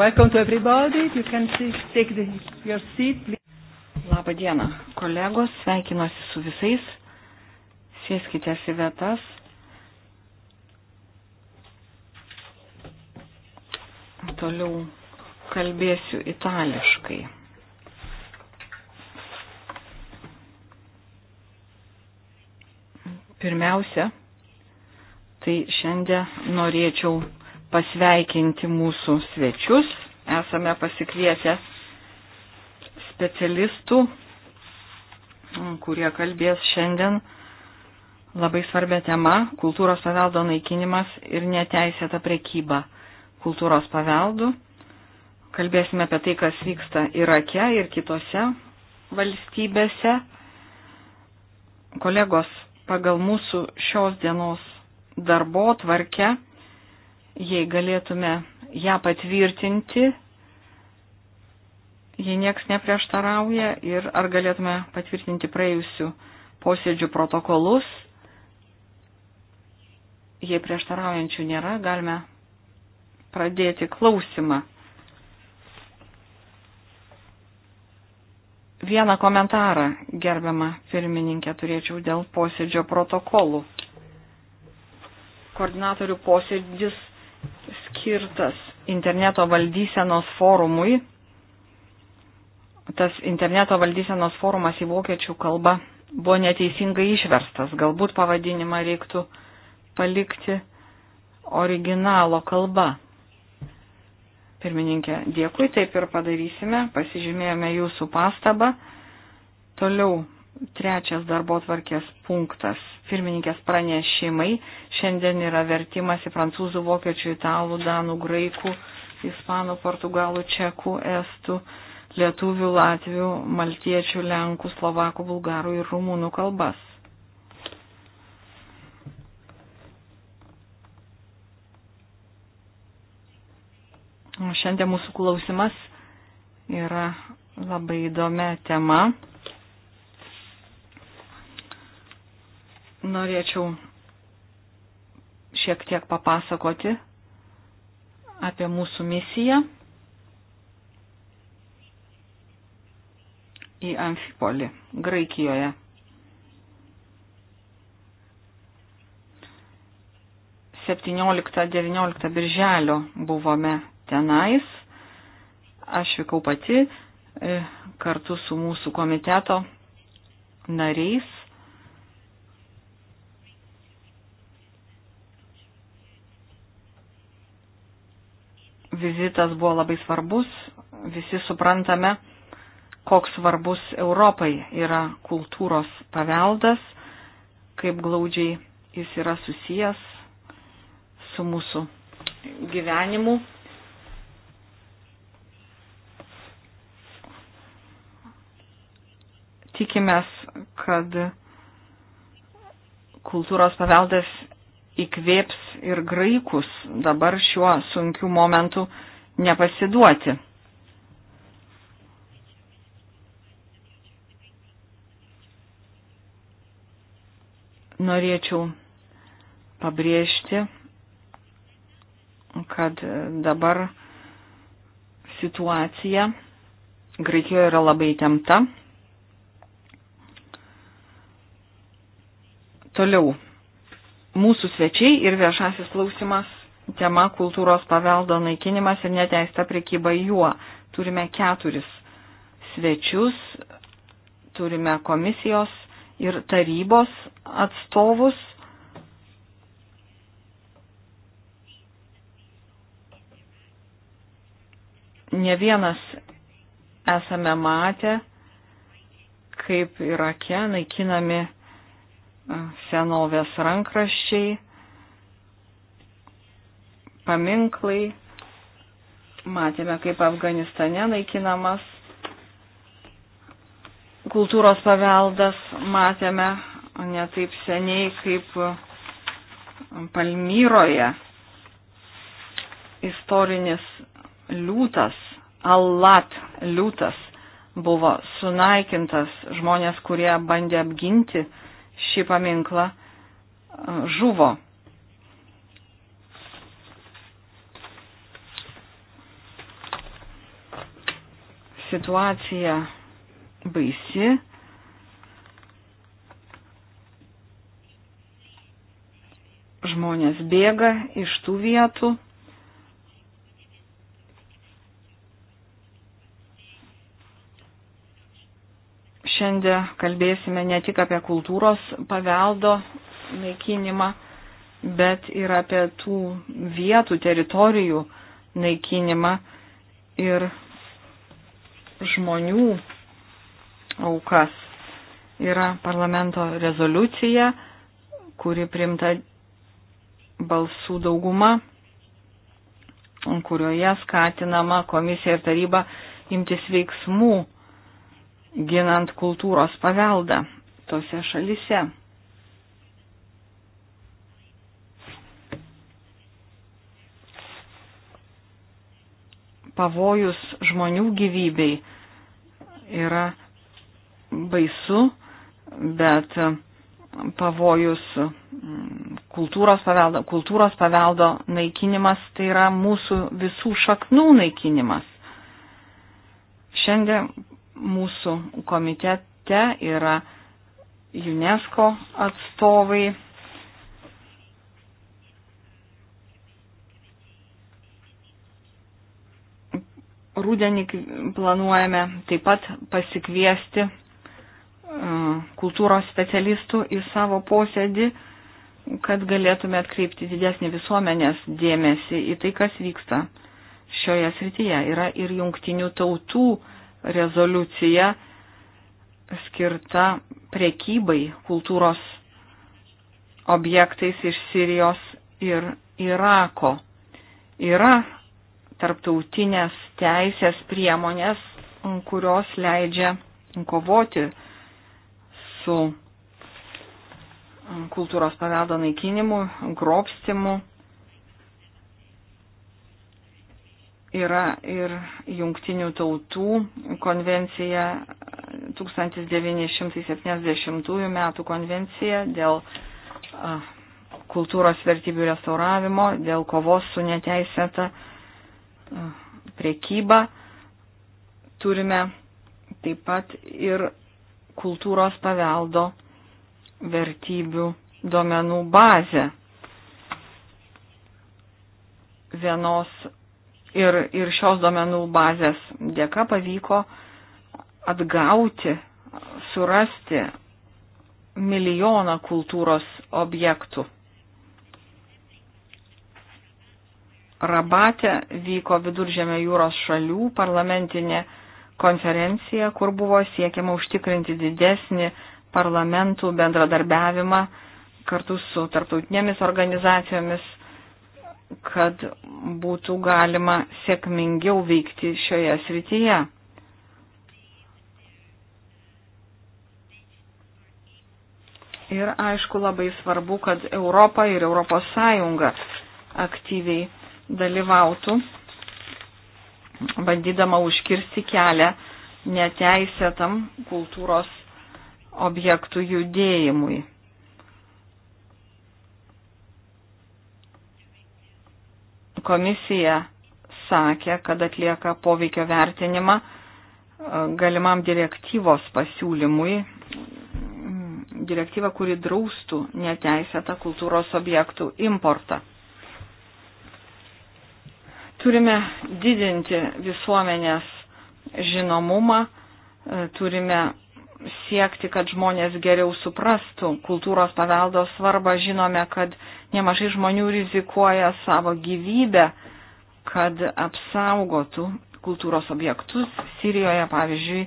Welcome to everybody. You can see, take the, your seat. Please. Labą dieną, kolegos, sveikinuosi su visais. Sėskite į vietas. Toliau kalbėsiu itališkai. Pirmiausia, tai šiandien norėčiau pasveikinti mūsų svečius. Esame pasikvietę specialistų, kurie kalbės šiandien labai svarbia tema - kultūros paveldo naikinimas ir neteisėta prekyba kultūros paveldu. Kalbėsime apie tai, kas vyksta Irake ir kitose valstybėse. Kolegos, pagal mūsų šios dienos darbo tvarkę jei galėtume ją patvirtinti, jei nieks neprieštarauja ir ar galėtume patvirtinti praėjusių posėdžių protokolus. Jei prieštaraujančių nėra, galime pradėti klausimą. Vieną komentarą, gerbiama pirmininkė, turėčiau dėl posėdžio protokolų koordinatorių posėdis skirtas interneto valdysenos forumui. Tas interneto valdysenos forumas į vokiečių kalbą buvo neteisingai išverstas. Galbūt pavadinimą reiktų palikti originalo kalba. Pirmininkė, dėkui, taip ir padarysime. Pasižymėjome jūsų pastabą. Toliau trečias darbo tvarkės punktas - pirmininkės pranešimai. Šiandien yra vertimas į prancūzų, vokiečių, italų, danų, graikų, ispanų, portugalų, čekų, estų, lietuvių, latvių, maltiečių, lenkų, slovakų, bulgarų ir rumūnų kalbas. Šiandien mūsų klausimas yra labai įdomia tema. Norėčiau šiek tiek papasakoti apie mūsų misiją į Amfipolį, Graikijoje. Septynioliktą, devynioliktą birželio buvome tenais. Aš vykau pati e, kartu su mūsų komiteto nariais vizitas buvo labai svarbus. Visi suprantame, koks svarbus Europai yra kultūros paveldas, kaip glaudžiai jis yra susijęs su mūsų gyvenimu. Tikimės, kad kultūros paveldas įkvėps ir graikus dabar šiuo sunkiu momentu nepasiduoti. Norėčiau pabrėžti, kad dabar situacija Graikijoje yra labai temta. Toliau mūsų svečiai ir viešasis klausimas tema kultūros paveldo naikinimas ir neteista prekyba juo. Turime keturis svečius, turime komisijos ir tarybos atstovus. Ne vienas esame matę, kaip Irake naikinami senovės rankraščiai, paminklai. Matėme, kaip Afganistane naikinamas kultūros paveldas. Matėme netaip seniai, kaip Palmyroje istorinis liūtas, Allat liūtas buvo sunaikintas žmonės, kurie bandė apginti uh, šį paminklą e, žuvo. Situacija baisi. Žmonės bėga iš tų vietų. Šiandien kalbėsime ne tik apie kultūros paveldo naikinimą, bet ir apie tų vietų, teritorijų naikinimą ir žmonių aukas. Yra parlamento rezoliucija, kuri primta balsų dauguma, kurioje skatinama komisija ir taryba imtis veiksmų ginant kultūros paveldą tose šalise. Pavojus žmonių gyvybei yra baisu, bet pavojus mm, kultūros paveldo, kultūros paveldo naikinimas tai yra mūsų visų šaknų naikinimas. Šiandien mūsų komitete yra UNESCO atstovai. Rūdienį planuojame taip pat pasikviesti e, kultūros specialistų į savo posėdį, kad galėtume atkreipti didesnį visuomenės dėmesį į tai, kas vyksta šioje srityje. Yra ir jungtinių tautų uh, rezoliucija skirta prekybai kultūros objektais iš Sirijos ir Irako. Yra tarptautinės teisės priemonės, kurios leidžia kovoti su kultūros paveldo naikinimu, grobstimu yra ir jungtinių tautų konvencija 1970 metų konvencija dėl kultūros vertybių restauravimo, dėl kovos su neteisėta priekyba. Turime taip pat ir kultūros paveldo vertybių duomenų bazę. Vienos ir, ir šios domenų bazės dėka pavyko atgauti, surasti milijoną kultūros objektų. Rabate vyko viduržėmio jūros šalių parlamentinė konferencija, kur buvo siekiama užtikrinti didesnį parlamentų bendradarbiavimą kartu su tarptautinėmis organizacijomis kad būtų galima sėkmingiau veikti šioje srityje. Ir aišku, labai svarbu, kad Europa ir Europos Sąjunga aktyviai dalyvautų, bandydama užkirsti kelią neteisėtam kultūros objektų judėjimui. Komisija sakė, kad atlieka poveikio vertinimą e, galimam direktyvos pasiūlymui, mm, direktyvą, kuri draustų neteisėtą kultūros objektų importą. Turime didinti visuomenės žinomumą, e, turime siekti, kad žmonės geriau suprastų kultūros paveldo svarbą. Žinome, kad nemažai žmonių rizikuoja savo gyvybę, kad apsaugotų kultūros objektus. Sirijoje, pavyzdžiui,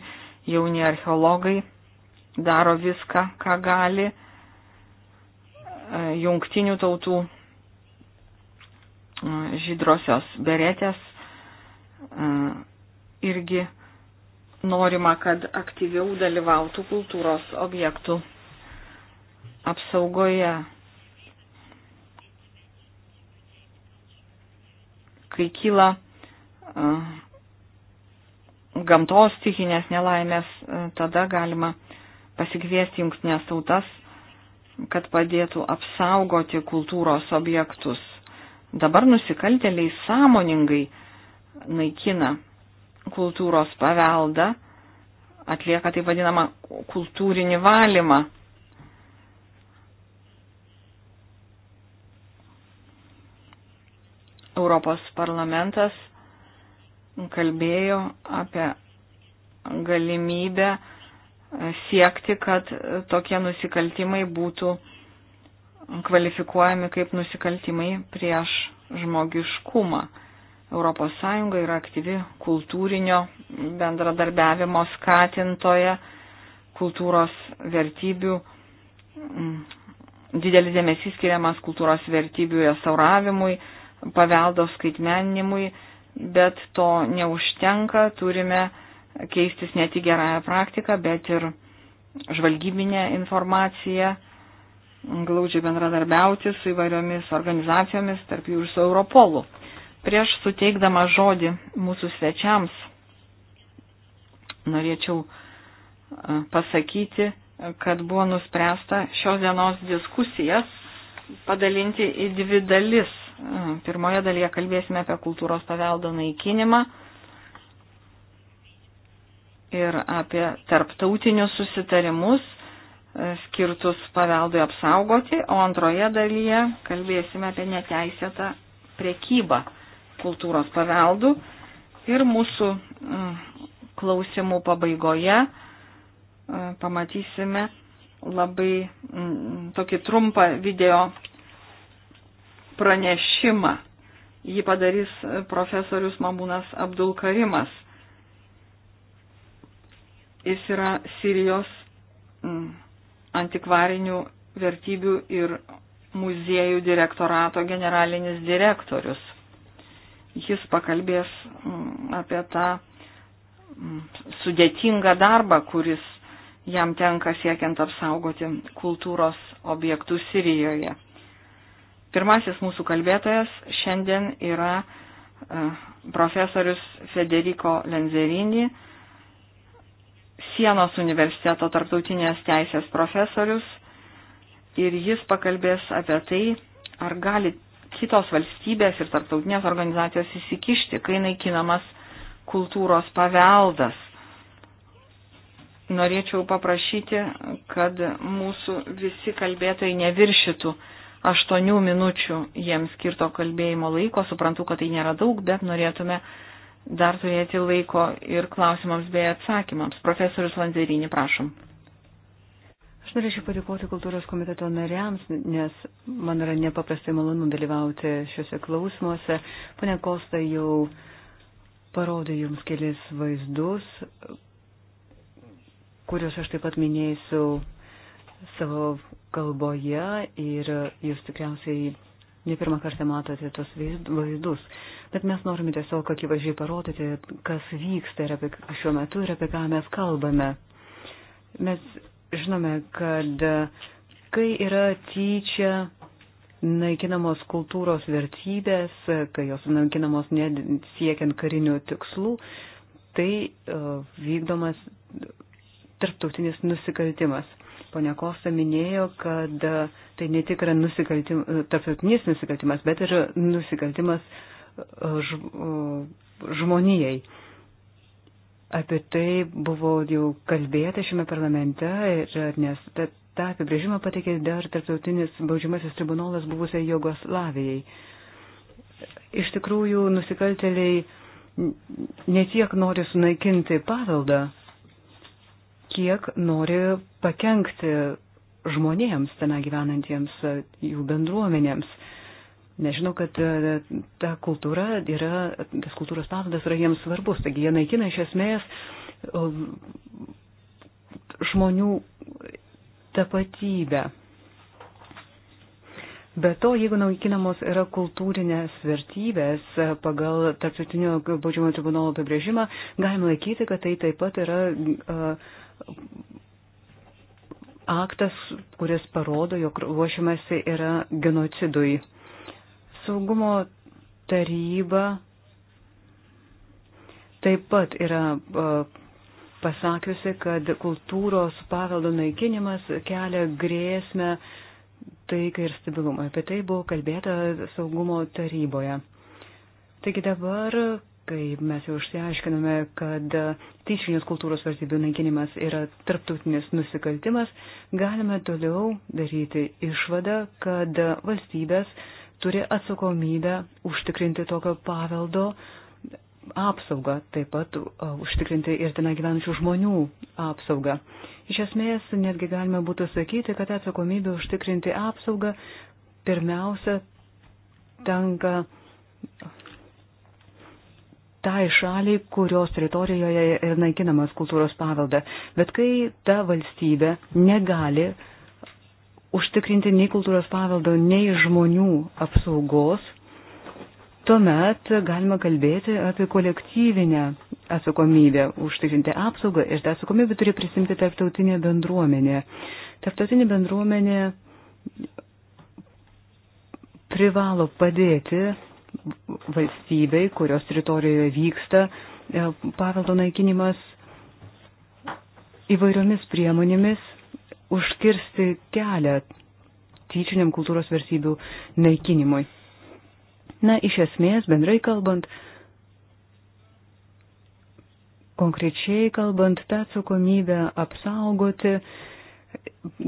jauni archeologai daro viską, ką gali. Jungtinių tautų žydrosios beretės irgi norima, kad aktyviau dalyvautų kultūros objektų apsaugoje. Kai kyla uh, gamtos stichinės nelaimės, uh, tada galima pasikviesti jungtinės tautas, kad padėtų apsaugoti kultūros objektus. Dabar nusikaltėliai sąmoningai naikina kultūros paveldą, atlieka taip vadinamą kultūrinį valymą. Europos parlamentas kalbėjo apie galimybę siekti, kad tokie nusikaltimai būtų kvalifikuojami kaip nusikaltimai prieš žmogiškumą. ES yra aktyvi kultūrinio bendradarbiavimo skatintoje, kultūros vertybių, didelis dėmesys skiriamas kultūros vertybių restauravimui, paveldo skaitmeninimui, bet to neužtenka, turime keistis ne tik gerąją praktiką, bet ir žvalgybinę informaciją, glaudžiai bendradarbiauti su įvairiomis organizacijomis, tarp jų ir su Europolu. Prieš suteikdama žodį mūsų svečiams norėčiau e, pasakyti, kad buvo nuspręsta šios dienos diskusijas padalinti į dvi dalis. E, pirmoje dalyje kalbėsime apie kultūros paveldo naikinimą ir apie tarptautinius susitarimus e, skirtus paveldui apsaugoti, o antroje dalyje kalbėsime apie neteisėtą prekybą kultūros paveldų. Ir mūsų mm, klausimų pabaigoje e, pamatysime labai mm, tokį trumpą video pranešimą. Jį padarys profesorius Mamūnas Abdul Karimas. Jis yra Sirijos mm, antikvarinių vertybių ir muziejų direktorato generalinis direktorius. Jis pakalbės mm, apie tą mm, sudėtingą darbą, kuris jam tenka siekiant apsaugoti kultūros objektų Sirijoje. Pirmasis mūsų kalbėtojas šiandien yra e, profesorius Federico Lenzerini, Sienos universiteto tarptautinės teisės profesorius, ir jis pakalbės apie tai, ar gali kitos valstybės ir tarptautinės organizacijos įsikišti, kai naikinamas kultūros paveldas. Norėčiau paprašyti, kad mūsų visi kalbėtojai neviršytų aštuonių minučių jiems skirto kalbėjimo laiko. Suprantu, kad tai nėra daug, bet norėtume dar turėti laiko ir klausimams bei atsakymams. Profesorius Lanzerinį, prašom. Aš norėčiau padėkoti kultūros komiteto nariams, nes man yra nepaprastai malonu dalyvauti šiuose klausimuose. Pane Kosta jau parodė jums kelis vaizdus, kuriuos aš taip pat minėsiu savo kalboje ir jūs tikriausiai ne pirmą kartą matote tos vaizdus. Bet mes norime tiesiog akivaizdžiai parodyti, kas vyksta ir apie šiuo metu ir apie ką mes kalbame. Mes žinome, kad kai yra tyčia naikinamos kultūros vertybės, kai jos naikinamos siekiant karinių tikslų, tai uh, vykdomas tarptautinis nusikaltimas. Pone Kosta minėjo, kad tai ne tik yra nusikaltim, tarptautinis nusikaltimas, bet ir nusikaltimas e, e, žmonijai. Apie tai buvo jau kalbėta šiame parlamente, ir, nes ta, tą apibrėžimą pateikė dar tarptautinis baudžiamasis tribunolas buvusiai Jugoslavijai. Iš tikrųjų, nusikalteliai ne tiek nori sunaikinti paveldą, kiek nori pakenkti žmonėms, tena gyvenantiems jų bendruomenėms. Nežinau, kad e, ta kultūra yra, tas kultūros paveldas yra jiems svarbus, taigi jie naikina iš esmės žmonių tapatybę. Be to, jeigu naukinamos yra kultūrinės vertybės e, pagal tarptautinio baudžiamo tribunolo apibrėžimą, galima laikyti, kad tai taip pat yra uh, aktas, kuris parodo, jog ruošiamasi yra genocidui. Uh, Saugumo taryba taip pat yra pasakiusi, kad kultūros paveldo naikinimas kelia grėsmę taikai ir stabilumui. Apie tai buvo kalbėta saugumo taryboje. Taigi dabar, kai mes jau išsiaiškinome, kad tyčinės kultūros vertybių naikinimas yra tarptautinis nusikaltimas, galime toliau daryti išvadą, kad valstybės turi atsakomybę užtikrinti tokio paveldo apsaugą, taip pat e, užtikrinti ir ten gyvenančių žmonių apsaugą. Iš esmės, netgi galime būtų sakyti, kad atsakomybė užtikrinti apsaugą pirmiausia tenka tai šaliai, kurios teritorijoje yra naikinamas kultūros pavelda. Bet kai ta valstybė negali uh, užtikrinti nei kultūros paveldo, nei žmonių apsaugos, tuomet galima kalbėti apie kolektyvinę atsakomybę, užtikrinti apsaugą ir tą atsakomybę turi prisimti tarptautinė bendruomenė. Tarptautinė bendruomenė privalo padėti valstybei, kurios teritorijoje vyksta e, paveldo naikinimas įvairiomis priemonėmis užkirsti kelią tyčiniam kultūros versybių naikinimui. Na, iš esmės, bendrai kalbant, konkrečiai kalbant, tą atsakomybę apsaugoti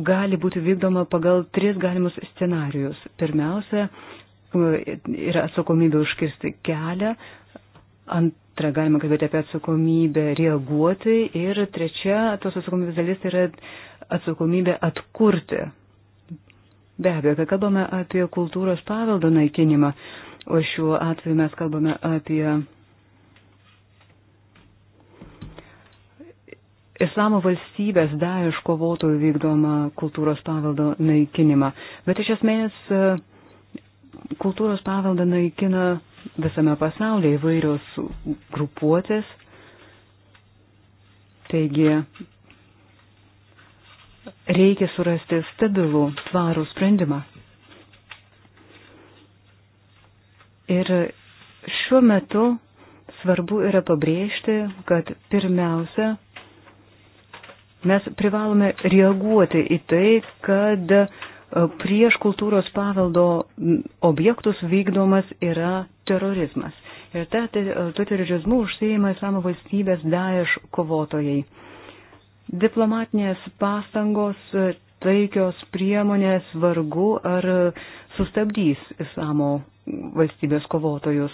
gali būti vykdoma pagal tris galimus scenarius. Pirmiausia, yra atsakomybė užkirsti kelią, ant Tra galima kalbėti apie atsakomybę reaguoti ir trečia tos atsakomybės dalis tai yra atsakomybė atkurti. Be abejo, kai kalbame apie kultūros paveldo naikinimą, o šiuo atveju mes kalbame apie Islamo valstybės daiš kovotojų vykdomą kultūros paveldo naikinimą. Bet iš esmės e, kultūros paveldą naikina visame pasaulyje įvairios grupuotės. Taigi reikia surasti stabilų, tvarų sprendimą. Ir šiuo metu svarbu yra pabrėžti, kad pirmiausia, mes privalome reaguoti į tai, kad uh, prieš kultūros paveldo objektus vykdomas yra terorizmas. Ir ta, tuo terorizmu užsieima Islamo valstybės Daesh kovotojai. Diplomatinės pastangos, taikios priemonės vargu ar sustabdys Islamo valstybės kovotojus.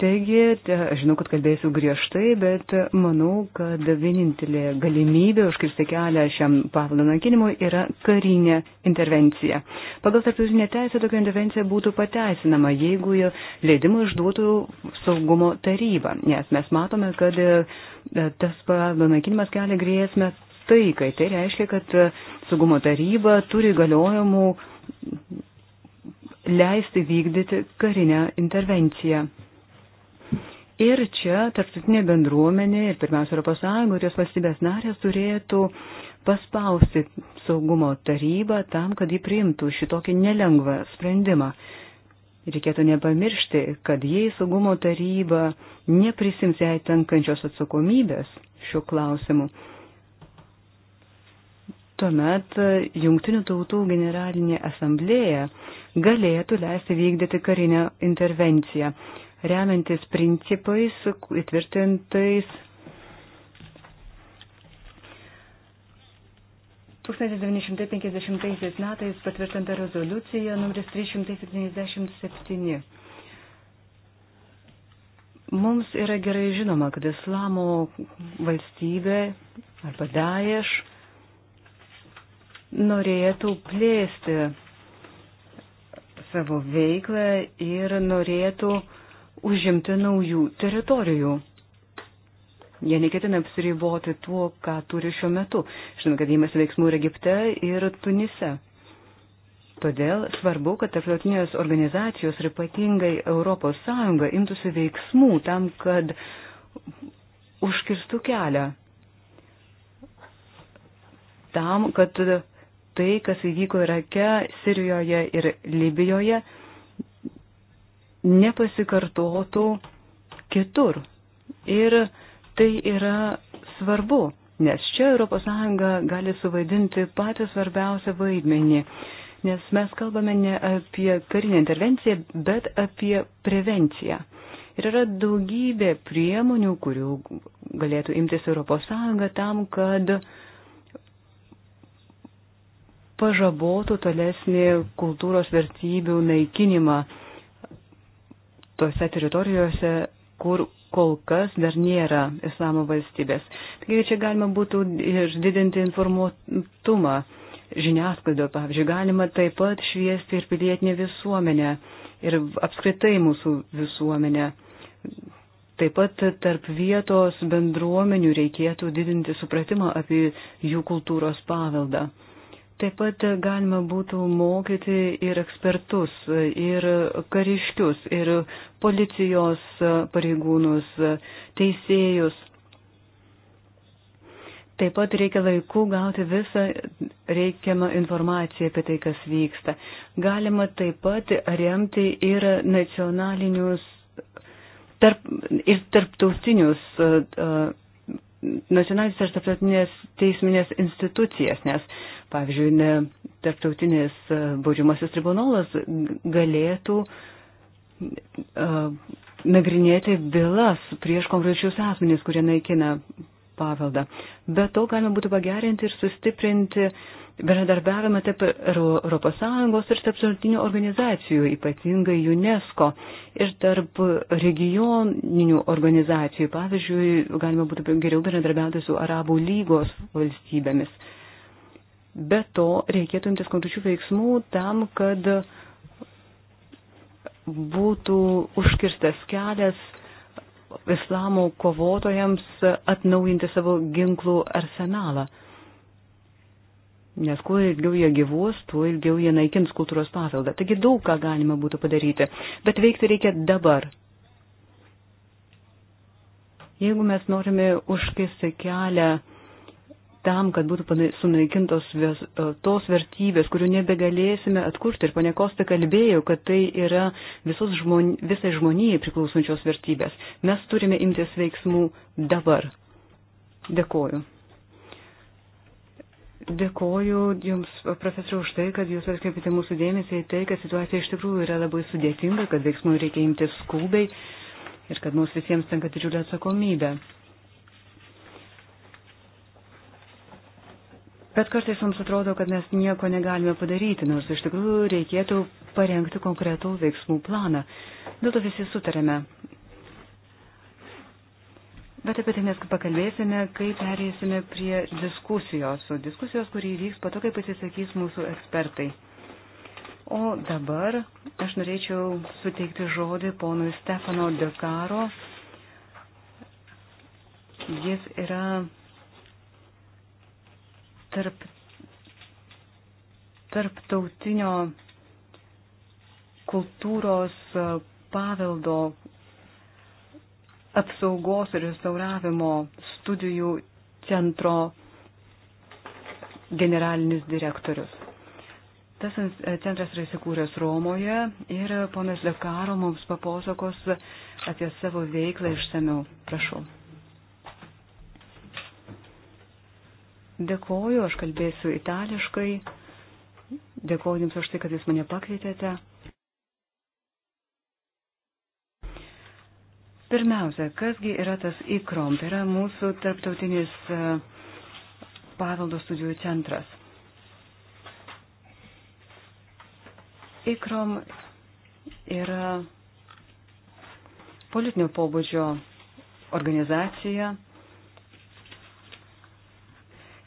Taigi, aš žinau, kad kalbėsiu griežtai, bet manau, kad vienintelė galimybė užkirsti kelią šiam pavaldo nankinimui yra karinė intervencija. Pagal tarptautinę teisę tokia intervencija būtų pateisinama, jeigu leidimą išduotų saugumo taryba, nes mes matome, kad e, tas pavaldo nankinimas kelia grėsmę taikai. Tai reiškia, kad e, saugumo taryba turi galiojimų leisti vykdyti karinę intervenciją. Ir čia tarptautinė bendruomenė ir pirmiausia Europos Sąjunga ir jos valstybės narės turėtų paspausti saugumo tarybą tam, kad jį priimtų šitokį nelengvą sprendimą. Reikėtų nepamiršti, kad jei saugumo taryba neprisims jai tenkančios atsakomybės šiuo klausimu, tuomet Junktinių tautų generalinė asamblėja galėtų leisti vykdyti karinę intervenciją remiantis principais įtvirtintais 1950 metais patvirtinta rezoliucija numeris 377. Mums yra gerai žinoma, kad islamo valstybė arba Daesh norėtų plėsti savo veiklą ir norėtų uh, užimti naujų teritorijų. Jie neketina apsiriboti tuo, ką turi šiuo metu. Žinome, kad įmasi veiksmų ir Egipte, ir Tunise. Todėl svarbu, kad tarptautinės organizacijos ir ypatingai ES imtųsi veiksmų tam, kad užkirstų kelią tam, kad tai, kas įvyko Irake, Sirijoje ir Libijoje, nepasikartotų kitur. Ir tai yra svarbu, nes čia ES gali suvaidinti patį svarbiausią vaidmenį, nes mes kalbame ne apie karinę intervenciją, bet apie prevenciją. Ir yra daugybė priemonių, kurių galėtų imtis ES tam, kad pažabotų tolesnį kultūros vertybių naikinimą tose teritorijose, kur kol kas dar nėra islamo valstybės. Taigi čia galima būtų ir didinti informuotumą žiniasklaidoje, pavyzdžiui, galima taip pat šviesti ir pilietinę visuomenę ir apskritai mūsų visuomenę. Taip pat tarp vietos bendruomenių reikėtų didinti supratimą apie jų kultūros paveldą. Taip pat galima būtų mokyti ir ekspertus, ir kariškius, ir policijos pareigūnus, teisėjus. Taip pat reikia laiku gauti visą reikiamą informaciją apie tai, kas vyksta. Galima taip pat remti ir nacionalinius tarp, ir tarptautinius uh, nacionalinės ir tarptautinės teisminės institucijas, nes Pavyzdžiui, ne, tarptautinis e, baudžiamasis tribunolas galėtų e, nagrinėti bylas prieš konkrečius asmenys, kurie naikina paveldą. Be to galima būtų pagerinti ir sustiprinti bendradarbiavimą tarp ES ir tarptautinių organizacijų, ypatingai UNESCO ir tarp regioninių organizacijų. Pavyzdžiui, galima būtų geriau bendradarbiauti su Arabų lygos valstybėmis. Be to, reikėtų imtis konkrečių veiksmų tam, kad būtų užkirstas kelias islamo kovotojams atnaujinti savo ginklų arsenalą. Nes kuo ilgiau jie gyvuos, tuo ilgiau jie naikins kultūros paveldą. Taigi daug ką galima būtų padaryti. Bet veikti reikia dabar. Jeigu mes norime užkisti kelią tam, kad būtų sunaikintos e, tos vertybės, kurių nebegalėsime atkurti. Ir ponė Kosta kalbėjo, kad tai yra žmon, visai žmonijai priklausančios vertybės. Mes turime imtis veiksmų dabar. Dėkoju. Dėkoju Jums, profesoriu, už tai, kad Jūs atkreipite mūsų dėmesį į tai, kad situacija iš tikrųjų yra labai sudėtinga, kad veiksmų reikia imtis skubiai ir kad mums visiems tenka didžiulė atsakomybė. Bet kartais mums atrodo, kad mes nieko negalime padaryti, nors iš tikrųjų reikėtų parengti konkretų veiksmų planą. Dėl to visi sutarėme. Bet apie tai mes pakalbėsime, kai perėsime prie diskusijos, o diskusijos, kurį vyks po to, kai pasisakys mūsų ekspertai. O dabar aš norėčiau suteikti žodį ponui Stefano Dekaro. Jis yra tarp, tarptautinio kultūros paveldo apsaugos ir restauravimo studijų centro generalinis direktorius. Tas centras yra įsikūręs Romoje ir ponas Lekaro mums papasakos apie savo veiklą išsameu. Prašau. Dėkoju, aš kalbėsiu itališkai. Dėkoju Jums už tai, kad Jūs mane pakvietėte. Pirmiausia, kasgi yra tas ICROM, tai yra mūsų tarptautinis e, paveldo studijų centras. ICROM yra politinio pobūdžio organizacija,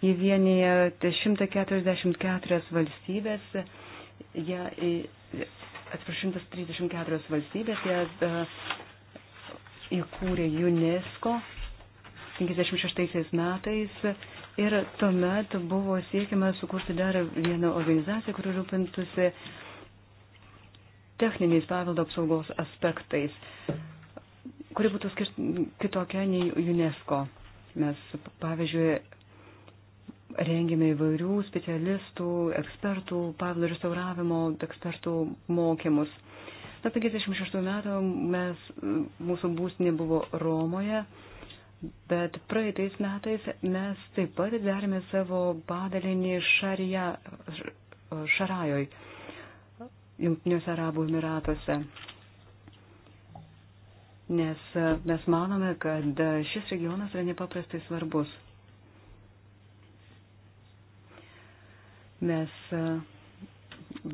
Ji vienyje 144 valstybės, ja, atsiprašau, 134 valstybės, ją e, įkūrė UNESCO 56 metais ir tuomet buvo siekiama sukurti dar vieną organizaciją, kuri rūpintųsi techniniais paveldo apsaugos aspektais, kuri būtų skirt, kitokia nei UNESCO. Mes, pavyzdžiui, Rengėme įvairių specialistų, ekspertų, pavlo restauravimo ekspertų mokymus. Nuo 56 metų mes, mūsų būstinė buvo Romoje, bet praeitais metais mes taip pat darėme savo padalinį šarija, Šarajoj, Junktiniuose Arabų Emiratuose. Nes e, mes manome, kad e, šis regionas yra nepaprastai svarbus. Mes e,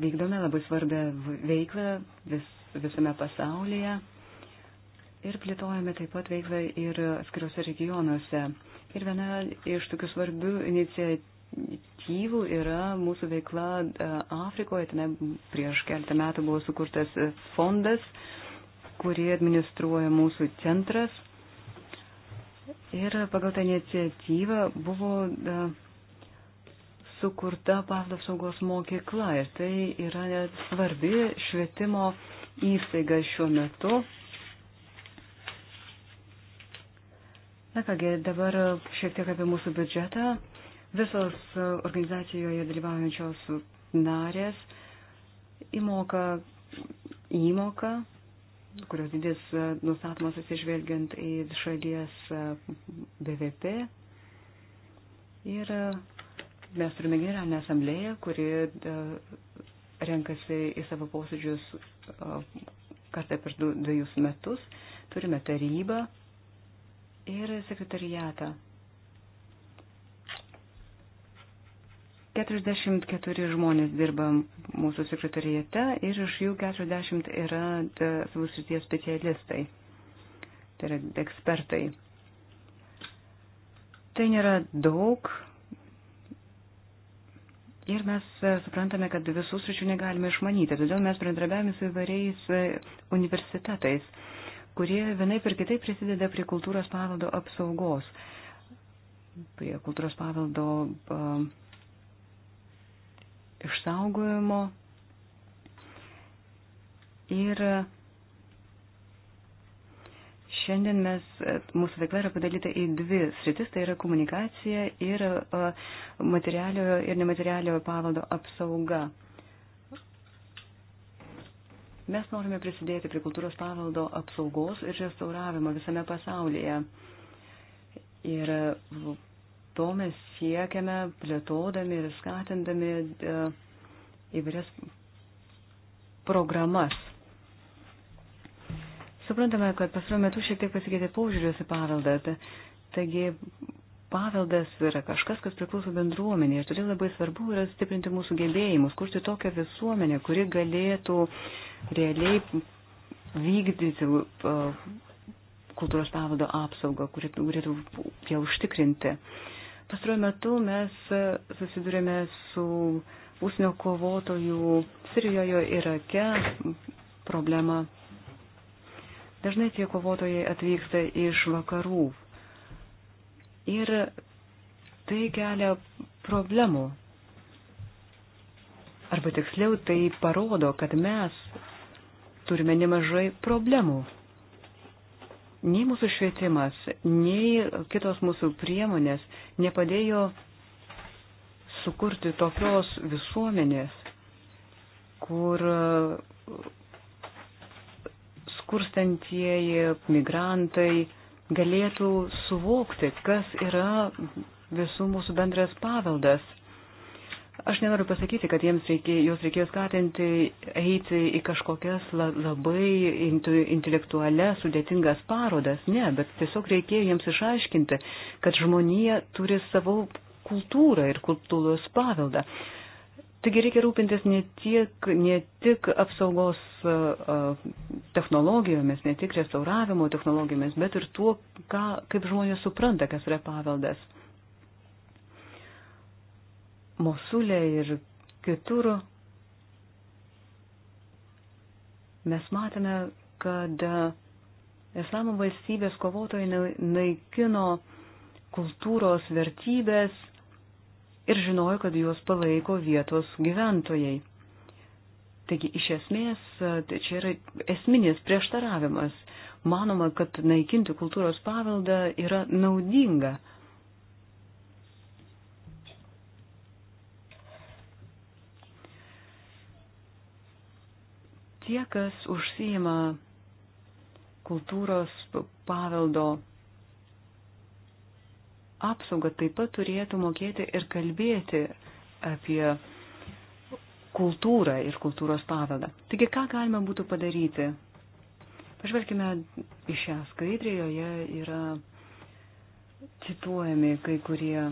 vykdome labai svarbę veiklą vis, visame pasaulyje ir plėtojame taip pat veiklą ir atskiriuose regionuose. Ir viena iš tokių svarbių iniciatyvų yra mūsų veikla e, Afrikoje. Ten prieš keltą metų buvo sukurtas e, fondas, kurį administruoja mūsų centras. Ir pagal tą iniciatyvą buvo. Uh, sukurta paveldo apsaugos mokykla ir tai yra svarbi švietimo įstaiga šiuo metu. Na kągi, dabar šiek tiek apie mūsų biudžetą. Visos organizacijoje dalyvaujančios narės įmoka įmoką, kurios dydis nustatomas atsižvelgiant į šalies BVP. Ir Mes turime generalinę asamblėją, kuri e, renkasi į savo posėdžius e, kartą per dviejus metus. Turime tarybą ir sekretariatą. 44 žmonės dirba mūsų sekretarijate ir iš jų 40 yra e, savo srities specialistai, tai yra ekspertai. Tai nėra daug, Ir mes e, suprantame, kad visų sričių negalime išmanyti, todėl mes bendrabiavame su įvairiais e, universitetais, kurie vienaip ir kitaip prisideda prie kultūros paveldo apsaugos, prie kultūros paveldo uh, išsaugojimo. Ir uh, Šiandien mes, mūsų veikla yra padalyta į dvi sritis, tai yra komunikacija ir materialiojo ir nematerialiojo pavaldo apsauga. Mes norime prisidėti prie kultūros pavaldo apsaugos ir restauravimo visame pasaulyje. Ir to mes siekiame plėtodami ir skatindami įvairias programas Suprantame, kad pasaulio metu šiek tiek pasikeitė paužiūrės į paveldą. Taigi paveldas yra kažkas, kas priklauso bendruomenė ir todėl labai svarbu yra stiprinti mūsų gebėjimus, kurti tokią visuomenę, kuri galėtų realiai vykdyti kultūros paveldo apsaugą, kuri turėtų ją užtikrinti. Pastaruoju metu mes susidurėme su užsienio kovotojų Sirijoje, Irake problema Dažnai tie kovotojai atvyksta iš vakarų. Ir tai kelia problemų. Arba tiksliau, tai parodo, kad mes turime nemažai problemų. Nei mūsų švietimas, nei kitos mūsų priemonės nepadėjo sukurti tokios visuomenės, kur skurstantieji, migrantai galėtų suvokti, kas yra visų mūsų bendras paveldas. Aš nenoriu pasakyti, kad jiems reikė, juos reikėjo skatinti eiti į kažkokias labai intelektualias, sudėtingas parodas. Ne, bet tiesiog reikėjo jiems išaiškinti, kad žmonija turi savo kultūrą ir kultūros paveldą. Taigi reikia rūpintis ne, tiek, ne tik apsaugos technologijomis, ne tik restauravimo technologijomis, bet ir tuo, ką, kaip žmonės supranta, kas yra paveldas. Mosulė ir kitur mes matėme, kad Islamo valstybės kovotojai naikino kultūros vertybės ir žinojo, kad juos palaiko vietos gyventojai. Taigi iš esmės tai čia yra esminės prieštaravimas. Manoma, kad naikinti kultūros paveldą yra naudinga. Tie, kas užsijima kultūros paveldo apsaugą taip pat turėtų mokėti ir kalbėti apie kultūrą ir kultūros paveldą. Taigi, ką galima būtų padaryti? Pažvelkime į šią skaidrį, joje yra cituojami kai kurie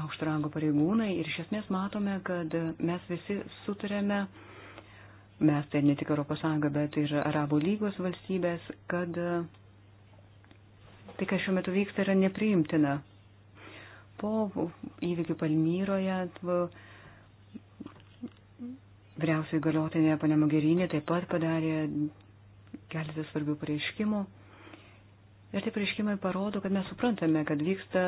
aukšto rango pareigūnai ir iš esmės matome, kad mes visi sutarėme, mes tai ne tik ES, bet ir Arabų lygos valstybės, kad tai, kas šiuo metu vyksta, yra nepriimtina po įvykių Palmyroje vyriausiai galiotinė ponia Mogerinė taip pat padarė keletą svarbių pareiškimų. Ir tie pareiškimai parodo, kad mes suprantame, kad vyksta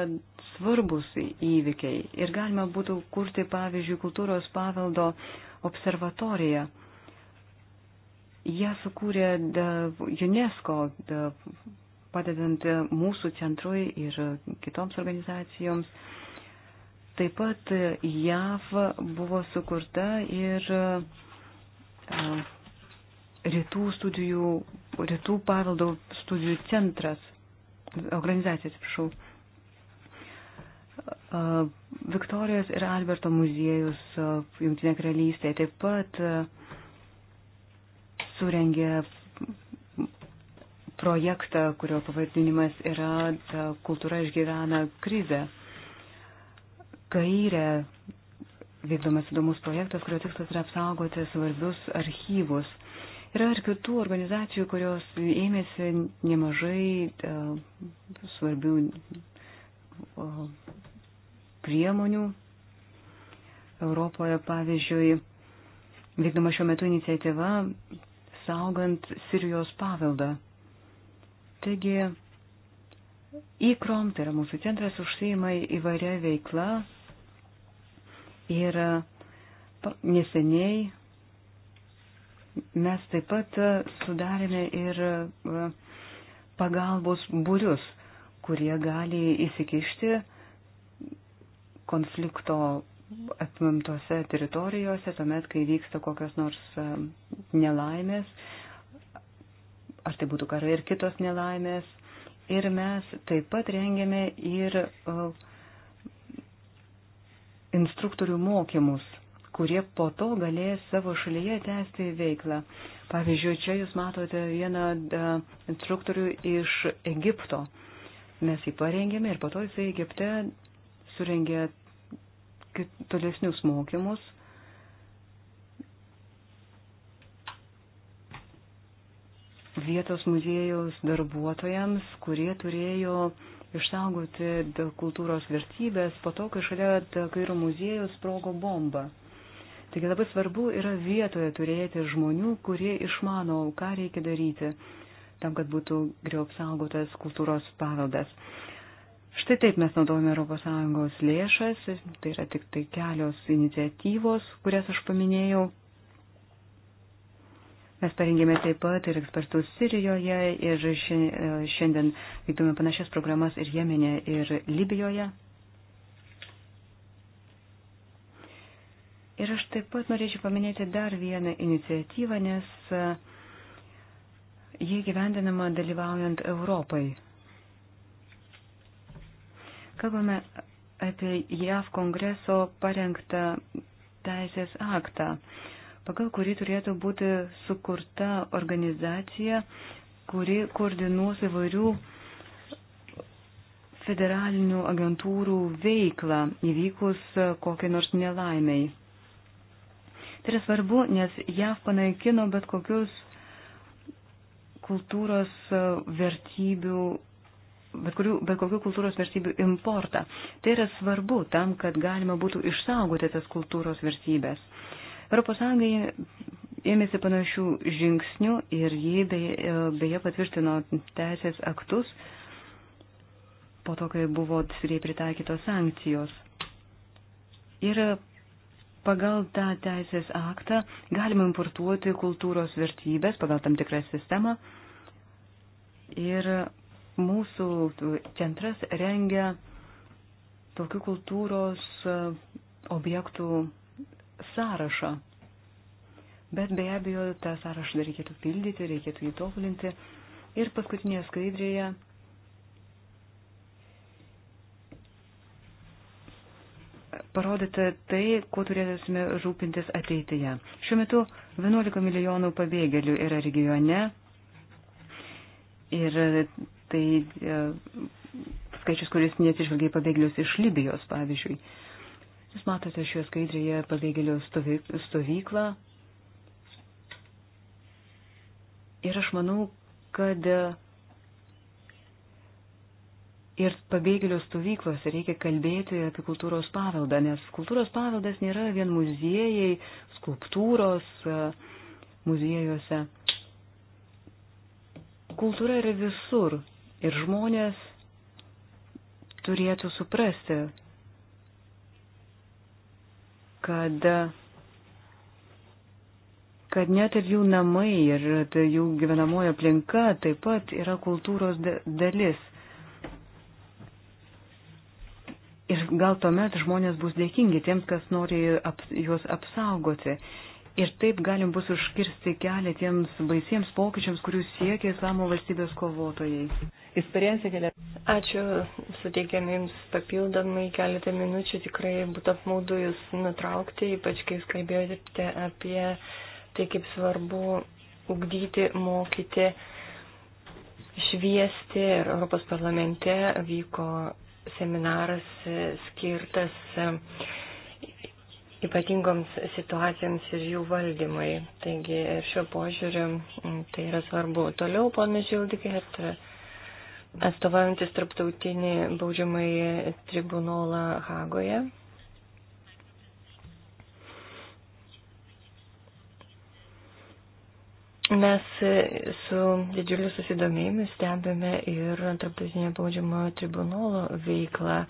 svarbus įvykiai ir galima būtų kurti, pavyzdžiui, kultūros paveldo observatoriją. Jie sukūrė UNESCO padedant mūsų centrui ir kitoms organizacijoms. Taip pat JAV buvo sukurta ir rytų studijų, rytų paveldo studijų centras, organizacija, atsiprašau. Viktorijos ir Alberto muziejus Junktinė karalystė taip pat surengė projektą, kurio pavadinimas yra Kultūra išgyvena krizę. Kairė vykdomas įdomus projektas, kurio tikslas yra apsaugoti svarbius archyvus. Yra ir kitų organizacijų, kurios ėmėsi nemažai uh, svarbių uh, priemonių. Europoje, pavyzdžiui, vykdoma šiuo metu iniciatyva saugant Sirijos paveldą. Taigi, įkrom, tai yra mūsų centras, užsieima įvairia veikla ir neseniai mes taip pat sudarėme ir pagalbos būrius, kurie gali įsikišti konflikto atmimtose teritorijose, tuomet, kai vyksta kokios nors nelaimės ar tai būtų karai ir kitos nelaimės. Ir mes taip pat rengiame ir e, instruktorių mokymus, kurie po to galės savo šalyje tęsti veiklą. Pavyzdžiui, čia jūs matote vieną e, instruktorių iš Egipto. Mes jį parengėme ir po to jisai Egipte surengė tolesnius mokymus vietos muziejaus darbuotojams, kurie turėjo išsaugoti kultūros vertybės po to, kai šalia Kairo muziejus sprogo bomba. Taigi labai svarbu yra vietoje turėti žmonių, kurie išmano, ką reikia daryti, tam, kad būtų geriau apsaugotas kultūros paveldas. Štai taip mes naudojame ES lėšas, tai yra tik tai kelios iniciatyvos, kurias aš paminėjau, Mes parengėme taip pat ir ekspertus Sirijoje ir šiandien vykdome panašias programas ir Jemenė, ir Libijoje. Ir aš taip pat norėčiau paminėti dar vieną iniciatyvą, nes e, jie gyvendinama dalyvaujant Europai. Kalbame apie JAV kongreso parengtą teisės aktą. Uh, pagal kurį turėtų būti sukurta organizacija, kuri koordinuos įvairių federalinių agentūrų veiklą įvykus kokiai nors nelaimiai. Tai yra svarbu, nes JAV panaikino bet kokius kultūros vertybių bet, kurių, bet kokių kultūros vertybių importą. Tai yra svarbu tam, kad galima būtų išsaugoti tas kultūros vertybės. ES ėmėsi panašių žingsnių ir jį beje, beje patvirtino teisės aktus po to, kai buvo Sirijai pritaikytos sankcijos. Ir pagal tą teisės aktą galima importuoti kultūros vertybės pagal tam tikrą sistemą. Ir mūsų centras rengia tokių kultūros e, objektų sąrašą. Bet be abejo, tą sąrašą dar reikėtų pildyti, reikėtų jį tobulinti. Ir paskutinėje skaidrėje parodyta tai, kuo turėsime rūpintis ateityje. Šiuo metu 11 milijonų pabėgėlių yra regione ir tai e, skaičius, kuris neatsižvelgia į pabėgėlius iš Libijos, pavyzdžiui. E, Jūs matote šioje skaidrėje pabėgėlių stovyklą. Ir aš manau, kad ir pabėgėlių stovyklose reikia kalbėti apie kultūros paveldą, nes kultūros paveldas nėra vien muziejai, skulptūros muziejuose. Kultūra yra visur ir žmonės turėtų suprasti, kad, kad net ir jų namai ir jų gyvenamoja aplinka taip pat yra kultūros dalis. Ir gal tuomet žmonės bus dėkingi tiems, kas nori ap, juos apsaugoti. Ir taip galim bus užkirsti kelią tiems baisiems pokyčiams, kurių siekia islamo valstybės kovotojai. Ačiū suteikėm jums papildomai keletą minučių, tikrai būtų apmaudu jūs nutraukti, ypač kai jūs kalbėjote apie tai, kaip svarbu ugdyti, mokyti, šviesti. Ir Europos parlamente vyko seminaras skirtas ypatingoms situacijoms ir jų valdymai. Taigi ir šiuo požiūriu mm, tai yra svarbu. Toliau, ponas Žildikai, ir atstovaujantis tarptautinį baudžiamąjį tribunolą Hagoje. Mes su didžiuliu susidomėjimu stebime ir tarptautinio baudžiamo tribunolo veiklą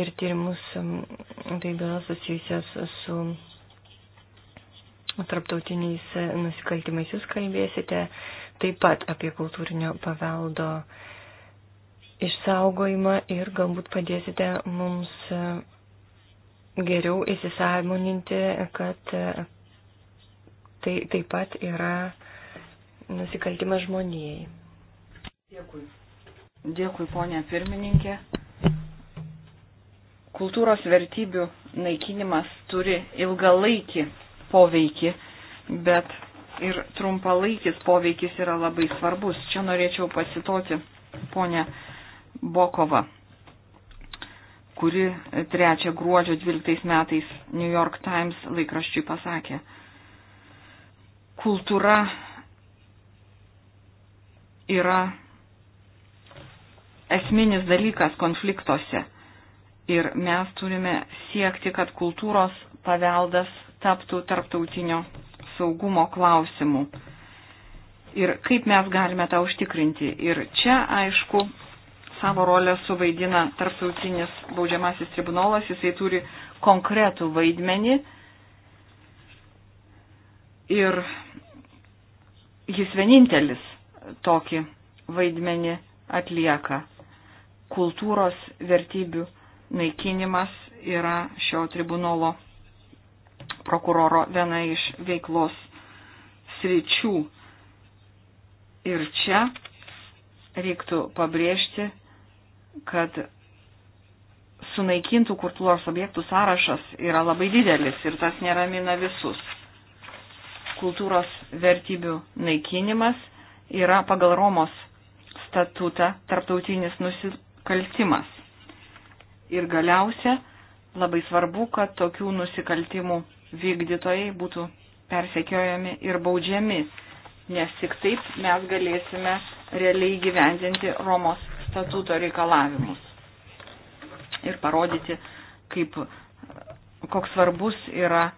ir tyrimus, tai byla susijusias su tarptautiniais nusikaltimais. Jūs kalbėsite taip pat apie kultūrinio paveldo išsaugojimą ir galbūt padėsite mums e, geriau įsisamoninti, kad e, tai taip pat yra nusikaltimas žmonijai. Dėkui. Dėkui, ponė pirmininkė. Kultūros vertybių naikinimas turi ilgalaikį poveikį, bet ir trumpalaikis poveikis yra labai svarbus. Čia norėčiau pasitoti, ponė Bokova, kuri 3 gruodžio 12 metais New York Times laikraščiui pasakė, kultūra yra esminis dalykas konfliktuose ir mes turime siekti, kad kultūros paveldas taptų tarptautinio saugumo klausimų. Ir kaip mes galime tą užtikrinti. Ir čia, aišku, savo rolę suvaidina tarptautinis baudžiamasis tribunolas, jisai turi konkretų vaidmenį ir jis vienintelis tokį vaidmenį atlieka. Kultūros vertybių naikinimas yra šio tribunolo prokuroro viena iš veiklos sričių. Ir čia reiktų pabrėžti, kad sunaikintų kultūros objektų sąrašas yra labai didelis ir tas neramina visus. Kultūros vertybių naikinimas yra pagal Romos statutą tarptautinis nusikaltimas. Ir galiausia, labai svarbu, kad tokių nusikaltimų vykdytojai būtų persekiojami ir baudžiami, nes tik taip mes galėsime realiai gyvendinti Romos statuto reikalavimus ir parodyti, kaip, koks svarbus yra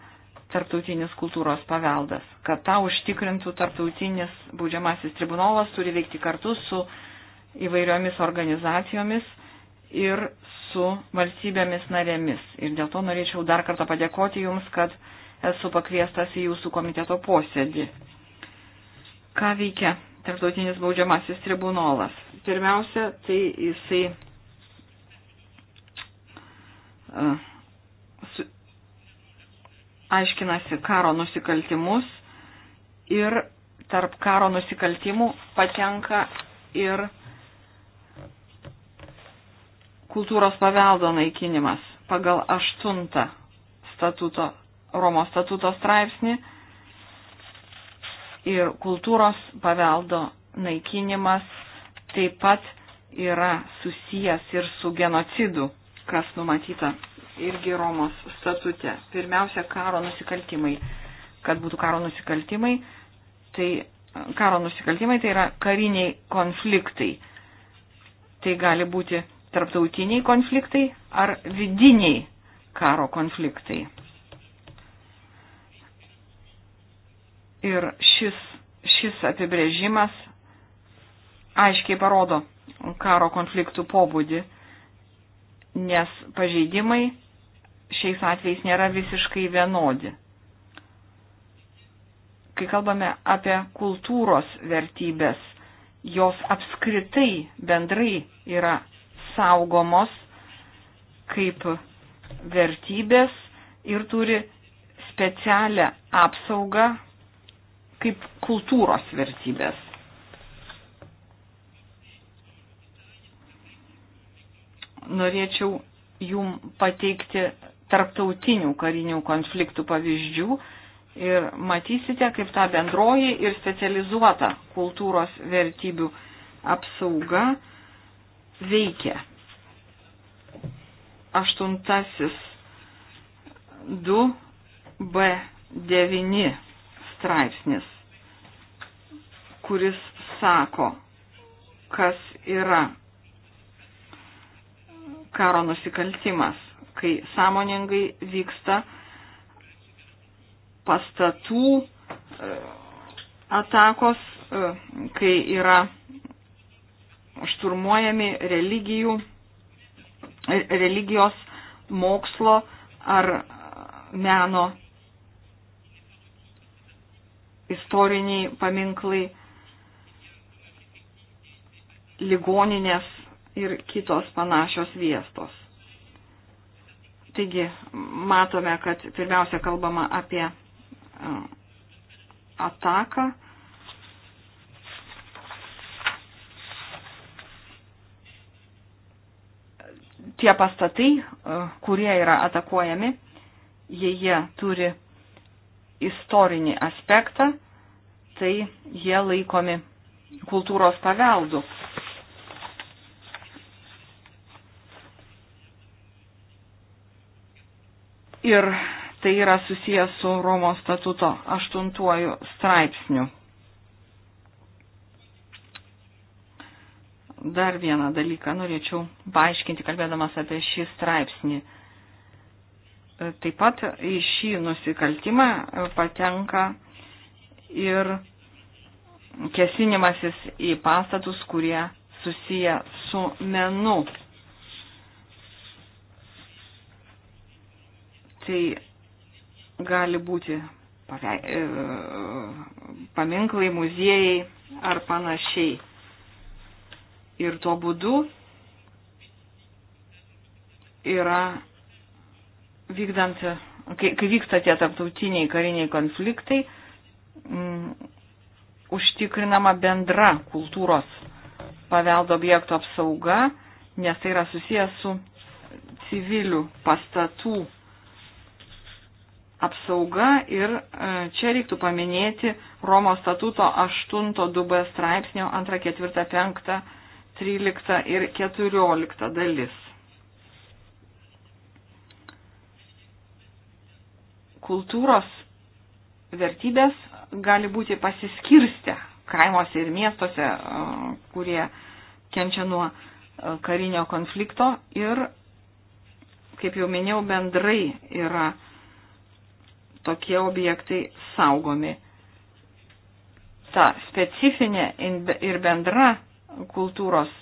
tarptautinis kultūros paveldas. Kad tą užtikrintų tarptautinis būdžiamasis tribunolas turi veikti kartu su įvairiomis organizacijomis ir su valstybėmis narėmis. Ir dėl to norėčiau dar kartą padėkoti Jums, kad esu pakviestas į Jūsų komiteto posėdį. Ką veikia tarptautinis baudžiamasis tribunolas. Pirmiausia, tai jisai uh, su, aiškinasi karo nusikaltimus ir tarp karo nusikaltimų patenka ir kultūros paveldo naikinimas pagal aštuntą statuto, Romos statuto straipsnį ir kultūros paveldo naikinimas taip pat yra susijęs ir su genocidu, kas numatyta irgi Romos statute. Pirmiausia, karo nusikaltimai. Kad būtų karo nusikaltimai, tai karo nusikaltimai tai yra kariniai konfliktai. Tai gali būti tarptautiniai konfliktai ar vidiniai karo konfliktai. Ir šis, šis apibrėžimas aiškiai parodo karo konfliktų pobūdį, nes pažeidimai šiais atvejais nėra visiškai vienodi. Kai kalbame apie kultūros vertybės, jos apskritai bendrai yra saugomos kaip vertybės ir turi specialią apsaugą, kaip kultūros vertybės. Norėčiau jum pateikti tarptautinių karinių konfliktų pavyzdžių ir matysite, kaip ta bendroji ir specializuota kultūros vertybių apsauga veikia. Aštuntasis 2B9 straipsnis, kuris sako, kas yra karo nusikaltimas, kai sąmoningai vyksta pastatų e, atakos, e, kai yra šturmuojami religijų, e, religijos, mokslo ar meno istoriniai paminklai, ligoninės ir kitos panašios viestos. Taigi matome, kad pirmiausia kalbama apie ataką. Tie pastatai, kurie yra atakuojami, jei jie turi istorinį aspektą, tai jie laikomi kultūros paveldu. Ir tai yra susijęs su Romos statuto aštuntuoju straipsniu. Dar vieną dalyką norėčiau paaiškinti, kalbėdamas apie šį straipsnį. Taip pat į šį nusikaltimą patenka ir kesinimasis į pastatus, kurie susiję su menu. Tai gali būti e, paminklai, muziejai ar panašiai. Ir tuo būdu yra vykdant, kai, kai vyksta tie tarptautiniai kariniai konfliktai, m, mm, užtikrinama bendra kultūros paveldo objekto apsauga, nes tai yra susijęs su civilių pastatų apsauga ir e, čia reiktų paminėti Romos statuto 8.2b straipsnio 2, 4, 5, 13 ir 14 dalis. kultūros vertybės gali būti pasiskirstę kaimuose ir miestuose, kurie kenčia nuo karinio konflikto ir, kaip jau minėjau, bendrai yra tokie objektai saugomi. Ta specifinė ir bendra kultūros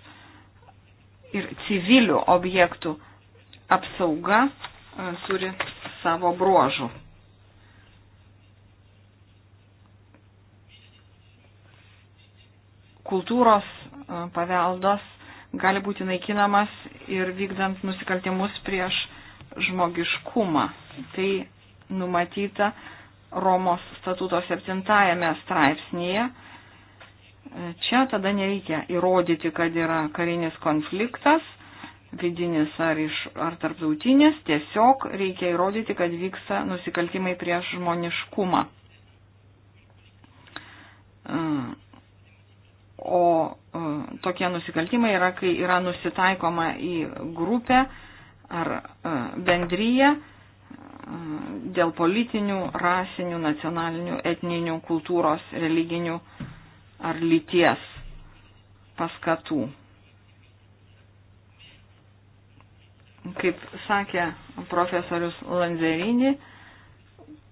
ir civilių objektų apsauga turi savo bruožų. kultūros e, paveldas gali būti naikinamas ir vykdant nusikaltimus prieš žmogiškumą. Tai numatyta Romos statuto septintajame straipsnėje. E, čia tada nereikia įrodyti, kad yra karinis konfliktas, vidinis ar, iš, ar tarptautinis, tiesiog reikia įrodyti, kad vyksta nusikaltimai prieš žmoniškumą. E, O tokie nusikaltimai yra, kai yra nusitaikoma į grupę ar e, bendryje e, dėl politinių, rasinių, nacionalinių, etninių, kultūros, religinių ar lyties paskatų. Kaip sakė profesorius Lanzerini,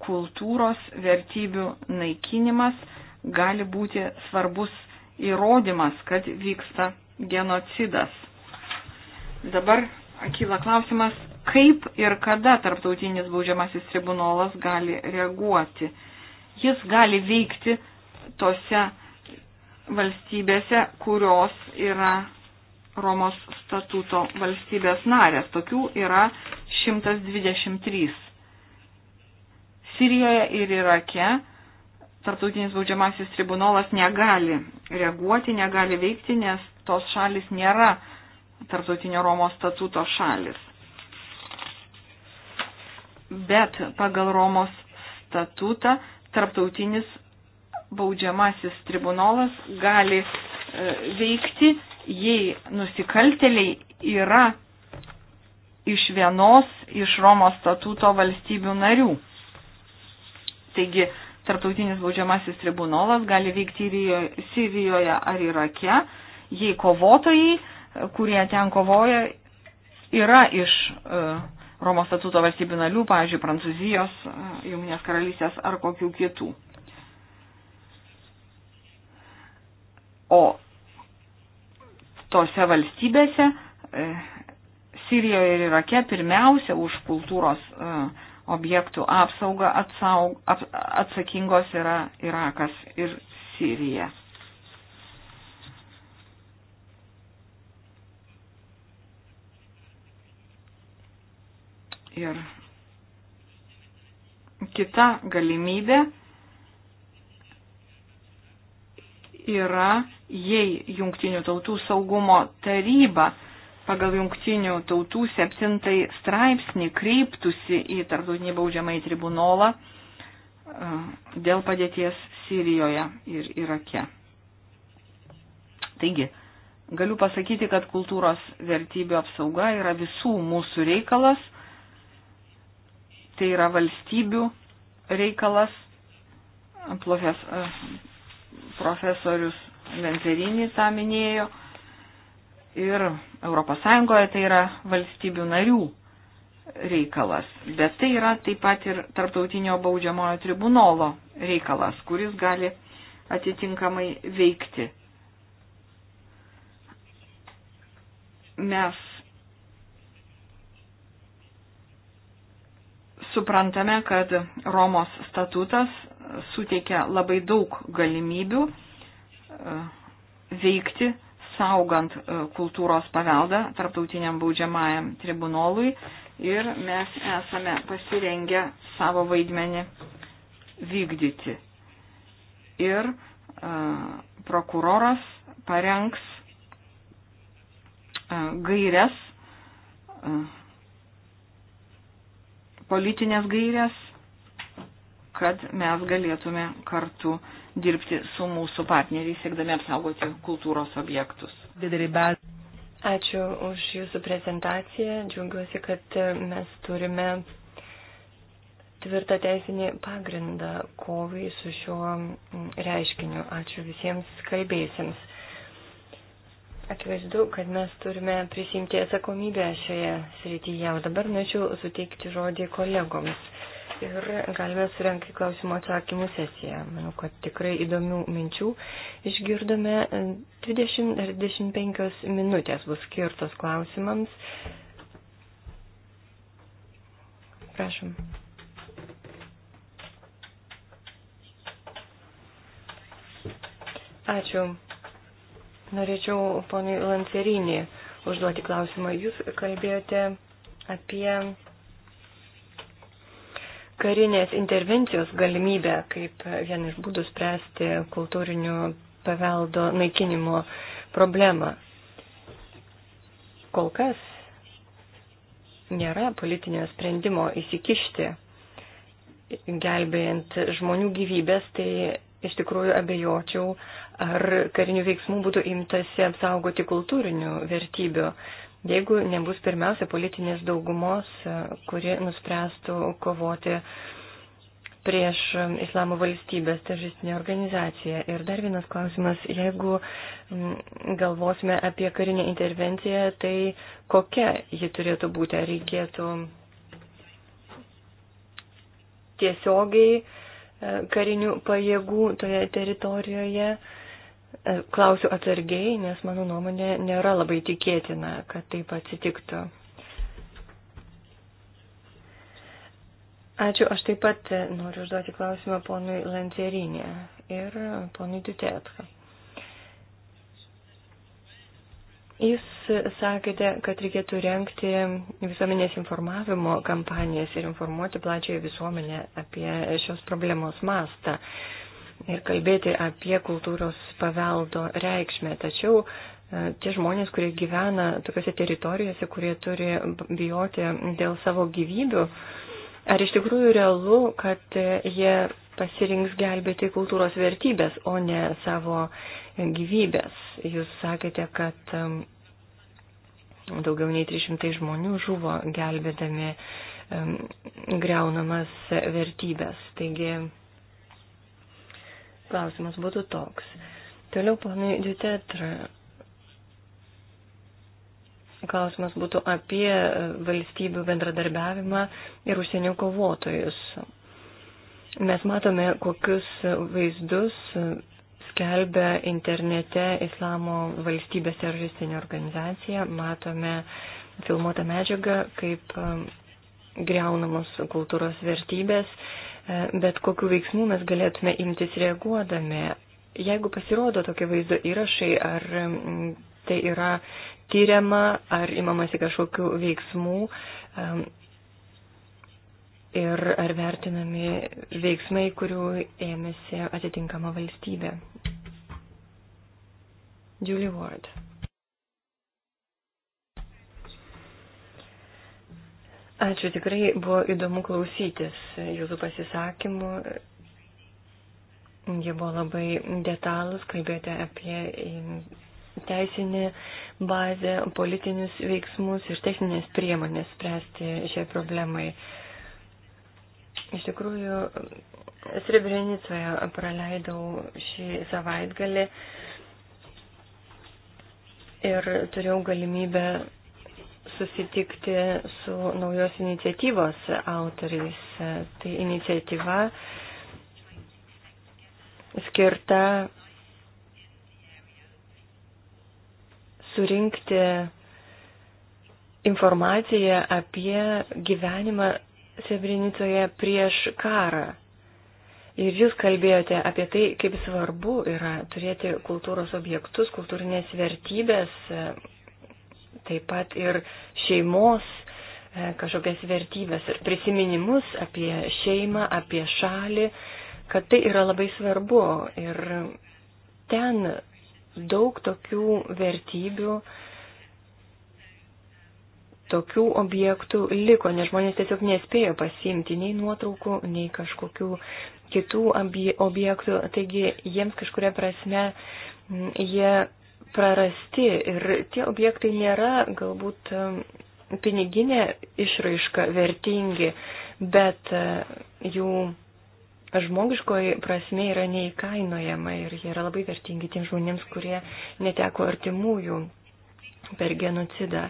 kultūros vertybių naikinimas gali būti svarbus įrodymas, kad vyksta genocidas. Dabar kyla klausimas, kaip ir kada tarptautinis baudžiamasis tribunolas gali reaguoti. Jis gali veikti tose valstybėse, kurios yra Romos statuto valstybės narės. Tokių yra 123. Sirijoje ir Irake tarptautinis baudžiamasis tribunolas negali reaguoti, negali veikti, nes tos šalis nėra tarptautinio Romos statuto šalis. Bet pagal Romos statutą tarptautinis baudžiamasis tribunolas gali e, veikti, jei nusikalteliai yra iš vienos iš Romos statuto valstybių narių. Taigi tarptautinis baudžiamasis tribunolas gali veikti Sirijoje ar Irake, jei kovotojai, kurie ten kovoja, yra iš e, Romos statuto valstybių narių, pavyzdžiui, Prancūzijos, e, Juminės karalystės ar kokių kitų. O tose valstybėse, e, Sirijoje ir Irake, pirmiausia už kultūros uh, objektų apsaugą atsaug, ap, atsakingos yra Irakas ir Sirija. Ir kita galimybė yra, jei Junktinių tautų saugumo taryba pagal jungtinių tautų septintai straipsnį kreiptųsi į tarptautinį baudžiamąjį tribunolą e, dėl padėties Sirijoje ir Irake. Taigi, galiu pasakyti, kad kultūros vertybių apsauga yra visų mūsų reikalas, tai yra valstybių reikalas, profes, e, profesorius Lenzerinį tą minėjo ir ES tai yra valstybių narių reikalas, bet tai yra taip pat ir tarptautinio baudžiamojo tribunolo reikalas, kuris gali atitinkamai veikti. Mes suprantame, kad Romos statutas suteikia labai daug galimybių e, veikti saugant e, kultūros paveldą tarptautiniam baudžiamajam tribunolui ir mes esame pasirengę savo vaidmenį vykdyti. Ir a, e, prokuroras parengs a, e, gairias, a, politinės gairias, kad mes galėtume kartu dirbti su mūsų partneriais, siekdami apsaugoti kultūros objektus. Ačiū už Jūsų prezentaciją. Džiaugiuosi, kad mes turime tvirtą teisinį pagrindą kovai su šiuo mm, reiškiniu. Ačiū visiems kalbėjusiems. Akivaizdu, kad mes turime prisimti atsakomybę šioje srityje. O dabar norėčiau suteikti žodį kolegoms ir galime surenkti klausimų atsakymų sesiją. Manau, kad tikrai įdomių minčių išgirdome. 20 ar 25 minutės bus skirtos klausimams. Prašom. Ačiū. Norėčiau ponui Lancerinį užduoti klausimą. Jūs kalbėjote apie karinės intervencijos galimybę kaip vieną iš būdų spręsti kultūrinių paveldo naikinimo problemą. Kol kas nėra politinio sprendimo įsikišti, gelbėjant žmonių gyvybės, tai iš tikrųjų abejočiau, ar karinių veiksmų būtų imtasi apsaugoti kultūrinių vertybių jeigu nebus pirmiausia politinės daugumos, e, kuri nuspręstų kovoti prieš Islamo valstybės teržistinę organizaciją. Ir dar vienas klausimas, jeigu mm, galvosime apie karinę intervenciją, tai kokia ji turėtų būti? Ar reikėtų tiesiogiai e, karinių pajėgų toje teritorijoje? E, klausiu atsargiai, nes mano nuomonė nėra labai tikėtina, kad taip atsitiktų. Ačiū, aš taip pat noriu užduoti klausimą ponui Lancerinė ir ponui Dutetka. Jūs sakėte, kad reikėtų renkti visuomenės informavimo kampanijas ir informuoti plačiąją visuomenę apie šios problemos mastą ir kalbėti apie kultūros paveldo reikšmę. Tačiau e, tie žmonės, kurie gyvena tokiuose teritorijose, kurie turi bijoti dėl savo gyvybių, ar iš tikrųjų realu, kad e, jie pasirinks gelbėti kultūros vertybės, o ne savo gyvybės. Jūs sakėte, kad e, daugiau nei 300 žmonių žuvo gelbėdami um, greunamas vertybės. Taigi klausimas būtų toks. Toliau, ponai Ditetra, klausimas būtų apie e, valstybių bendradarbiavimą ir užsienio kovotojus. Mes matome, kokius vaizdus skelbia internete Islamo valstybės teroristinė organizacija. Matome filmuotą medžiagą, kaip e, greunamos kultūros vertybės E, bet kokiu veiksmu mes galėtume imtis reaguodami. Jeigu pasirodo tokie vaizdo įrašai, ar tai yra tyriama, ar imamasi kažkokiu veiksmu e, ir ar vertinami veiksmai, kurių ėmėsi atitinkama valstybė. Julie Ward. Ačiū, tikrai buvo įdomu klausytis jūsų pasisakymų. Jie buvo labai detalus, kalbėjote apie teisinį bazę, politinius veiksmus ir techninės priemonės spręsti šiai problemai. Iš tikrųjų, Srebrenicoje praleidau šį savaitgalį ir turėjau galimybę susitikti su naujos iniciatyvos autoriais. Tai iniciatyva skirta surinkti informaciją apie gyvenimą Srebrenicoje prieš karą. Ir jūs kalbėjote apie tai, kaip svarbu yra turėti kultūros objektus, kultūrinės vertybės taip pat ir šeimos e, kažkokias vertybės ir prisiminimus apie šeimą, apie šalį, kad tai yra labai svarbu. Ir ten daug tokių vertybių, tokių objektų liko, nes žmonės tiesiog nespėjo pasiimti nei nuotraukų, nei kažkokių kitų objektų. Taigi jiems kažkuria prasme jie prarasti ir tie objektai nėra galbūt piniginė išraiška vertingi, bet e, jų žmogiškoji prasme yra neįkainojama ir jie yra labai vertingi tiems žmonėms, kurie neteko artimųjų per genocidą.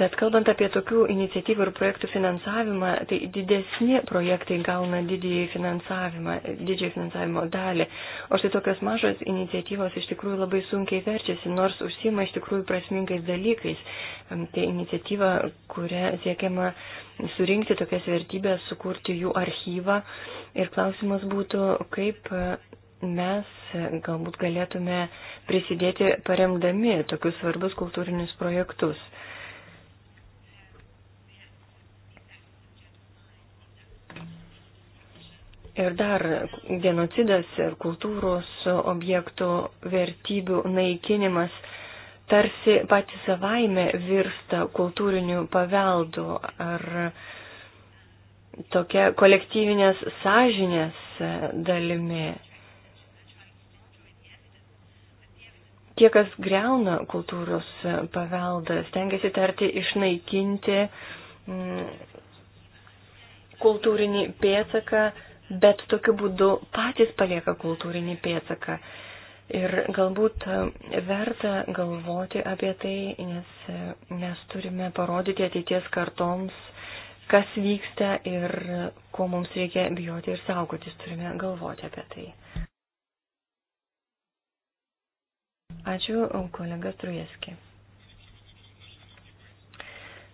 Bet kalbant apie tokių iniciatyvų ir projektų finansavimą, tai didesni projektai gauna didįjį finansavimą, didžiąją finansavimo dalį. O štai tokios mažos iniciatyvos iš tikrųjų labai sunkiai verčiasi, nors užsima iš tikrųjų prasmingais dalykais. Tai iniciatyva, kuria siekiama surinkti tokias vertybės, sukurti jų archyvą. Ir klausimas būtų, kaip e, mes e, galbūt galėtume prisidėti paremdami tokius svarbus kultūrinius projektus. Ir dar genocidas ir kultūros objektų vertybių naikinimas tarsi pati savaime virsta kultūriniu paveldu ar tokia kolektyvinės sąžinės dalimi. Tie, kas greuna kultūros paveldą, stengiasi tarti išnaikinti mm, kultūrinį pėtsaką bet tokiu būdu patys palieka kultūrinį pėtsaką. Ir galbūt e, verta galvoti apie tai, nes e, mes turime parodyti ateities kartoms, kas vyksta ir ko mums reikia bijoti ir saugotis, turime galvoti apie tai. Ačiū, kolega Trujeski.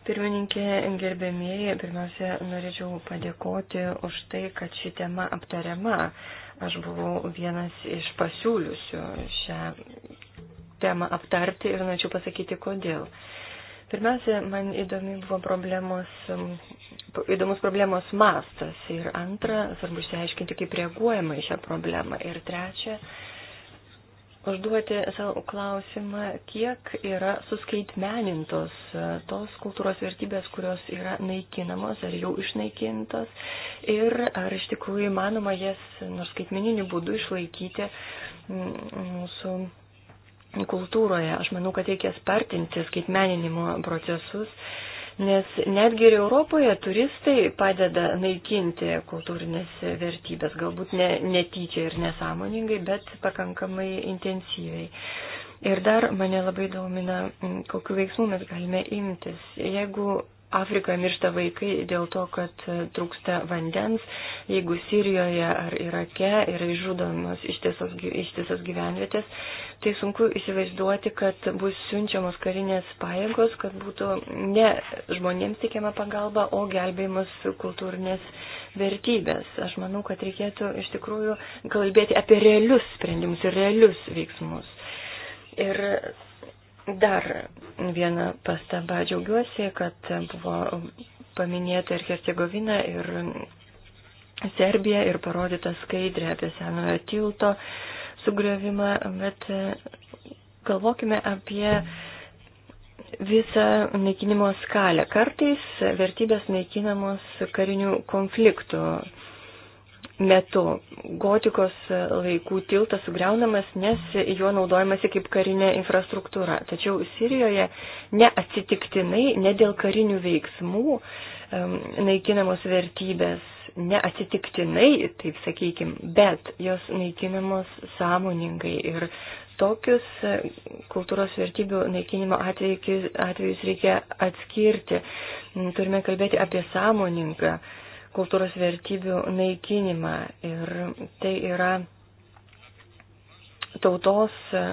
Pirmininkė, gerbėmieji, pirmiausia, norėčiau padėkoti už tai, kad ši tema aptariama. Aš buvau vienas iš pasiūliusių šią temą aptarti ir norėčiau pasakyti, kodėl. Pirmiausia, man įdomi buvo problemos, įdomus problemos mastas ir antra, svarbu išsiaiškinti, kaip reaguojama į šią problemą ir trečia, užduoti savo klausimą, kiek yra suskaitmenintos e, tos kultūros vertybės, kurios yra naikinamos ar jau išnaikintos ir ar iš tikrųjų įmanoma jas nors skaitmeniniu būdu išlaikyti mūsų kultūroje. Aš manau, kad reikia spartinti skaitmeninimo procesus Nes netgi ir Europoje turistai padeda naikinti kultūrinės vertybės, galbūt ne, netyčia ir nesąmoningai, bet pakankamai intensyviai. Ir dar mane labai domina, kokiu veiksmu mes galime imtis. Jeigu Afrikoje miršta vaikai dėl to, kad trūksta vandens, jeigu Sirijoje ar Irake yra išžudomos ištisas gyvenvietės, tai sunku įsivaizduoti, kad bus siunčiamos karinės pajėgos, kad būtų ne žmonėms teikiama pagalba, o gelbėjimas kultūrinės vertybės. Aš manau, kad reikėtų iš tikrųjų kalbėti apie realius sprendimus ir realius veiksmus. Ir dar viena pastaba, džiaugiuosi, kad buvo paminėta ir Hercegovina, ir Serbija, ir parodyta skaidrė apie senojo tilto sugriovimą, bet e, galvokime apie visą naikinimo skalę. Kartais vertybės naikinamos karinių konfliktų metu. Gotikos laikų tiltas sugriaunamas, nes juo naudojamasi kaip karinė infrastruktūra. Tačiau Sirijoje neatsitiktinai, ne dėl karinių veiksmų naikinamos vertybės neatsitiktinai, taip sakykim, bet jos naikinamos sąmoningai ir tokius e, kultūros vertybių naikinimo atvejus, atvejus reikia atskirti. Mm, turime kalbėti apie sąmoningą kultūros vertybių naikinimą ir tai yra tautos e,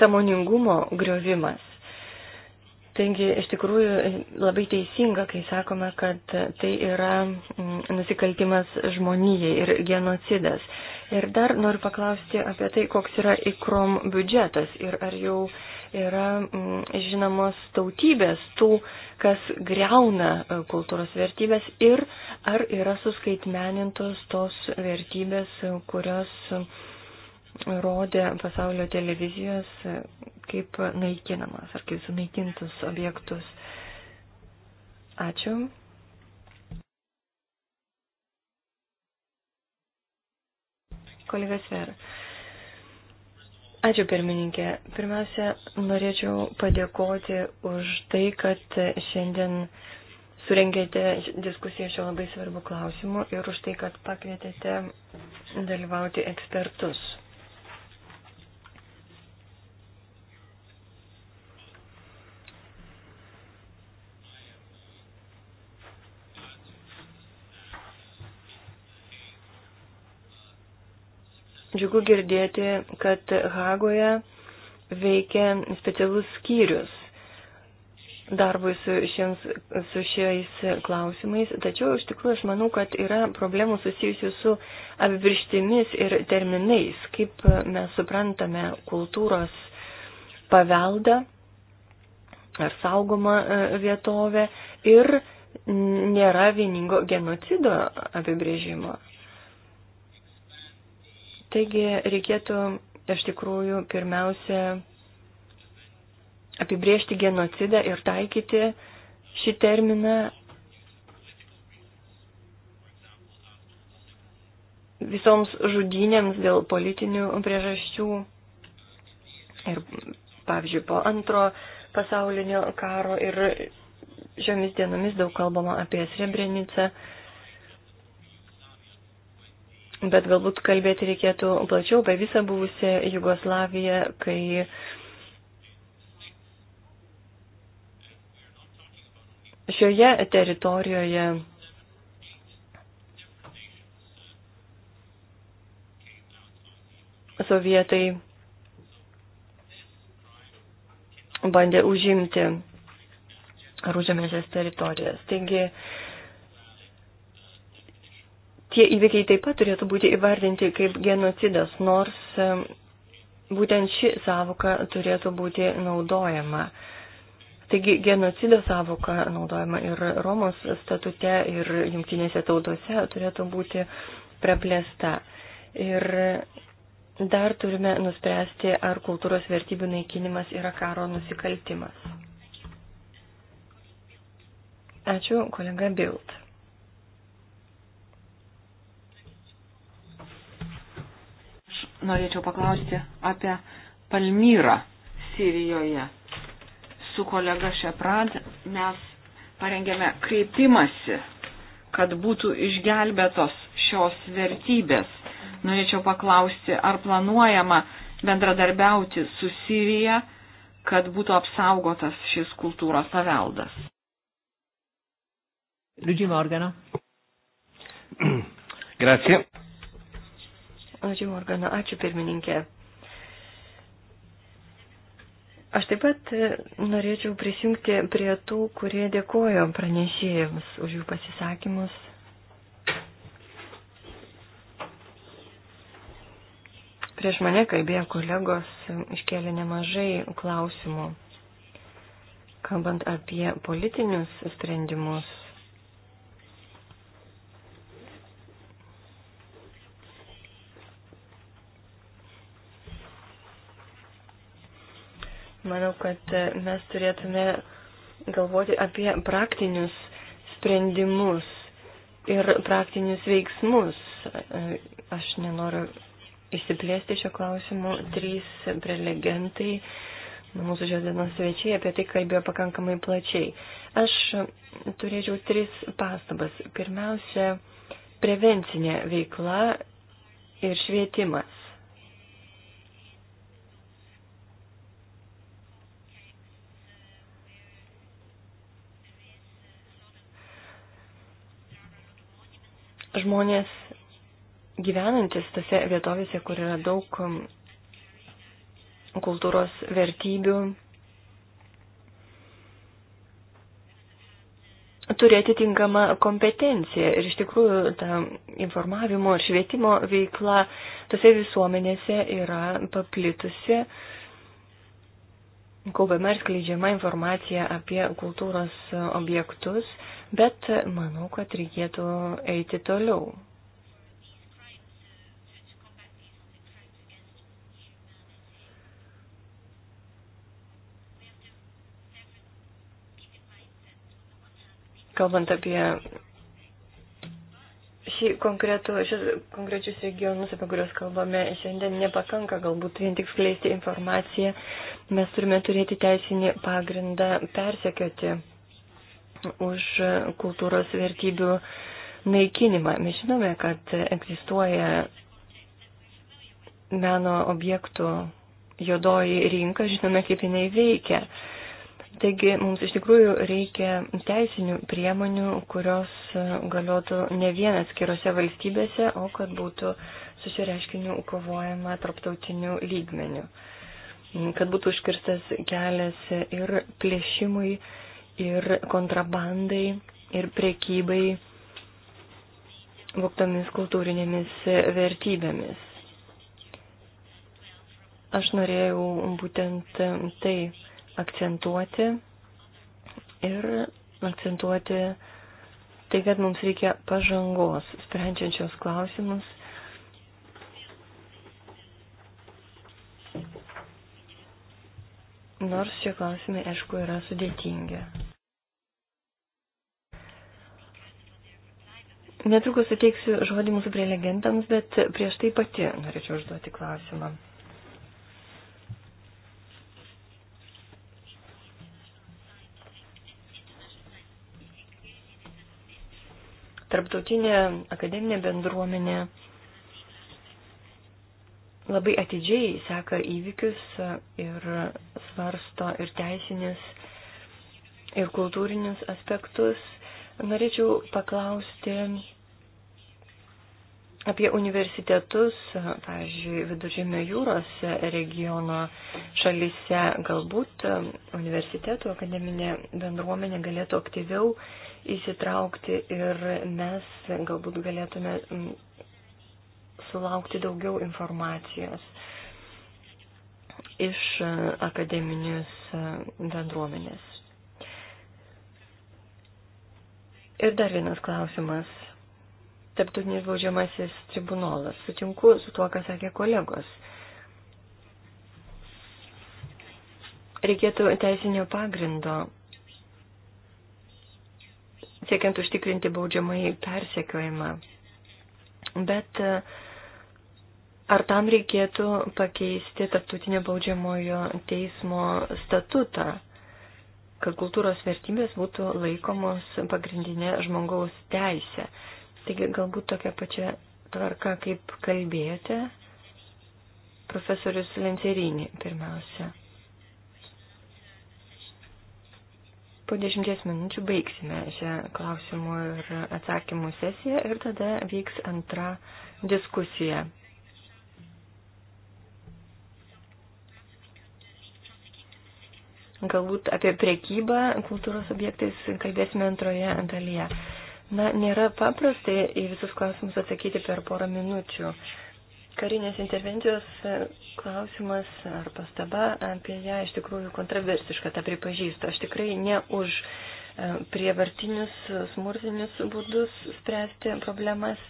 samoningumo griovimas. Taigi, iš tikrųjų, labai teisinga, kai sakome, kad tai yra mm, nusikaltimas žmonijai ir genocidas. Ir dar noriu paklausti apie tai, koks yra ikrom biudžetas ir ar jau yra mm, žinomos tautybės tų, kas greuna e, kultūros vertybės ir ar yra suskaitmenintos tos vertybės, kurios rodė pasaulio televizijos e, kaip naikinamas ar kaip sunaikintus objektus. Ačiū. Kolega Sver. Ačiū pirmininkė. Pirmiausia, norėčiau padėkoti už tai, kad šiandien surengėte diskusiją šio labai svarbu klausimu ir už tai, kad pakvietėte dalyvauti ekspertus Džiugu girdėti, kad Hagoje veikia specialus skyrius darbui su, šiems, su šiais klausimais, tačiau iš tikrųjų aš manau, kad yra problemų susijusių su apibrištimis ir terminais, kaip mes suprantame kultūros paveldą ar saugomą e, vietovę ir nėra vieningo genocido apibrėžimo. Taigi reikėtų iš tikrųjų pirmiausia apibriežti genocidą ir taikyti šį terminą visoms žudynėms dėl politinių priežasčių. Ir pavyzdžiui, po antro pasaulinio karo ir šiomis dienomis daug kalbama apie Srebrenicą. Bet galbūt kalbėti reikėtų plačiau apie visą buvusią Jugoslaviją, kai šioje teritorijoje sovietai bandė užimti ar užėmėsias teritorijas. Taigi tie įvykiai taip pat turėtų būti įvardinti kaip genocidas, nors būtent ši savoka turėtų būti naudojama. Taigi genocido savoka naudojama ir Romos statute, ir jungtinėse tautose turėtų būti praplėsta. Ir dar turime nuspręsti, ar kultūros vertybių naikinimas yra karo nusikaltimas. Ačiū, kolega Bild. norėčiau paklausti apie Palmyrą Sirijoje. Su kolega Šeprad mes parengėme kreipimasi, kad būtų išgelbėtos šios vertybės. Norėčiau paklausti, ar planuojama bendradarbiauti su Sirija, kad būtų apsaugotas šis kultūros paveldas. Luigi Morgano. Grazie. Ačiū, Morgana. Ačiū, pirmininkė. Aš taip pat e, norėčiau prisijungti prie tų, kurie dėkojo pranešėjams už jų pasisakymus. Prieš mane kalbėjo kolegos, e, iškėlė nemažai klausimų, kalbant apie politinius sprendimus Manau, kad e, mes turėtume galvoti apie praktinius sprendimus ir praktinius veiksmus. E, aš nenoriu išsiplėsti šio klausimu. Trys prelegentai, mūsų šios dienos svečiai, apie tai kalbėjo pakankamai plačiai. Aš turėčiau tris pastabas. Pirmiausia, prevencinė veikla ir švietimas. žmonės gyvenantis tose vietovėse, kur yra daug um, kultūros vertybių, turi atitinkamą kompetenciją. Ir iš tikrųjų ta informavimo ir švietimo veikla tose visuomenėse yra paplitusi, kaupiama ir skleidžiama informacija apie kultūros uh, objektus Bet e, manau, kad reikėtų eiti toliau. Kalbant apie šį konkretų, šis konkrečius regionus, apie kuriuos kalbame, šiandien nepakanka galbūt vien tik skleisti informaciją. Mes turime turėti teisinį pagrindą persekioti už kultūros vertybių naikinimą. Mes žinome, kad egzistuoja meno objektų juodoji rinka, žinome, kaip jinai veikia. Taigi mums iš tikrųjų reikia teisinių priemonių, kurios galiotų ne vienas skirose valstybėse, o kad būtų su šiuo reiškiniu kovojama tarptautiniu lygmeniu. Kad būtų užkirstas kelias ir plėšimui, ir kontrabandai, ir priekybai voktomis kultūrinėmis vertybėmis. Aš norėjau būtent tai akcentuoti ir akcentuoti tai, kad mums reikia pažangos, sprendžiančios klausimus. Nors šie klausimai, aišku, yra sudėtingi. Netrukus suteiksiu žodį mūsų prelegentams, bet prieš tai pati norėčiau užduoti klausimą. Tarptautinė akademinė bendruomenė labai atidžiai seka įvykius ir svarsto ir teisinius, ir kultūrinius aspektus. Norėčiau paklausti apie universitetus, pavyzdžiui, viduržėmio jūros regiono šalyse. Galbūt universitetų akademinė bendruomenė galėtų aktyviau įsitraukti ir mes galbūt galėtume sulaukti daugiau informacijos iš akademinės bendruomenės. Ir dar vienas klausimas. Tarptautinis baudžiamasis tribunolas. Sutinku su tuo, ką sakė kolegos. Reikėtų teisinio pagrindo, siekiant užtikrinti baudžiamąjį persekiojimą. Bet e, ar tam reikėtų pakeisti tarptautinio baudžiamojo teismo statutą? kad kultūros vertybės būtų laikomos pagrindinė žmogaus teisė. Taigi galbūt tokia pačia tvarka, kaip kalbėjote, profesorius Lencerinį pirmiausia. Po dešimties minučių baigsime šią klausimų ir atsakymų sesiją ir tada vyks antra diskusija. Galbūt apie priekybą kultūros objektais kalbėsime antroje dalyje. Na, nėra paprastai į visus klausimus atsakyti per porą minučių. Karinės intervencijos klausimas ar pastaba apie ją iš tikrųjų kontroversiška, tą pripažįstu. Aš tikrai ne už e, prievartinius, smurtinius būdus spręsti problemas,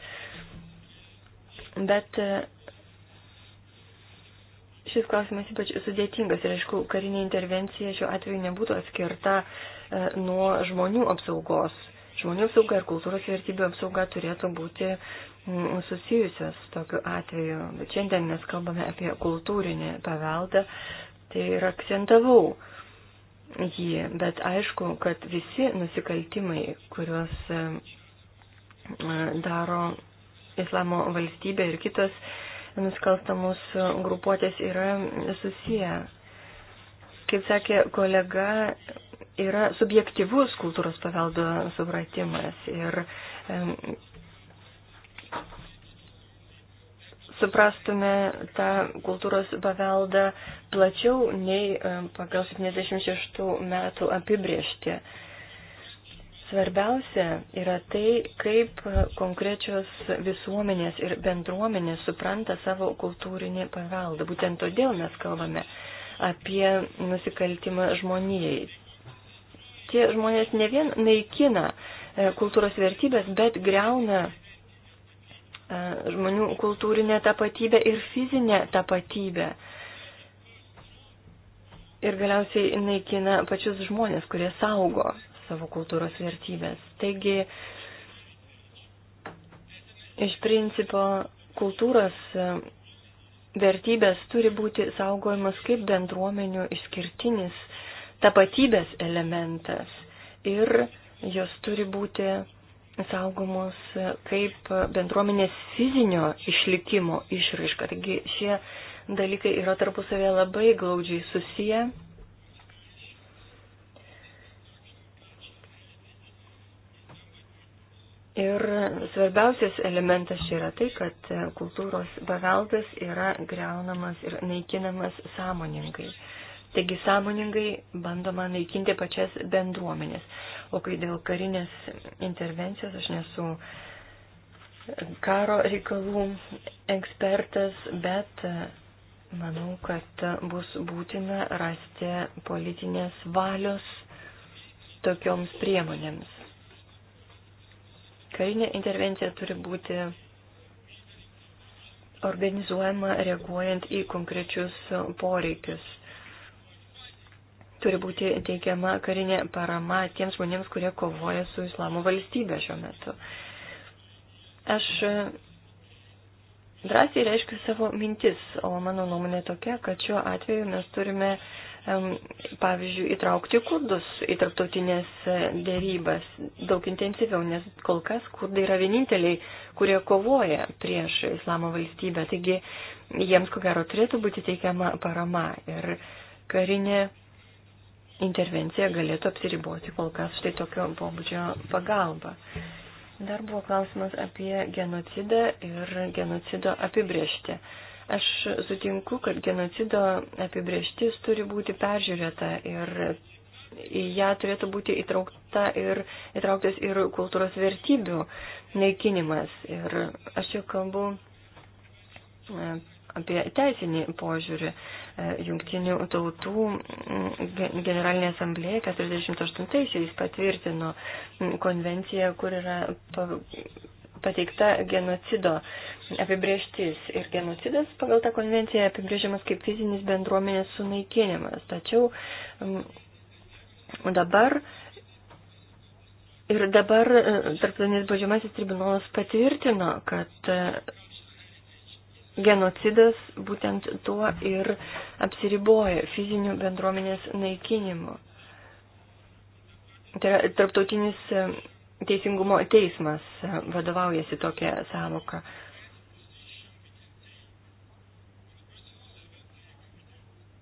bet e, šis klausimas ypač sudėtingas ir, aišku, karinė intervencija šiuo atveju nebūtų atskirta e, nuo žmonių apsaugos. Žmonių apsauga ir kultūros vertybių apsauga turėtų būti susijusios tokiu atveju. Bet šiandien mes kalbame apie kultūrinį paveldą, tai ir akcentavau jį. Bet aišku, kad visi nusikaltimai, kuriuos e, daro Islamo valstybė ir kitos nusikalstamus grupuotės yra susiję. Kaip sakė kolega, yra subjektivus kultūros paveldo supratimas ir suprastume tą kultūros paveldą plačiau nei pagal 76 metų apibriežti. Svarbiausia yra tai, kaip konkrečios visuomenės ir bendruomenės supranta savo kultūrinį paveldą. Būtent todėl mes kalbame apie nusikaltimą žmonijai. Tie žmonės ne vien naikina e, kultūros vertybės, bet greuna e, žmonių kultūrinę tapatybę ir fizinę tapatybę. Ir galiausiai naikina pačius žmonės, kurie saugo savo kultūros vertybės. Taigi, iš principo, kultūros vertybės turi būti saugojimas kaip bendruomenių išskirtinis tapatybės elementas ir jos turi būti saugomos kaip bendruomenės fizinio išlikimo išraiška. Taigi šie dalykai yra tarpusavėje labai glaudžiai susiję Ir svarbiausias elementas čia yra tai, kad kultūros paveldas yra greunamas ir naikinamas sąmoningai. Taigi sąmoningai bandoma naikinti pačias bendruomenės. O kai dėl karinės intervencijos aš nesu karo reikalų ekspertas, bet manau, kad bus būtina rasti politinės valios tokioms priemonėms karinė intervencija turi būti organizuojama reaguojant į konkrečius poreikius. Turi būti teikiama karinė parama tiems žmonėms, kurie kovoja su islamo valstybė šiuo metu. Aš drąsiai reiškiu savo mintis, o mano nuomonė tokia, kad šiuo atveju mes turime uh, pavyzdžiui, įtraukti kurdus į tarptautinės e, dėrybas daug intensyviau, nes kol kas kurdai yra vieninteliai, kurie kovoja prieš islamo valstybę. Taigi jiems, ko gero, turėtų būti teikiama parama ir karinė intervencija galėtų apsiriboti kol kas štai tokio pobūdžio pagalba. Dar buvo klausimas apie genocidą ir genocido apibriežtį. Aš sutinku, kad genocido apibrieštis turi būti peržiūrėta ir į ją turėtų būti įtraukta ir, įtrauktas ir kultūros vertybių naikinimas. Ir aš čia kalbu e, apie teisinį požiūrį e, jungtinių tautų generalinė asamblėja 48-aisiais patvirtino konvenciją, kur yra pateikta genocido apibrieštis ir genocidas pagal tą konvenciją apibrėžiamas kaip fizinis bendruomenės sunaikinimas. Tačiau mm, dabar ir dabar mm, tarptautinis baudžiamasis tribunolas patvirtino, kad mm, genocidas būtent tuo ir apsiriboja fizinių bendruomenės naikinimu. Tai yra tarptautinis teisingumo teismas vadovaujasi tokia savoka.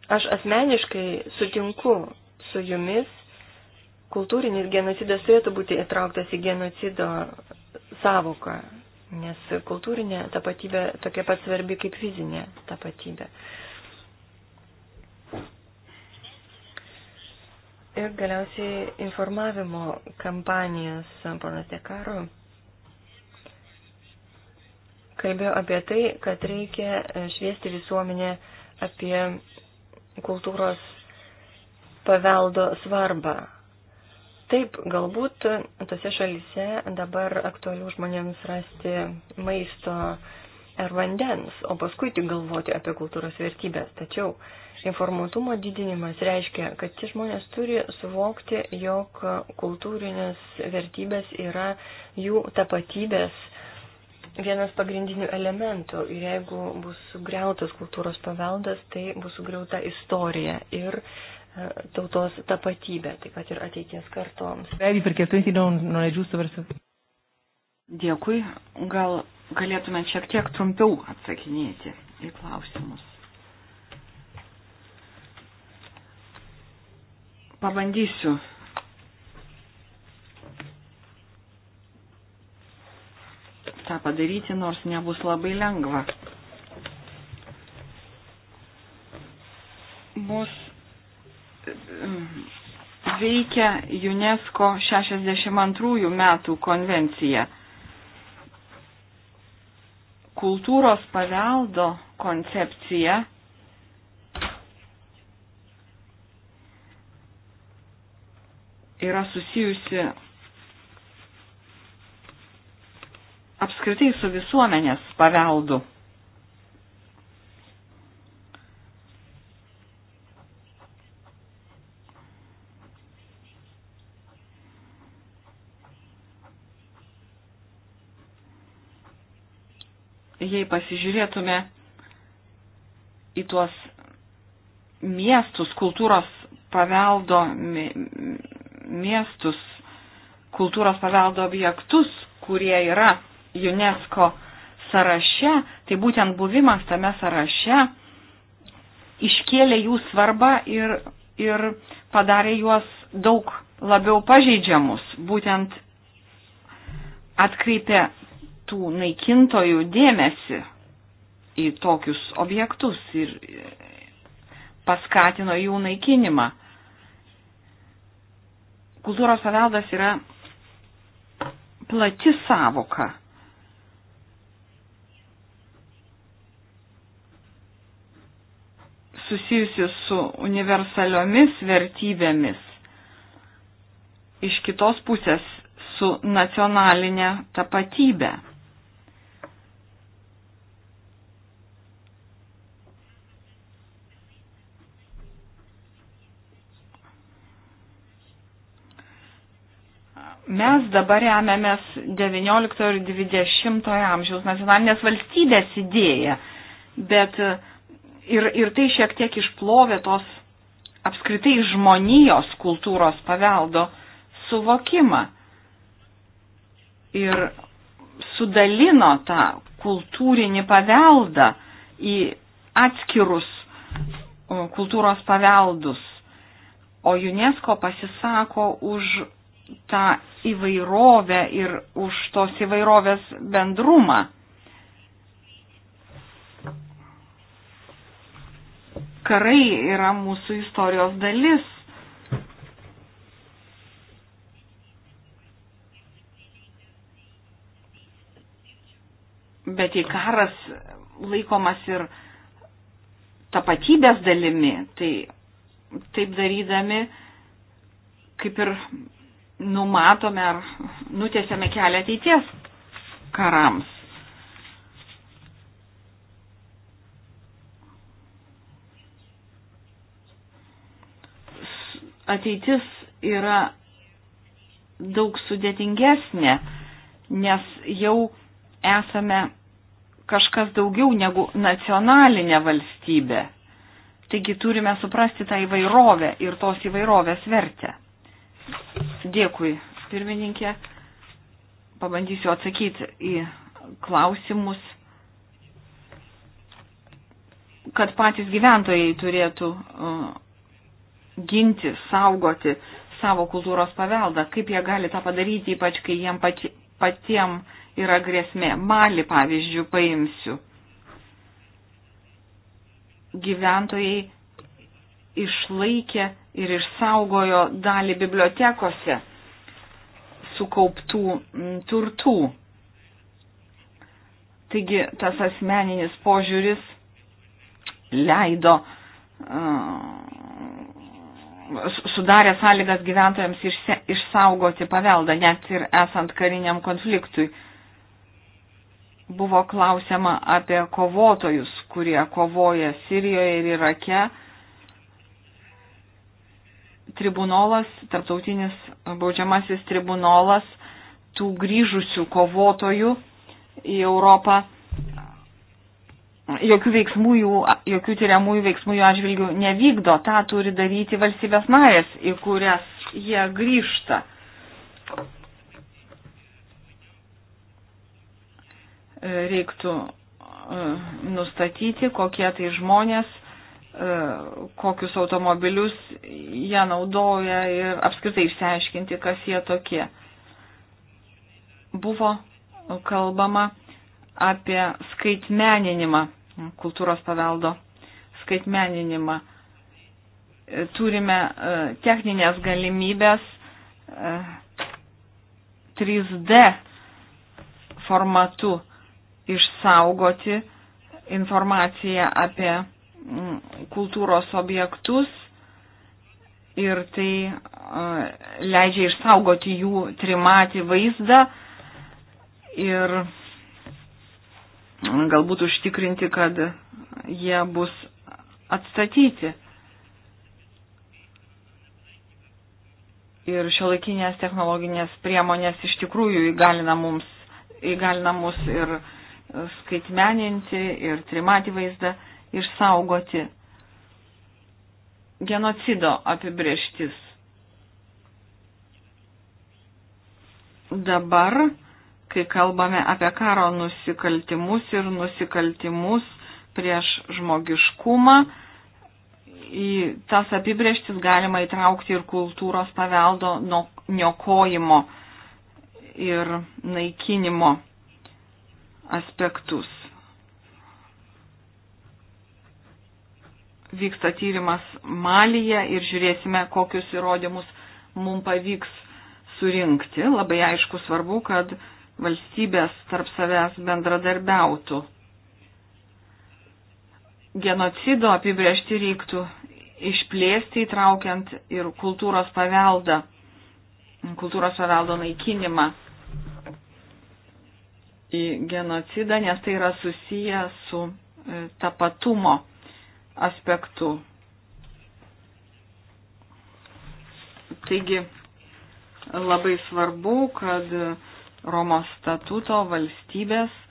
Aš asmeniškai sutinku su jumis, kultūrinis genocidas turėtų būti įtrauktas į genocido savoką, nes kultūrinė tapatybė tokia pat svarbi kaip fizinė tapatybė. Ir galiausiai informavimo kampanijas ponas Dekaro kalbėjo apie tai, kad reikia šviesti visuomenę apie kultūros paveldo svarbą. Taip, galbūt tose šalise dabar aktualių žmonėms rasti maisto ar vandens, o paskui tik galvoti apie kultūros vertybės. Tačiau informuotumo didinimas reiškia, kad tie žmonės turi suvokti, jog kultūrinės vertybės yra jų tapatybės vienas pagrindinių elementų. Ir jeigu bus sugriautas kultūros paveldas, tai bus sugriauta istorija ir e, tautos tapatybė, taip pat ir ateities kartoms. Dėkui, gal galėtumėt šiek tiek trumpiau atsakinėti į klausimus. Pabandysiu tą padaryti, nors nebus labai lengva. Mus e, veikia UNESCO 62 metų konvencija. Kultūros paveldo koncepcija yra susijusi apskritai su visuomenės paveldu. Jei pasižiūrėtume į tuos miestus, kultūros paveldo miestus, kultūros paveldo objektus, kurie yra UNESCO sąraše, tai būtent buvimas tame sąraše iškėlė jų svarbą ir, ir padarė juos daug labiau pažeidžiamus, būtent atkreipė tų naikintojų dėmesį į tokius objektus ir paskatino jų naikinimą. Kultūros paveldas yra plati savoka susijusi su universaliomis vertybėmis, iš kitos pusės su nacionalinė tapatybė. Mes dabar remiamės XIX ir XX amžiaus nacionalinės valstybės idėją, bet uh, ir, ir tai šiek tiek išplovė tos apskritai žmonijos kultūros paveldo suvokimą ir sudalino tą kultūrinį paveldą į atskirus kultūros paveldus. O UNESCO pasisako už tą įvairovę ir už tos įvairovės bendrumą. karai yra mūsų istorijos dalis. Bet jei karas laikomas ir tapatybės dalimi, tai taip darydami kaip ir numatome ar nutėsėme kelią ateities karams. ateitis yra daug sudėtingesnė, nes jau esame kažkas daugiau negu nacionalinė valstybė. Taigi turime suprasti tą įvairovę ir tos įvairovės vertę. Dėkui, pirmininkė. Pabandysiu atsakyti į klausimus, kad patys gyventojai turėtų uh, ginti, saugoti savo kultūros paveldą, kaip jie gali tą padaryti, ypač kai jiem pati, patiem yra grėsmė. Mali pavyzdžių paimsiu. Gyventojai išlaikė ir išsaugojo dalį bibliotekose sukauptų turtų. Taigi tas asmeninis požiūris leido uh, sudarė sąlygas gyventojams išsaugoti paveldą, net ir esant kariniam konfliktui. Buvo klausima apie kovotojus, kurie kovoja Sirijoje ir Irake. Tribunolas, tarptautinis baudžiamasis tribunolas tų grįžusių kovotojų į Europą jokių veiksmų jų, jokių tyriamųjų veiksmų jų atžvilgių nevykdo, tą turi daryti valstybės narės, į kurias jie grįžta. Reiktų e, nustatyti, kokie tai žmonės, e, kokius automobilius jie naudoja ir apskritai išsiaiškinti, kas jie tokie. Buvo kalbama apie skaitmeninimą kultūros paveldo skaitmeninimą. E, turime e, techninės galimybės 3D e, formatu išsaugoti informaciją apie mm, kultūros objektus ir tai leidžia išsaugoti jų trimatį vaizdą ir galbūt užtikrinti, kad jie bus atstatyti. Ir šiolaikinės technologinės priemonės iš tikrųjų įgalina, mums, įgalina mus ir skaitmeninti, ir trimatį vaizdą išsaugoti. Genocido apibrieštis. Dabar kai kalbame apie karo nusikaltimus ir nusikaltimus prieš žmogiškumą. Į tas apibrieštis galima įtraukti ir kultūros paveldo niokojimo ir naikinimo aspektus. Vyksta tyrimas Malyje ir žiūrėsime, kokius įrodymus mums pavyks surinkti. Labai aišku svarbu, kad valstybės tarp savęs bendradarbiautų. Genocido apibriežti reiktų išplėsti, įtraukiant ir kultūros paveldą, kultūros paveldo naikinimą į genocidą, nes tai yra susiję su e, tapatumo aspektu. Taigi labai svarbu, kad Romos statuto valstybės e,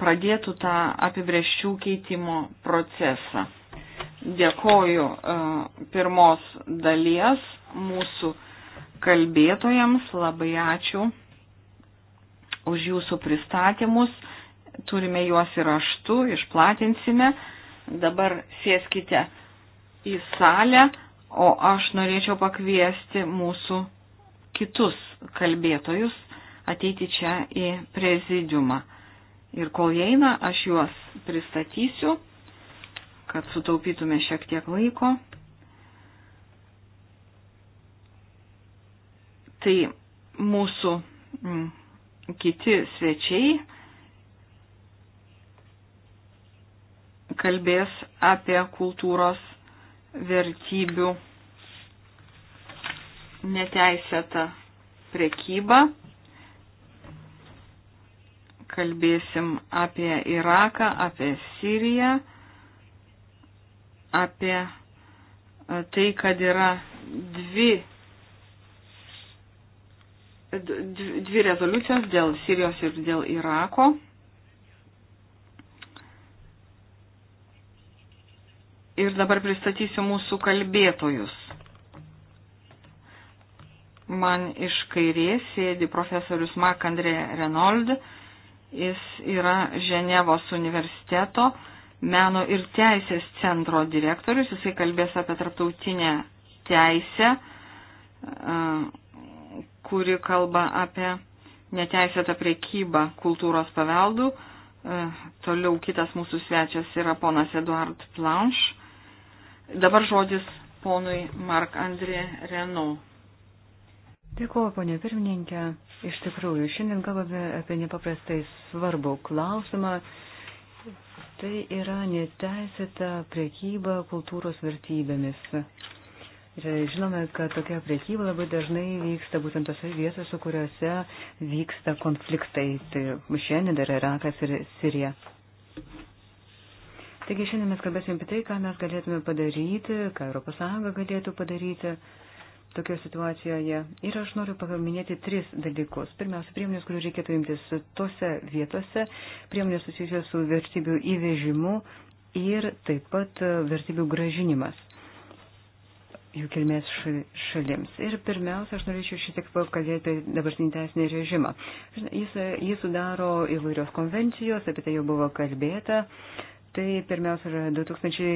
pradėtų tą apibrėžčių keitimo procesą. Dėkoju e, pirmos dalies mūsų kalbėtojams, labai ačiū už jūsų pristatymus, turime juos ir raštu, išplatinsime. Dabar sėskite į salę, o aš norėčiau pakviesti mūsų kitus kalbėtojus ateiti čia į prezidiumą. Ir kol jie eina, aš juos pristatysiu, kad sutaupytume šiek tiek laiko. Tai mūsų mm, kiti svečiai kalbės apie kultūros vertybių neteisėtą prekybą. Kalbėsim apie Iraką, apie Siriją, apie e, tai, kad yra dvi, dvi rezoliucijos dėl Sirijos ir dėl Irako. Ir dabar pristatysiu mūsų kalbėtojus. Man iš kairės sėdi profesorius Mark Andrė Renold. Jis yra Ženevos universiteto meno ir teisės centro direktorius. Jisai kalbės apie tarptautinę teisę, kuri kalba apie neteisėtą priekybą kultūros paveldų. Toliau kitas mūsų svečias yra ponas Eduard Planš. Dabar žodis ponui Mark Andrė Renault. Dėkuoju, ponė pirmininkė. Iš tikrųjų, šiandien kalbame apie nepaprastai svarbų klausimą. Tai yra neteisėta priekyba kultūros vertybėmis. Ir žinome, kad tokia priekyba labai dažnai vyksta būtent tose vietose, kuriuose vyksta konfliktai. Tai šiandien dar Irakas ir Sirija. Taigi šiandien mes kalbėsime apie tai, ką mes galėtume padaryti, ką ES galėtų padaryti tokioje situacijoje. Ir aš noriu paminėti tris dalykus. Pirmiausia, priemonės, kurių reikėtų imtis tose vietose, priemonės susijusios su vertybių įvežimu ir taip pat e, vertybių gražinimas jų kilmės šalims. Ir pirmiausia, aš norėčiau šiek tiek pakalbėti apie dabartinį teisinį režimą. Jis, e, jis sudaro įvairios konvencijos, apie tai jau buvo kalbėta. Tai pirmiausia yra 2000.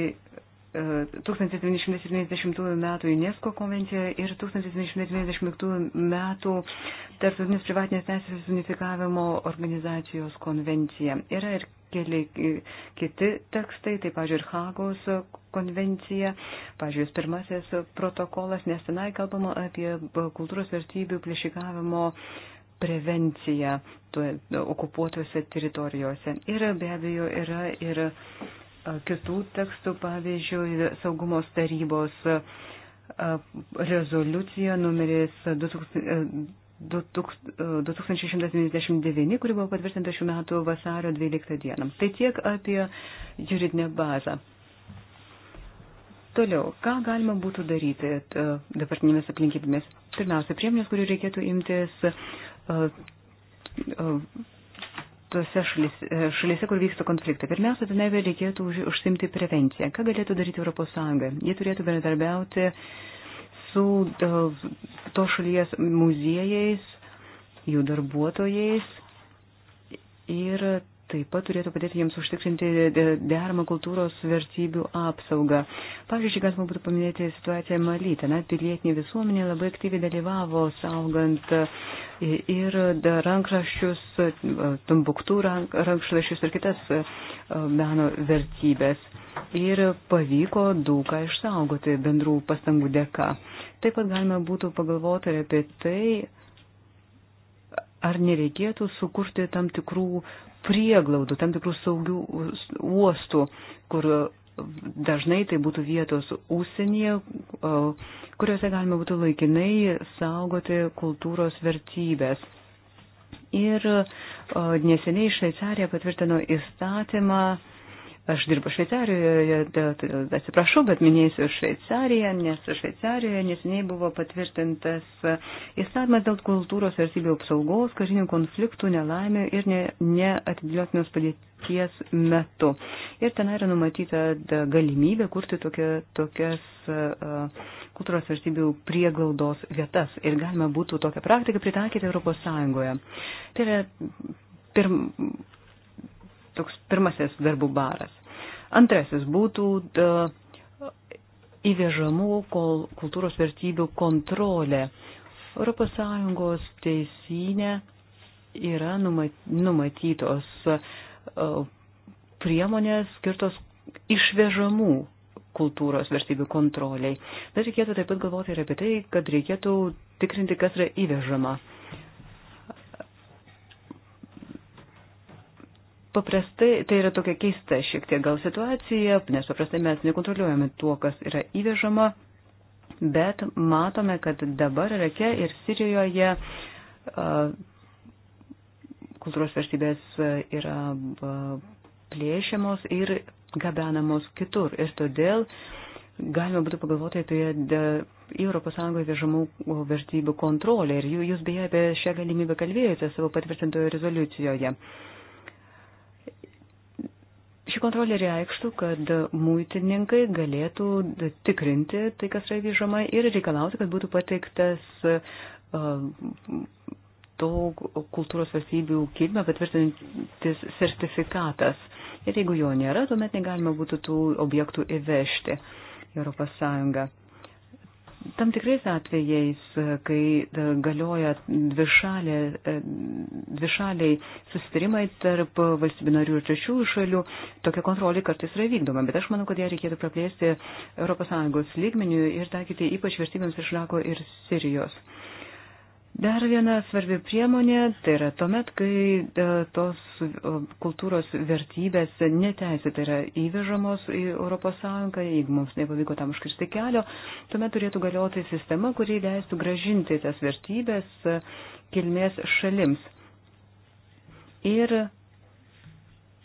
1970 e, m. UNESCO konvencija ir 1995 m. Tartutinės privatinės teisės unifikavimo organizacijos konvencija. Yra ir keli e, kiti tekstai, tai, pažiūrėjau, ir Hagos konvencija, pažiūrėjau, pirmasis protokolas, nes tenai kalbama apie kultūros vertybių plėšikavimo prevenciją okupuotose teritorijose. Ir be abejo yra ir. Yra, kitų tekstų, pavyzdžiui, saugumos tarybos rezoliucija numeris 2199, e, e, kuri buvo patvirtinta šių metų vasario 12 dieną. Tai tiek apie juridinę bazą. Toliau, ką galima būtų daryti e, dabartinėmis aplinkybėmis? Pirmiausia, priemonės, kurių reikėtų imtis tose šalyse, šalyse, kur vyksta konfliktai. Pirmiausia, tenai reikėtų už, užsimti prevenciją. Ką galėtų daryti ES? Jie turėtų bendradarbiauti su e, to šalies muziejais, jų darbuotojais ir taip pat turėtų padėti jiems užtikrinti deramą kultūros vertybių apsaugą. Pavyzdžiui, galima būtų paminėti situaciją Maly. Ten pilietinė visuomenė labai aktyviai dalyvavo saugant e, ir rankraščius, e, tumbuktų rank, rankšlašius ir kitas e, meno vertybės. Ir pavyko daugą išsaugoti bendrų pastangų dėka. Taip pat galima būtų pagalvoti ir apie tai, ar nereikėtų sukurti tam tikrų prieglaudų, tam tikrų saugių uostų, kur dažnai tai būtų vietos ūsienyje, kuriuose galima būtų laikinai saugoti kultūros vertybės. Ir neseniai Šveicarija patvirtino įstatymą, Aš dirbu Šveicarijoje, atsiprašau, bet minėsiu Šveicariją, nes Šveicarijoje nesiniai buvo patvirtintas įstatymas dėl kultūros versybių apsaugos, karinių konfliktų, nelaimių ir ne, neatidėliotinos padėties metu. Ir ten yra numatyta galimybė kurti tokia, tokias uh, kultūros versybių prieglaudos vietas ir galima būtų tokią praktiką pritaikyti Europos Sąjungoje. Tai yra pirm, toks pirmasis darbų baras. Antrasis būtų da, e, įvežamų kol, kultūros vertybių kontrolė. ES teisinė yra numatytos e, priemonės skirtos išvežamų kultūros vertybių kontroliai. Bet reikėtų taip pat galvoti ir apie tai, kad reikėtų tikrinti, kas yra įvežama. Uh, paprastai tai yra tokia keista šiek tiek gal situacija, nes paprastai mes nekontroliuojame tuo, kas yra įvežama, bet matome, kad dabar Irake ir Sirijoje kultūros vertybės yra plėšiamos ir gabenamos kitur. Ir todėl galima būtų pagalvoti apie į ES vežamų vertybių kontrolę. Ir jūs beje apie šią galimybę kalbėjote savo patvirtintoje rezoliucijoje. Uh, Ši kontrolė reikštų, kad muitininkai galėtų tikrinti tai, kas yra įvyžama ir reikalauti, kad būtų pateiktas to kultūros valstybių kilmę patvirtintis sertifikatas. Ir jeigu jo nėra, tuomet negalima būtų tų objektų įvežti į Europos Sąjungą. Tam tikrais atvejais, e, kai e, galioja dvišalė, e, dvišaliai susitarimai tarp valstybių narių ir trečiųjų šalių, tokia kontrolė kartais yra vykdoma, bet aš manau, kad ją reikėtų praplėsti ES lygmenių ir taikyti ypač vertybėms iš Irako ir Sirijos. Dar viena svarbi priemonė, tai yra tuomet, kai e, tos e, kultūros vertybės neteisėtai yra įvežamos į ES, jeigu mums nepavyko tam užkirsti kelio, tuomet turėtų galioti sistema, kuri leistų gražinti tas vertybės e, kilmės šalims. Ir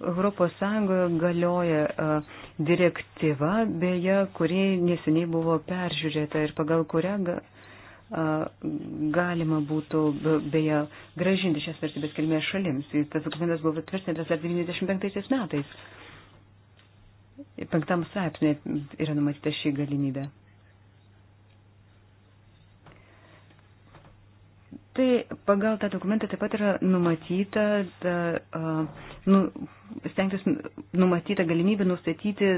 ES galioja direktyva, beje, kuri neseniai buvo peržiūrėta ir pagal kurią galima būtų beje gražinti šias vertybės kilmės šalims. Tas dokumentas buvo patvirtintas dar 95 metais. Penktam straipsnė yra numatyta šį galimybę. Tai pagal tą dokumentą taip pat yra numatyta, ta, nu, stengtis numatyta galimybė nustatyti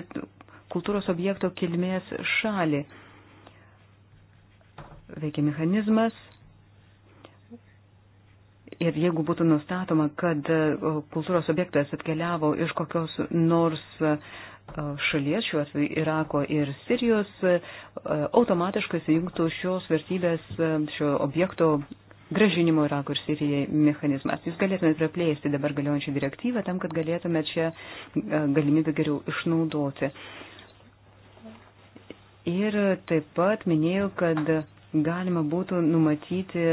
kultūros objekto kilmės šalį. Uh, veikia mechanizmas. Ir jeigu būtų nustatoma, kad e, kultūros objektas atkeliavo iš kokios nors e, šalies, šiuo atveju Irako ir Sirijos, e, automatiškai įjungtų šios vertybės, šio objekto gražinimo Irako ir Sirijai mechanizmas. Jūs galėtumėte praplėsti dabar galiojančią direktyvą tam, kad galėtumėte šią galimybę geriau išnaudoti. Ir taip pat minėjau, kad galima būtų numatyti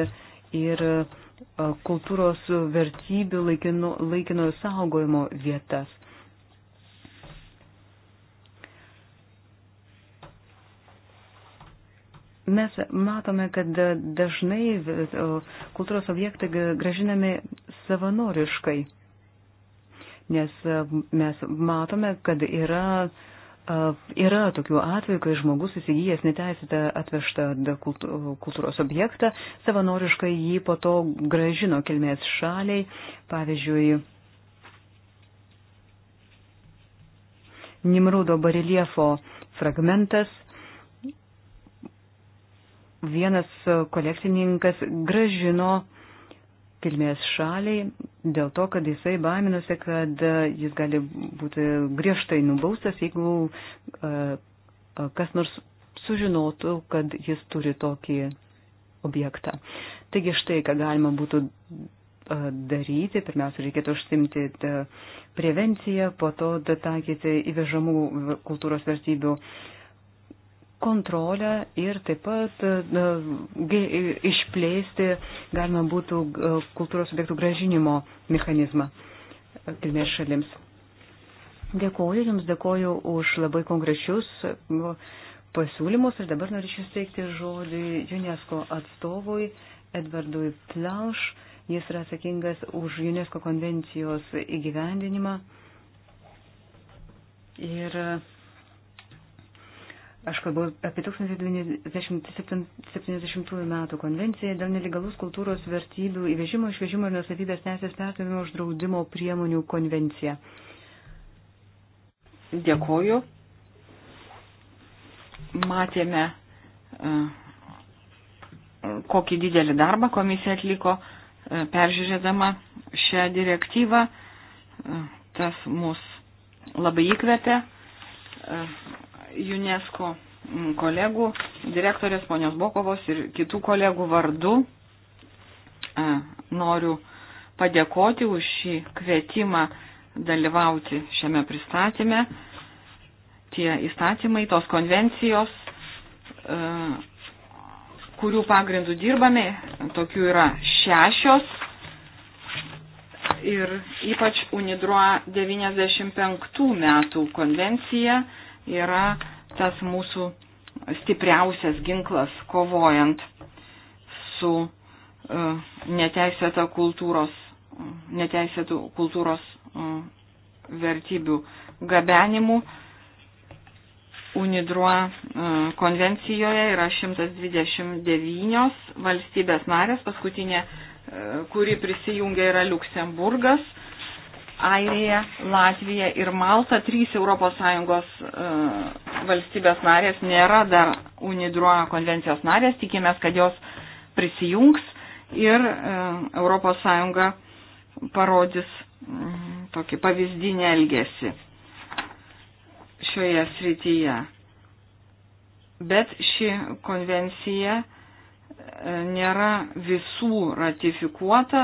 ir kultūros vertybių laikino, laikinojo saugojimo vietas. Mes matome, kad dažnai kultūros objektai gražinami savanoriškai, nes mes matome, kad yra uh, Yra tokių atvejų, kai žmogus įsigijęs neteisėtą atvežtą kultūros objektą, savanoriškai jį po to gražino kilmės šaliai, pavyzdžiui, Nimrudo bareliefo fragmentas. Vienas kolekcininkas gražino kilmės šaliai dėl to, kad jisai baiminosi, kad e, jis gali būti griežtai nubaustas, jeigu e, e, kas nors sužinotų, kad jis turi tokį objektą. Taigi štai, ką galima būtų daryti, pirmiausia, reikėtų užsimti prevenciją, po to taikyti įvežamų kultūros vertybių kontrolę ir taip pat e, e, išplėsti galima būtų e, kultūros objektų gražinimo mechanizmą kilmės šalims. Dėkuoju Jums, dėkuoju už labai konkrečius pasiūlymus ir dabar norėčiau steigti žodį UNESCO atstovui Edvardui Plauš. Jis yra atsakingas už UNESCO konvencijos įgyvendinimą. Ir Aš kalbu apie 1970 metų konvenciją dėl nelegalus kultūros vertybių įvežimo, išvežimo ir nusavybės teisės perdavimo uždraudimo priemonių konvenciją. Dėkoju. Matėme, e, kokį didelį darbą komisija atliko e, peržiūrėdama šią direktyvą. E, tas mus labai įkvėpė UNESCO kolegų, direktorės ponios Bokovos ir kitų kolegų vardu noriu padėkoti už šį kvietimą dalyvauti šiame pristatyme. Tie įstatymai, tos konvencijos, kurių pagrindų dirbame, tokių yra šešios. Ir ypač UNIDROA 95 metų konvencija yra tas mūsų stipriausias ginklas kovojant su e, neteisėta kultūros, neteisėtų kultūros e, vertybių gabenimu. UNIDROA e, konvencijoje yra 129 valstybės narės, paskutinė, kuri prisijungia, yra Luksemburgas Airija, Latvija ir Malta, trys ES e, valstybės narės, nėra dar UNIDROA konvencijos narės, tikimės, kad jos prisijungs ir ES parodys mm, tokį pavyzdinį elgesį šioje srityje. Bet ši konvencija e, nėra visų ratifikuota,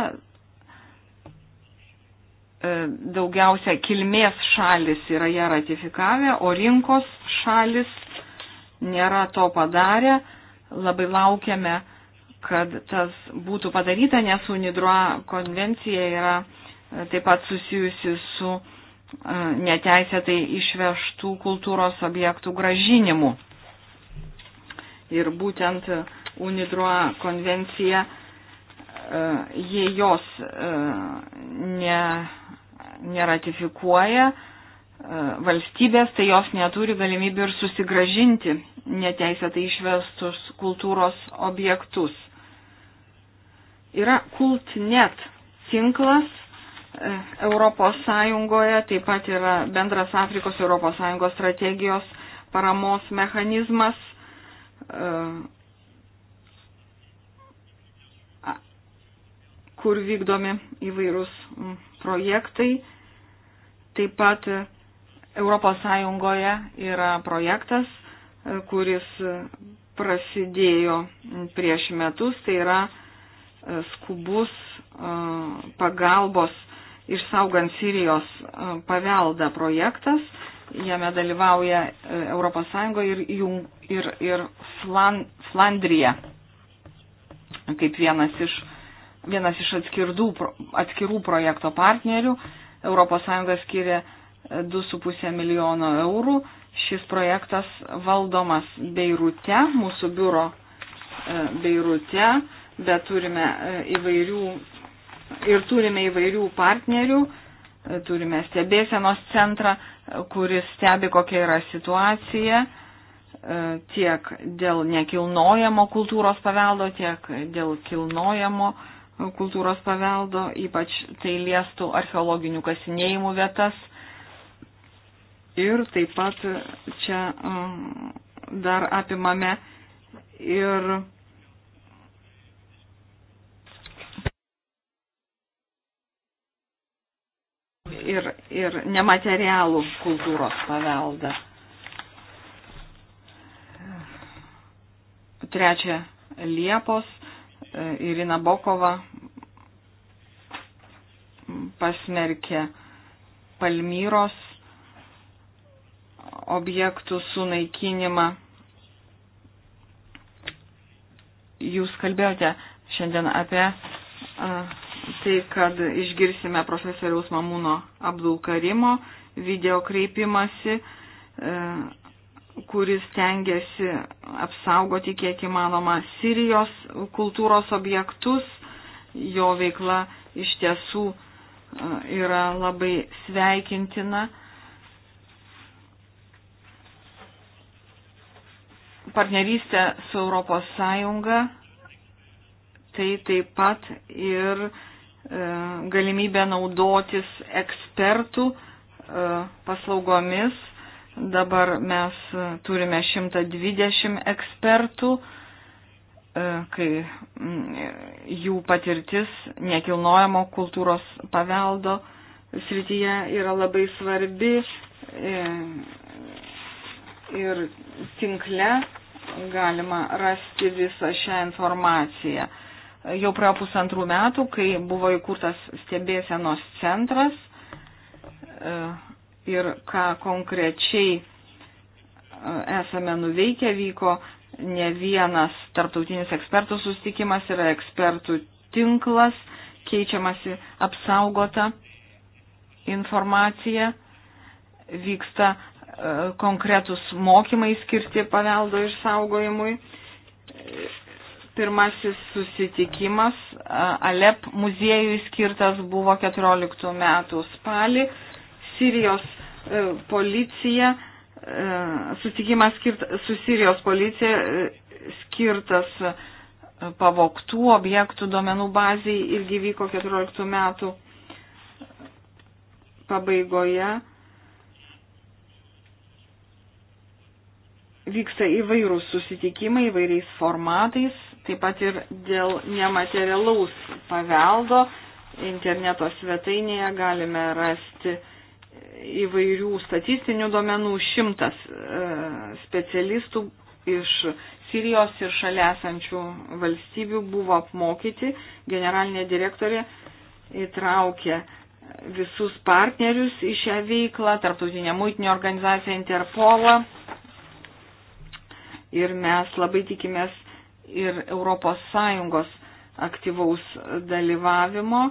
E, daugiausia kilmės šalis yra ją ratifikavę, o rinkos šalis nėra to padarę. Labai laukiame, kad tas būtų padaryta, nes UNIDROA konvencija yra e, taip pat susijusi su e, neteisėtai išvežtų kultūros objektų gražinimu. Ir būtent UNIDROA konvencija E, jei jos e, ne, neratifikuoja e, valstybės, tai jos neturi galimybių ir susigražinti neteisėtai išvestus kultūros objektus. Yra kultnet tinklas Europos Sąjungoje, taip pat yra bendras Afrikos Europos Sąjungos strategijos paramos mechanizmas kur vykdomi įvairūs projektai. Taip pat ES yra projektas, e, kuris prasidėjo prieš metus, tai yra e, skubus e, pagalbos išsaugant Sirijos paveldą projektas. Jame dalyvauja ES ir, ir, ir Flan, Flandrija kaip vienas iš vienas iš atskirdų, atskirų projekto partnerių. ES skiria 2,5 e, milijono eurų. Šis projektas valdomas Beirute, mūsų biuro e, Beirute, bet turime e, įvairių ir turime įvairių partnerių, turime stebėsenos centrą, kuris stebi, kokia yra situacija tiek dėl nekilnojamo kultūros paveldo, tiek dėl kilnojamo uh, kultūros paveldo, ypač tai liestų archeologinių kasinėjimų vietas. Ir taip pat čia um, dar apimame ir ir, ir nematerialų kultūros paveldą. Trečia Liepos e, Irina Bokova pasmerkė Palmyros objektų sunaikinimą. Jūs kalbėjote šiandien apie tai, kad išgirsime profesoriaus Mamūno Abdulkarimo video kreipimasi, e, kuris tengiasi apsaugoti kiek įmanoma Sirijos kultūros objektus. Jo veikla iš tiesų yra labai sveikintina. Partnerystė su Europos Sąjunga, tai taip pat ir e, galimybė naudotis ekspertų e, paslaugomis. Dabar mes turime 120 ekspertų, e, E, kai mm, jų patirtis nekilnojamo kultūros paveldo srityje yra labai svarbi e, ir tinkle galima rasti visą šią informaciją. Jau praėjo pusantrų metų, kai buvo įkurtas stebėsenos centras e, ir ką konkrečiai esame nuveikę, vyko ne vienas tarptautinis ekspertų sustikimas, yra ekspertų tinklas, keičiamasi apsaugota informacija, vyksta e, konkretus mokymai skirti paveldo išsaugojimui. Pirmasis susitikimas e, Alep muziejui skirtas buvo 14 metų spalį. Sirijos e, policija sutikimas skirtas, su Sirijos policija skirtas pavoktų objektų duomenų baziai irgi vyko 14 metų pabaigoje. Vyksta įvairūs susitikimai įvairiais formatais, taip pat ir dėl nematerialaus paveldo interneto svetainėje galime rasti uh, įvairių statistinių duomenų, šimtas e, specialistų iš Sirijos ir šalia esančių valstybių buvo apmokyti. Generalinė direktorė įtraukė visus partnerius į šią veiklą, tarptautinę muitinę organizaciją Interpolą. Ir mes labai tikimės ir ES aktyvaus dalyvavimo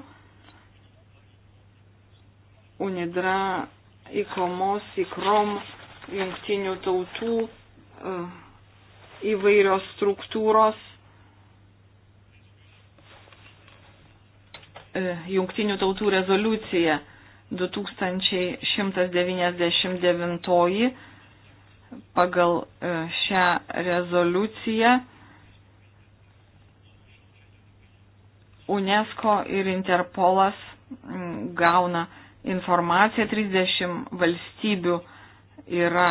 UNIDRA, ICOMOS, ICROM, jungtinių tautų e, įvairios struktūros, e, jungtinių tautų rezoliucija 2199 pagal e, šią rezoliuciją UNESCO ir Interpolas gauna informaciją, 30 valstybių yra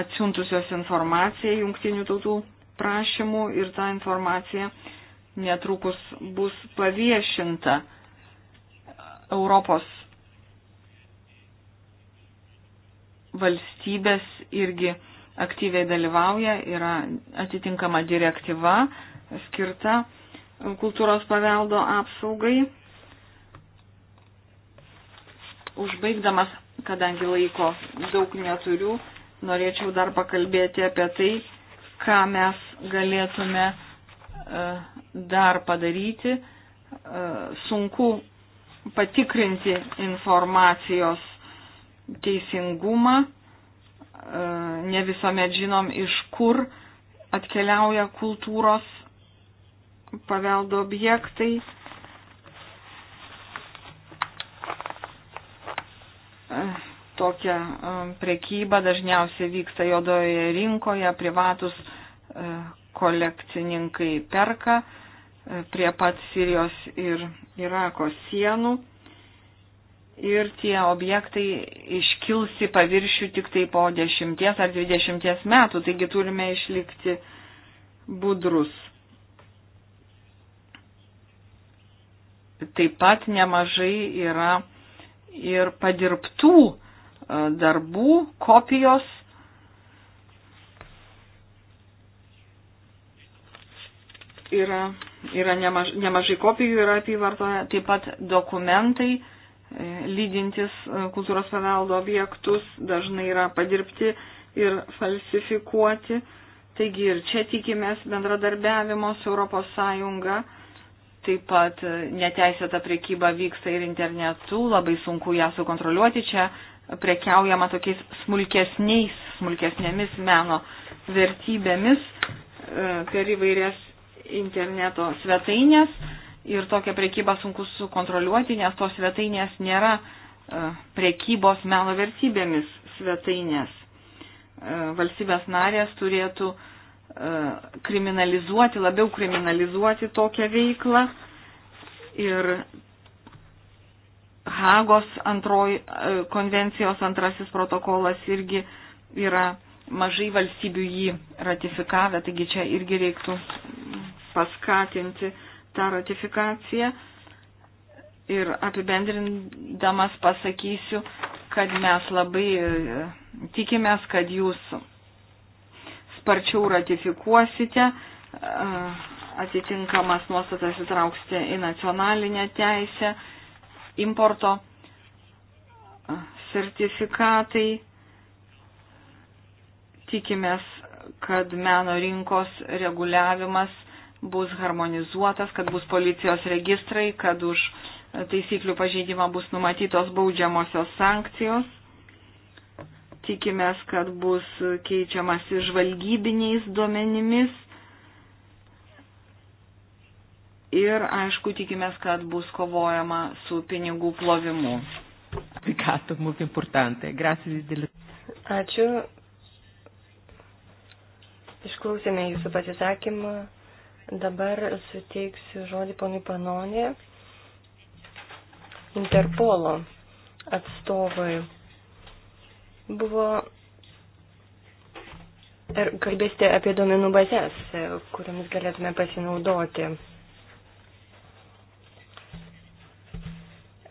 atsiuntusios informaciją jungtinių tautų prašymų ir ta informacija netrukus bus paviešinta Europos valstybės irgi aktyviai dalyvauja, yra atitinkama direktyva skirta kultūros paveldo apsaugai Užbaigdamas, kadangi laiko daug neturiu, norėčiau dar pakalbėti apie tai, ką mes galėtume e, dar padaryti. E, sunku patikrinti informacijos teisingumą, e, ne visuomet žinom, iš kur atkeliauja kultūros paveldo objektai tokia e, prekyba dažniausiai vyksta jodoje rinkoje, privatus e, kolekcininkai perka e, prie pat Sirijos ir Irako sienų. Ir tie objektai iškils į paviršių tik tai po dešimties ar dvidešimties metų, taigi turime išlikti budrus. Taip pat nemažai yra ir padirbtų e, darbų kopijos. Yra, yra nemažai, nemažai kopijų yra apyvartoje, taip pat dokumentai e, lydintis e, kultūros paveldo objektus dažnai yra padirbti ir falsifikuoti. Taigi ir čia tikimės bendradarbiavimo su ES Taip pat e, neteisėta priekyba vyksta ir internetu, labai sunku ją sukontroliuoti. Čia prekiaujama tokiais smulkesniais, smulkesnėmis meno vertybėmis e, per įvairias interneto svetainės ir tokią priekybą sunku sukontroliuoti, nes tos svetainės nėra e, priekybos meno vertybėmis svetainės. Valstybės narės turėtų uh, kriminalizuoti, labiau kriminalizuoti tokią veiklą. Ir Hagos antroj, e, konvencijos antrasis protokolas irgi yra mažai valstybių jį ratifikavę, taigi čia irgi reiktų paskatinti tą ratifikaciją. Ir apibendrindamas pasakysiu, kad mes labai e, tikimės, kad jūs sparčiau ratifikuosite, e, atitinkamas nuostatas įtrauksite į nacionalinę teisę, importo e, sertifikatai. Tikimės, kad meno rinkos reguliavimas bus harmonizuotas, kad bus policijos registrai, kad už taisyklių pažeidimą bus numatytos baudžiamosios sankcijos. Tikimės, kad bus keičiamas ir žvalgybiniais duomenimis. Ir, aišku, tikimės, kad bus kovojama su pinigų plovimu. Ačiū. Išklausėme jūsų pasisakymą. Dabar suteiksiu žodį ponui Panonė, Interpolo atstovui buvo. Ir kalbėsite apie duomenų bazės, e, kuriamis galėtume pasinaudoti.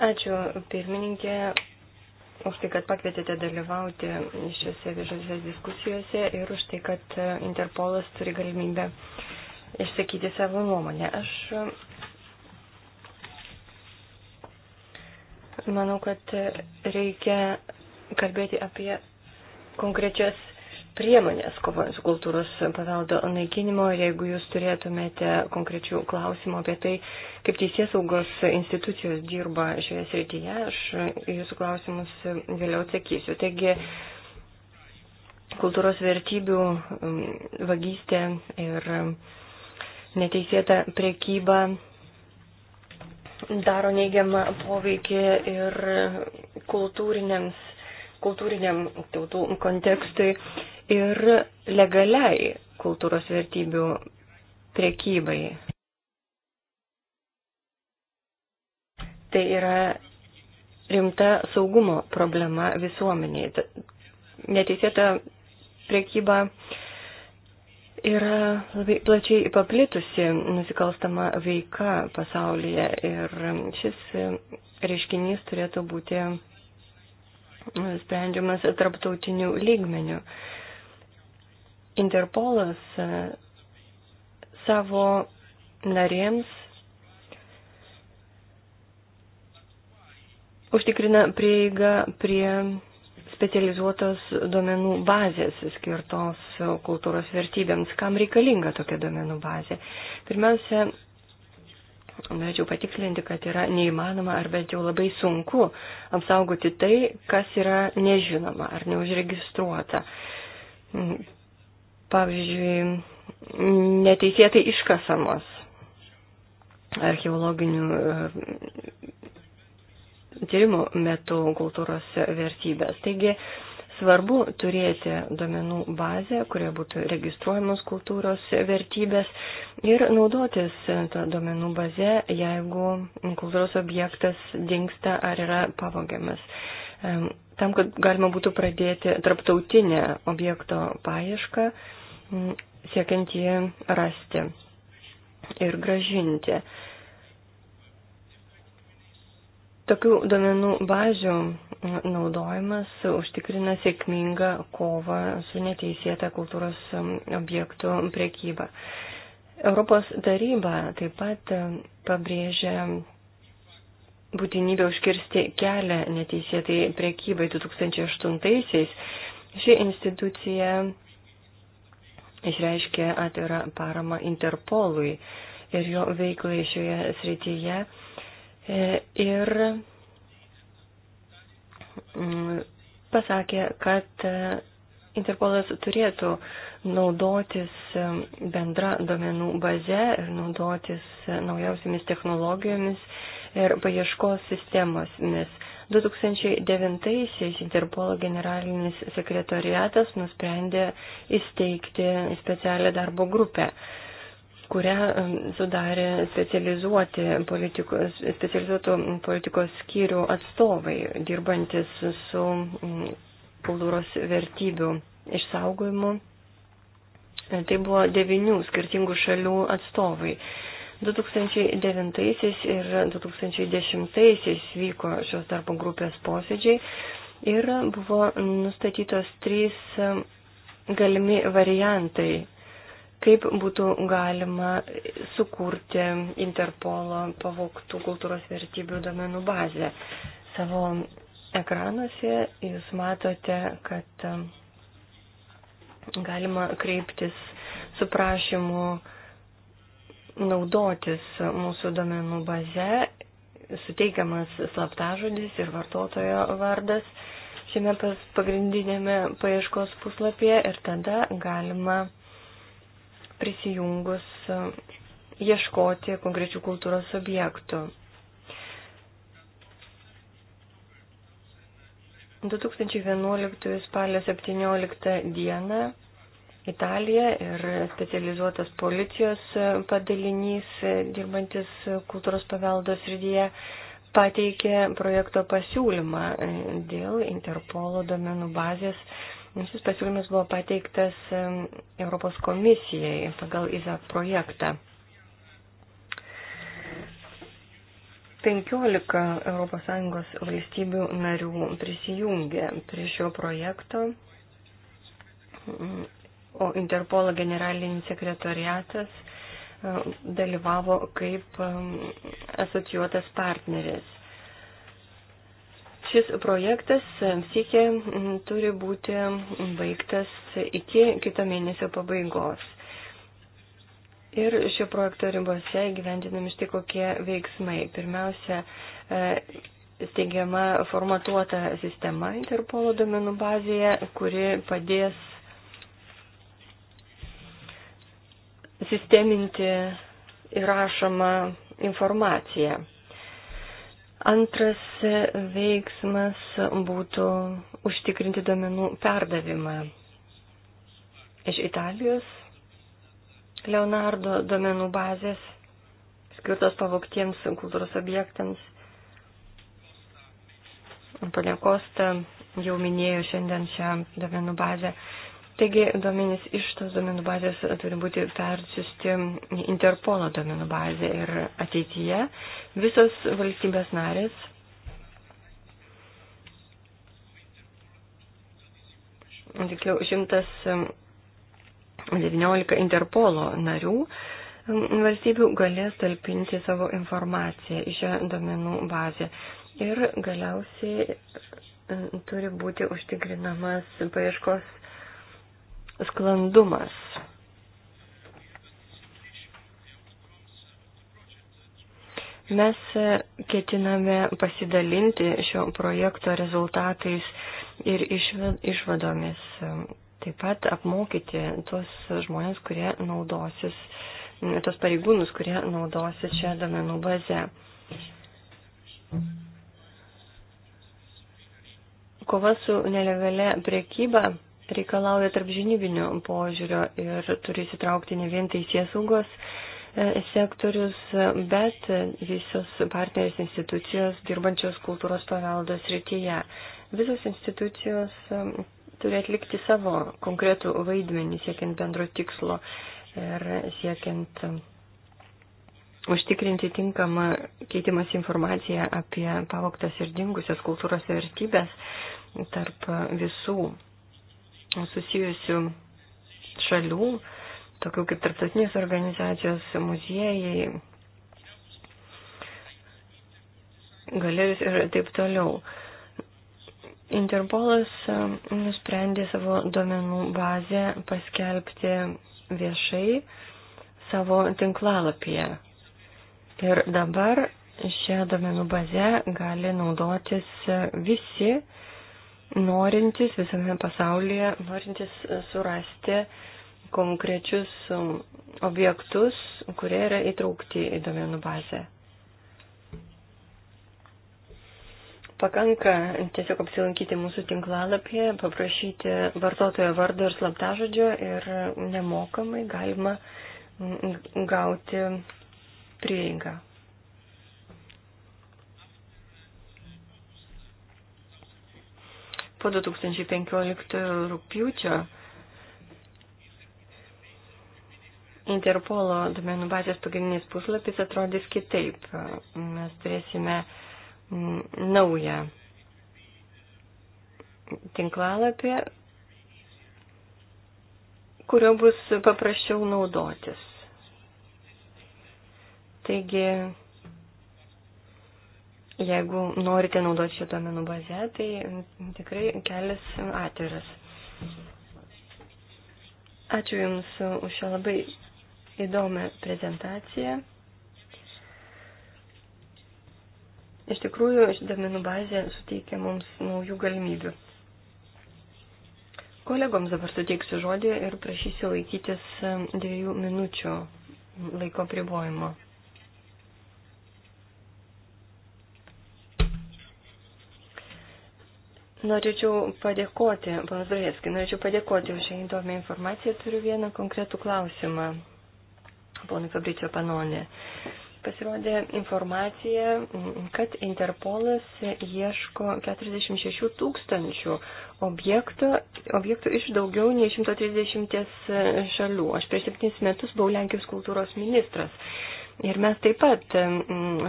Ačiū, pirmininkė, už tai, kad pakvietėte dalyvauti šiuose viešose diskusijose ir už tai, kad e, Interpolas turi galimybę išsakyti savo nuomonę. Aš e, manau, kad reikia kalbėti apie konkrečias priemonės kovojant su kultūros paveldo naikinimo ir jeigu jūs turėtumėte konkrečių klausimų apie tai, kaip teisės saugos institucijos dirba šioje srityje, aš jūsų klausimus vėliau atsakysiu. Taigi, kultūros vertybių vagystė ir neteisėta priekyba daro neigiamą poveikį ir kultūriniams kultūriniam tautų kontekstui ir legaliai kultūros vertybių priekybai. Tai yra rimta saugumo problema visuomeniai. Neteisėta priekyba yra labai plačiai paplitusi nusikalstama veika pasaulyje ir šis reiškinys turėtų būti sprendžiamas tarptautinių lygmenių. Interpolas e, savo narėms užtikrina prieigą prie specializuotos duomenų bazės skirtos kultūros vertybėms. Kam reikalinga tokia duomenų bazė? Pirmiausia, norėčiau patikslinti, kad yra neįmanoma ar bent jau labai sunku apsaugoti tai, kas yra nežinoma ar neužregistruota. Mm. Pavyzdžiui, neteisėtai iškasamos archeologinių e, tyrimų metu kultūros vertybės. Taigi, Svarbu turėti domenų bazę, kurioje būtų registruojamos kultūros vertybės ir naudotis tą domenų bazę, jeigu kultūros objektas dinksta ar yra pavogiamas. Tam, kad galima būtų pradėti traptautinę objekto paiešką, siekiant jį rasti ir gražinti. Tokių duomenų bazių naudojimas užtikrina sėkmingą kovą su neteisėta kultūros objektų priekyba. Europos taryba taip pat e, pabrėžė būtinybę užkirsti kelią neteisėtai priekybai 2008-aisiais. Ši institucija išreiškė atvirą paramą Interpolui ir jo veiklai šioje srityje E, ir mm, pasakė, kad e, Interpolas turėtų naudotis e, bendra domenų baze ir naudotis naujausiamis technologijomis ir paieškos sistemosmis. 2009-aisiais Interpolo generalinis sekretoriatas nusprendė įsteigti specialią darbo grupę kurią sudarė politikos, specializuotų politikos skyrių atstovai, dirbantis su kultūros vertybių išsaugojimu. E, tai buvo devinių skirtingų šalių atstovai. 2009 ir 2010 vyko šios darbo grupės posėdžiai ir buvo nustatytos trys galimi variantai kaip būtų galima sukurti Interpolo pavoktų kultūros vertybių domenų bazę. Savo ekranuose jūs matote, kad um, galima kreiptis su prašymu naudotis mūsų domenų baze, suteikiamas slaptažodis ir vartotojo vardas šiame pagrindinėme paieškos puslapyje ir tada galima prisijungus e, ieškoti konkrečių kultūros objektų. 2011 spalio 17 dieną Italija ir specializuotas policijos padalinys dirbantis kultūros paveldo srityje pateikė projekto pasiūlymą e, dėl Interpolo domenų bazės Šis pasiūlymas buvo pateiktas Europos komisijai pagal IZA projektą. 15 ES valstybių narių prisijungė prie šio projekto, o Interpolo generalinis sekretoriatas dalyvavo kaip asocijuotas partneris. Šis projektas siekia turi būti baigtas iki kito mėnesio pabaigos. Ir šio projekto ribose gyventinami štai kokie veiksmai. Pirmiausia, e, steigiama formatuota sistema Interpolo domenų bazėje, kuri padės sisteminti įrašomą informaciją. Antras veiksmas būtų užtikrinti domenų perdavimą iš Italijos Leonardo domenų bazės skirtos pavoktiems kultūros objektams. Pane Kosta jau minėjo šiandien šią domenų bazę. Taigi duomenys iš tos duomenų bazės turi būti persiusti į Interpolo duomenų bazę ir ateityje visos valstybės narės tiksliau 119 Interpolo narių valstybių galės talpinti savo informaciją į šią domenų bazę. Ir galiausiai turi būti užtikrinamas paieškos sklandumas. Mes ketiname pasidalinti šio projekto rezultatais ir išvadomis. Taip pat apmokyti tos žmonės, kurie naudosis, tos pareigūnus, kurie naudosis šią domenų bazę. Kova su nelegale priekyba reikalauja tarp žinybinio požiūrio ir turi įsitraukti ne vien teisės saugos e, sektorius, bet visos partnerės institucijos dirbančios kultūros paveldo srityje. Visos institucijos e, turi atlikti savo konkretų vaidmenį siekiant bendro tikslo ir siekiant e, užtikrinti tinkamą keitimas informaciją apie pavoktas ir dingusias kultūros vertybės tarp visų susijusių šalių, tokių kaip tarptautinės organizacijos, muziejai, galerijos ir taip toliau. Interpolas nusprendė savo duomenų bazę paskelbti viešai savo tinklalapyje. Ir dabar šią duomenų bazę gali naudotis visi norintys visame pasaulyje, norintys surasti konkrečius um, objektus, kurie yra įtraukti į domenų bazę. Pakanka tiesiog apsilankyti mūsų tinklalapyje, paprašyti vartotojo vardo ir slaptažodžio ir nemokamai galima mm, gauti prieigą po 2015 rūpjūčio Interpolo domenų bazės pagrindinis puslapis atrodys kitaip. Mes turėsime mm, naują tinklalapį, kurio bus paprasčiau naudotis. Taigi Jeigu norite naudoti šitą menų bazę, tai tikrai kelias atviras. Ačiū Jums už šią labai įdomią prezentaciją. Iš tikrųjų, ši domenų bazė suteikia mums naujų galimybių. Kolegoms dabar suteiksiu žodį ir prašysiu laikytis dviejų minučių laiko pribojimo. Norėčiau padėkoti, panas Drajevski, norėčiau padėkoti už šią įdomią informaciją. Turiu vieną konkretų klausimą, ponui Fabricio Panonė. Pasirodė informacija, kad Interpolas ieško 46 tūkstančių objektų, objektų iš daugiau nei 130 šalių. Aš prieš septynis metus buvau Lenkijos kultūros ministras. Ir mes taip pat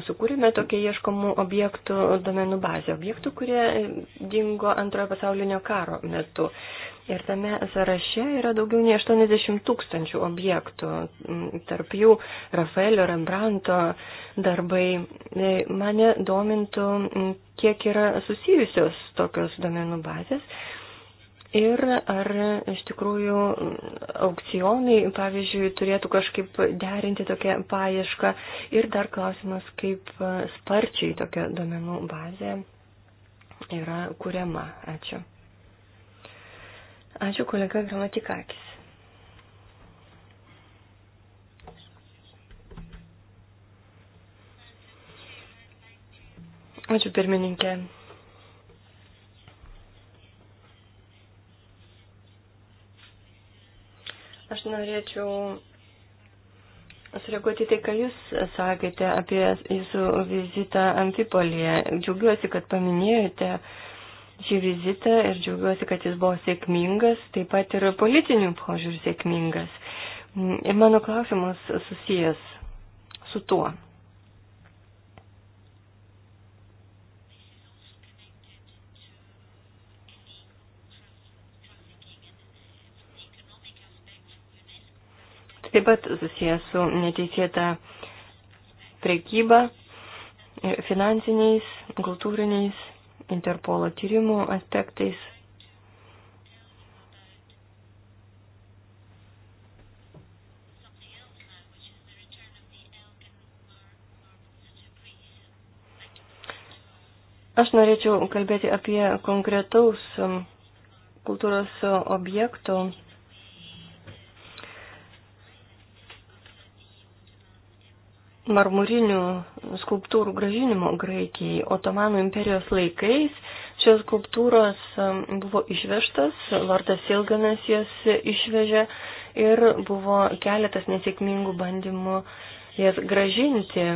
sukūrėme tokią ieškomų objektų domenų bazę, objektų, kurie dingo antrojo pasaulinio karo metu. Ir tame sąraše yra daugiau nei 80 tūkstančių objektų, tarp jų Rafaelio Rembranto darbai. E, mane domintų, kiek yra susijusios tokios domenų bazės Ir ar iš tikrųjų aukcionai, pavyzdžiui, turėtų kažkaip derinti tokią paiešką. Ir dar klausimas, kaip sparčiai tokia domenų bazė yra kuriama. Ačiū. Ačiū kolega Gramatikakis. Ačiū pirmininkė. Aš norėčiau sureaguoti tai, ką Jūs sakėte apie Jūsų vizitą Antipolėje. Džiaugiuosi, kad paminėjote šį vizitą ir džiaugiuosi, kad jis buvo sėkmingas, taip pat ir politinių požiūrį sėkmingas. Ir mano klausimas susijęs su tuo. taip pat susijęs su neteisėta prekyba, e, finansiniais, kultūriniais, Interpolo tyrimų aspektais. Aš norėčiau kalbėti apie konkretaus um, kultūros uh, objektų marmurinių skulptūrų gražinimo Graikijai. Otomanų imperijos laikais šios skulptūros um, buvo išvežtas, Lordas Ilganas jas išvežė ir buvo keletas nesėkmingų bandymų jas gražinti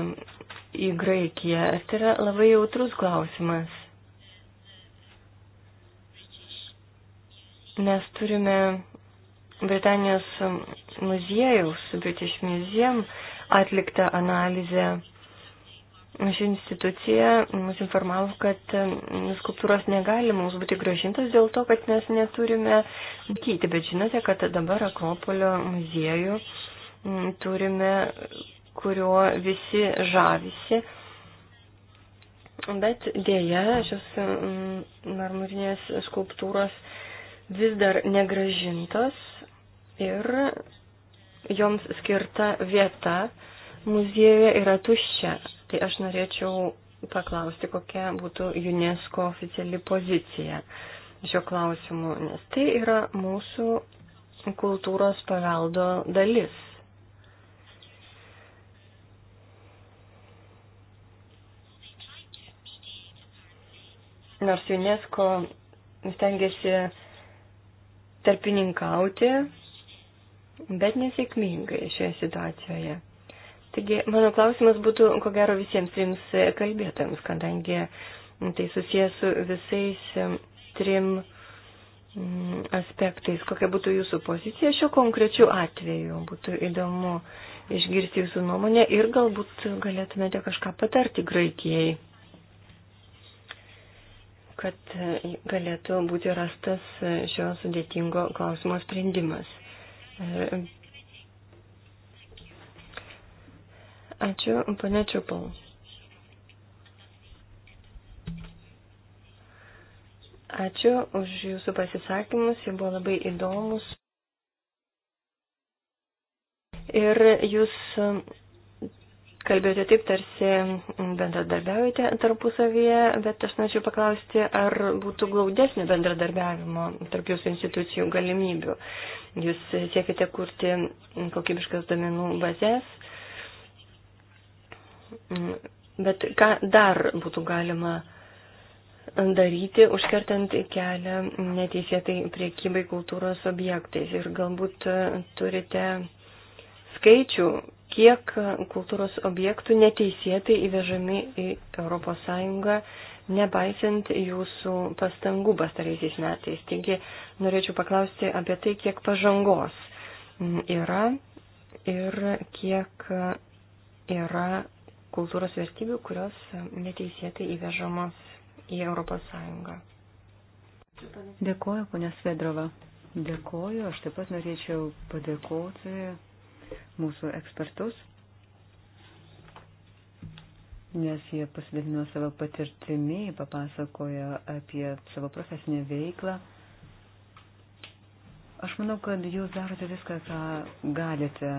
į Graikiją. Tai yra labai jautrus klausimas. Mes turime Britanijos um, muziejaus, British Museum, atliktą analizę. Ši institucija mus informavo, kad mm, skulptūros negali mums būti gražintos dėl to, kad mes neturime laikyti, bet žinote, kad dabar Akropolio muziejų mm, turime, kuriuo visi žavisi. Bet dėja, šios mm, marmurinės skulptūros vis dar negražintos ir joms skirta vieta muziejuje yra tuščia. Tai aš norėčiau paklausti, kokia būtų UNESCO oficiali pozicija šio klausimu, nes tai yra mūsų kultūros paveldo dalis. Nors UNESCO stengiasi tarpininkauti bet nesėkmingai šioje situacijoje. Taigi, mano klausimas būtų, ko gero, visiems trims kalbėtojams, kadangi tai susijęs su visais trim mm, aspektais. Kokia būtų jūsų pozicija šiuo konkrečiu atveju? Būtų įdomu išgirsti jūsų nuomonę ir galbūt galėtumėte kažką patarti Graikijai, kad galėtų būti rastas šio sudėtingo klausimo sprendimas. Ačiū, pane Čiupau. Ačiū už jūsų pasisakymus, jie buvo labai įdomus. Ir jūs Kalbėjote taip, tarsi bendradarbiaujate tarpusavyje, bet aš norėčiau paklausti, ar būtų glaudesnė bendradarbiavimo tarp jūsų institucijų galimybių. Jūs siekite kurti kokybiškas domenų bazės, bet ką dar būtų galima daryti, užkertant kelią neteisėtai priekybai kultūros objektais ir galbūt turite skaičių, kiek kultūros objektų neteisėtai įvežami į ES, nepaisant jūsų pastangų pastaraisiais metais. Taigi norėčiau paklausti apie tai, kiek pažangos yra ir kiek yra kultūros vertybių, kurios neteisėtai įvežamos į ES. Dėkuoju, ponė Svedrova. Dėkuoju, aš taip pat norėčiau padėkoti mūsų ekspertus, nes jie pasidalino savo patirtimi, papasakojo apie savo profesinę veiklą. Aš manau, kad jūs darote viską, ką galite,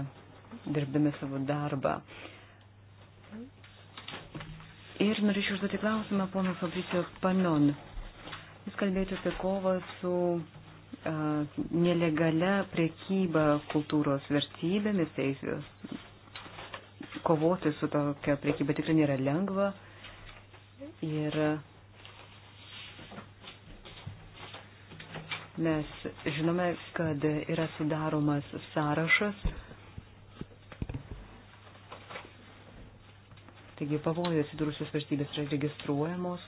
dirbdami savo darbą. Ir norėčiau užduoti klausimą pono Fabricio Panon. Jūs kalbėjote apie kovą su nelegalia prekyba kultūros vertybėmis, tai kovoti su tokia prekyba tikrai nėra lengva. Ir mes žinome, kad yra sudaromas sąrašas. Taigi pavojų atsidūrusios vertybės yra registruojamos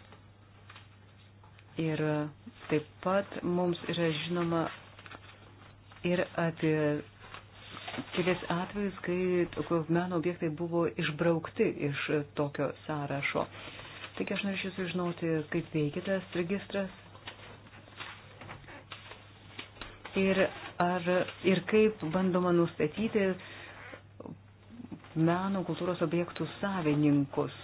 Ir taip pat mums yra žinoma ir apie kelis atvejus, kai meno objektai buvo išbraukti iš tokio sąrašo. Taigi aš norėčiau sužinoti, kaip veikia tas registras ir, ar, ir kaip bandoma nustatyti meno kultūros objektų savininkus.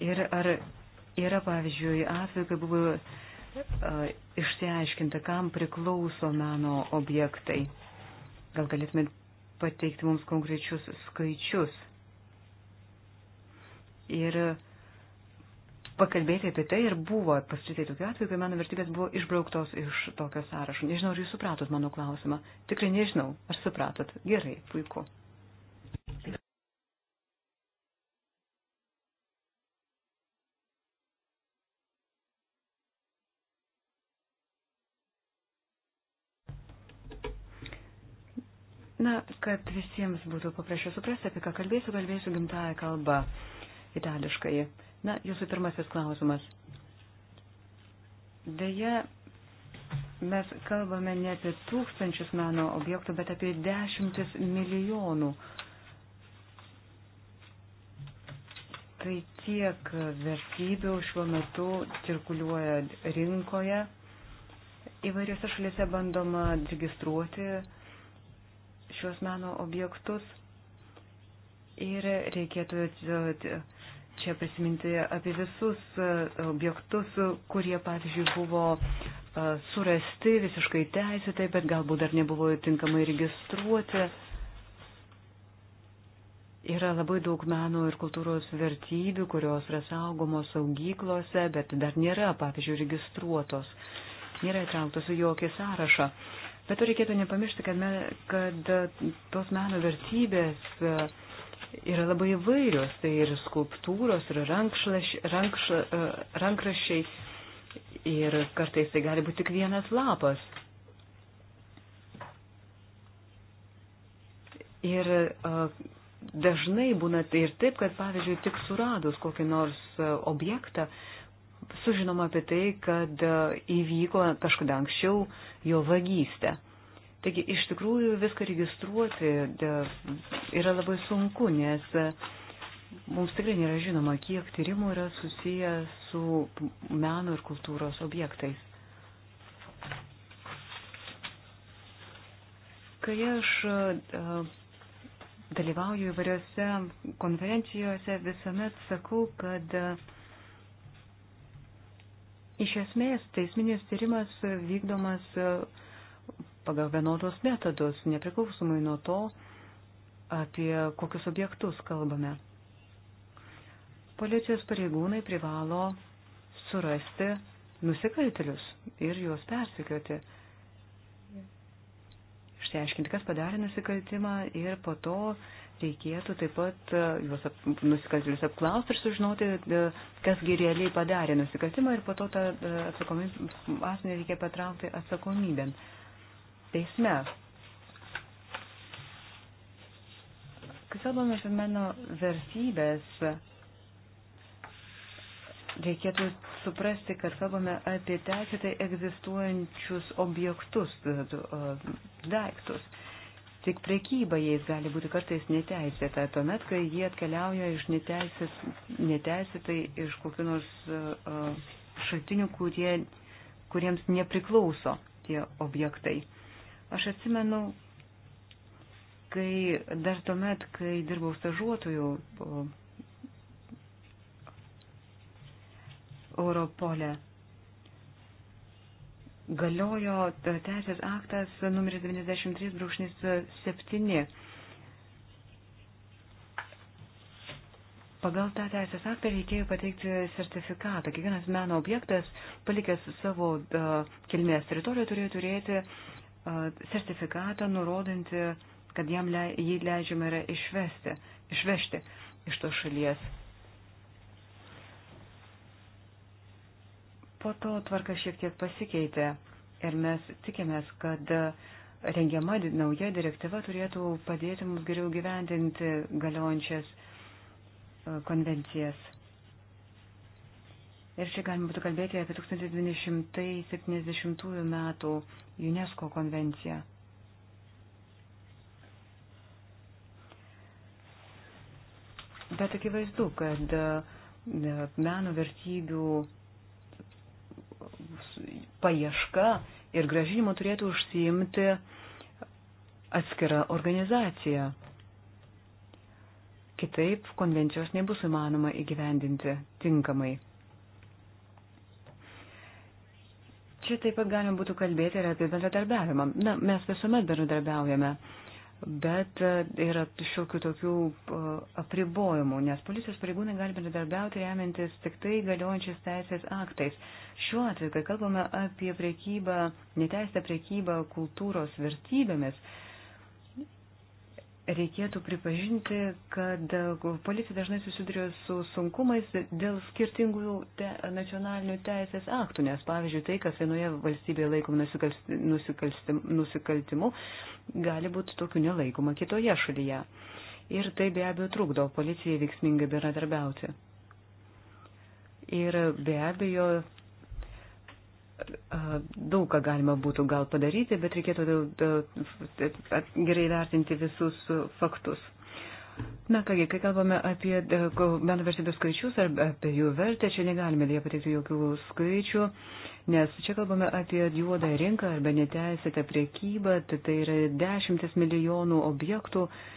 Ir ar yra, pavyzdžiui, atveju, kai buvo uh, išsiaiškinta, kam priklauso meno objektai? Gal galėtumėt pateikti mums konkrečius skaičius? Ir pakalbėti apie tai ir buvo paskritai tokiu atveju, kai mano vertybės buvo išbrauktos iš tokio sąrašo. Nežinau, ar jūs supratot mano klausimą. Tikrai nežinau, ar supratot. Gerai, puiku. Na, kad visiems būtų paprasčiau suprasti, apie ką kalbėsiu, kalbėsiu gimtają kalbą itališkai. Na, jūsų pirmasis klausimas. Deja, mes kalbame ne apie tūkstančius meno objektų, bet apie dešimtis milijonų. Tai tiek vertybių šiuo metu cirkuliuoja rinkoje. Įvairiose šalyse bandoma registruoti šios meno objektus. Ir reikėtų e, čia prisiminti apie visus e, objektus, kurie, pavyzdžiui, buvo e, surasti visiškai teisėtai, bet galbūt dar nebuvo tinkamai registruoti. Yra labai daug meno ir kultūros vertybių, kurios yra saugomos saugyklose, bet dar nėra, pavyzdžiui, registruotos, nėra įtrauktos į jokį sąrašą. Bet to reikėtų nepamiršti, kad, me, kad e, tos meno vertybės e, yra labai įvairios. Tai ir skulptūros, ir rankšlaš, rankš, e, rankrašiai, ir kartais tai gali būti tik vienas lapas. Ir dažnai būna ir taip, kad pavyzdžiui, tik suradus kokį nors objektą, uh, sužinoma apie tai, kad e, įvyko kažkada anksčiau jo vagystė. Taigi iš tikrųjų viską registruoti e, yra labai sunku, nes e, mums tikrai nėra žinoma, kiek tyrimų yra susiję su meno ir kultūros objektais. Kai aš dalyvauju įvairiose konferencijose, visuomet sakau, kad Iš esmės, teisminis tyrimas vykdomas e, pagal vienodos metodus, nepriklausomai nuo to, apie kokius objektus kalbame. Policijos pareigūnai privalo surasti nusikaltelius ir juos persikioti. Išsiaiškinti, kas padarė nusikaltimą ir po to uh, reikėtų taip pat e, juos ap, nusikaltėlius apklausti ir sužinoti, e, kasgi realiai padarė nusikaltimą ir po to tą e, asmenį reikia patraukti atsakomybėn teisme. Kai kalbame apie meno vertybės, reikėtų suprasti, kad kalbame apie teisėtai egzistuojančius objektus, daiktus. Da, da, Tik priekyba jais gali būti kartais neteisėta, tuomet, kai jie atkeliauja iš neteisės, neteisėtai iš kokių nors uh, šaltinių, kurie, kuriems nepriklauso tie objektai. Aš atsimenu, kai dar tuomet, kai dirbau stažuotojų uh, e, Europolė, galiojo teisės aktas numeris 93.7. E, Pagal tą teisės aktą reikėjo pateikti sertifikatą. Kiekvienas meno objektas, palikęs savo uh, kilmės teritoriją, turėjo turėti uh, sertifikatą, nurodantį, kad jam le, jį leidžiama yra išvesti, išvežti iš tos šalies. Po to tvarka šiek tiek pasikeitė ir mes tikimės, kad rengiama nauja direktyva turėtų padėti mums geriau gyvendinti galiojančias e, konvencijas. Ir čia galima būtų kalbėti apie 1970 metų UNESCO konvenciją. Bet akivaizdu, kad e, meno vertybių paieška ir gražinimu turėtų užsiimti atskira organizacija. Kitaip konvencijos nebus įmanoma įgyvendinti tinkamai. Čia taip pat galima būtų kalbėti ir apie bendradarbiavimą. Na, mes visuomet bendradarbiaujame bet e, yra šiokių tokių e, apribojimų, nes policijos pareigūnai gali bendradarbiauti remiantis tik tai galiojančiais teisės aktais. Šiuo atveju, kai kalbame apie priekybą, neteisę priekybą kultūros vertybėmis, reikėtų pripažinti, kad policija dažnai susiduria su sunkumais dėl skirtingų te, nacionalinių teisės aktų, nes pavyzdžiui tai, kas vienoje valstybėje laikoma nusikaltimu, gali būti tokiu nelaikoma kitoje šalyje. Ir tai be abejo trukdo policijai veiksmingai bendradarbiauti. Ir be abejo daug ką galima būtų gal padaryti, bet reikėtų gerai vertinti visus faktus. Na kągi, kai kalbame apie bendro vertybių skaičius ar apie jų vertę, čia negalime dėja pateikti jokių skaičių, nes čia kalbame apie juodą rinką arba neteisėtą priekybą, tai, tai yra dešimtis milijonų objektų, uh,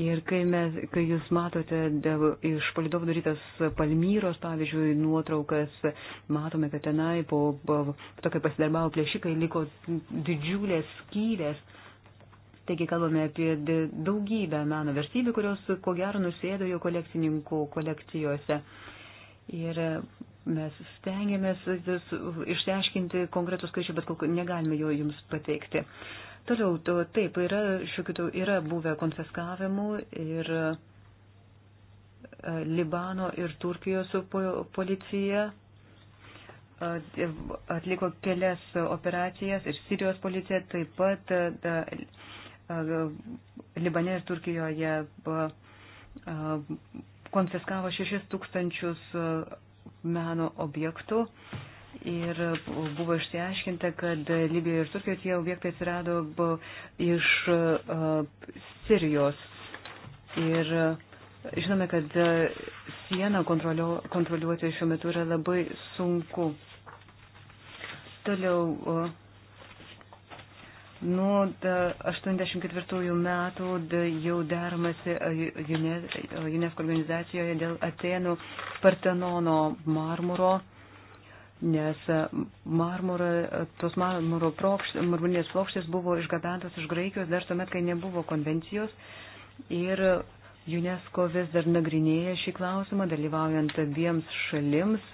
Ir kai, mes, kai jūs matote dėl, iš palidovų darytas Palmyros, pavyzdžiui, nuotraukas, matome, kad tenai po, po to, kai pasidarbavo plėšikai, liko didžiulės skylės. Taigi kalbame apie daugybę meno versybių, kurios ko gero nusėdo jo kolekcininkų kolekcijose. Ir mes stengiamės išsiaiškinti konkretų skaičių, bet kol negalime jo jums pateikti. Uh, Toliau, to, taip, yra, šiokių, yra buvę konfiskavimų ir e, Libano ir Turkijos policija e, atliko kelias operacijas ir Sirijos policija taip pat da, e, Libane ir Turkijoje konfiskavo 6 tūkstančius meno objektų Ir buvo išsiaiškinta, kad Libijoje ir Turkijoje tie objektai atsirado iš Sirijos. Ir žinome, kad sieną kontroliuoti šiuo metu yra labai sunku. Toliau. Nuo 84 metų jau deramasi UNESCO organizacijoje dėl Atenų Partenono marmuro nes e, marmura, e, tos marmuro plokštės, marmurinės plokštės buvo išgabentos iš Graikijos dar tuomet, kai nebuvo konvencijos. Ir UNESCO vis dar nagrinėja šį klausimą, dalyvaujant abiems šalims.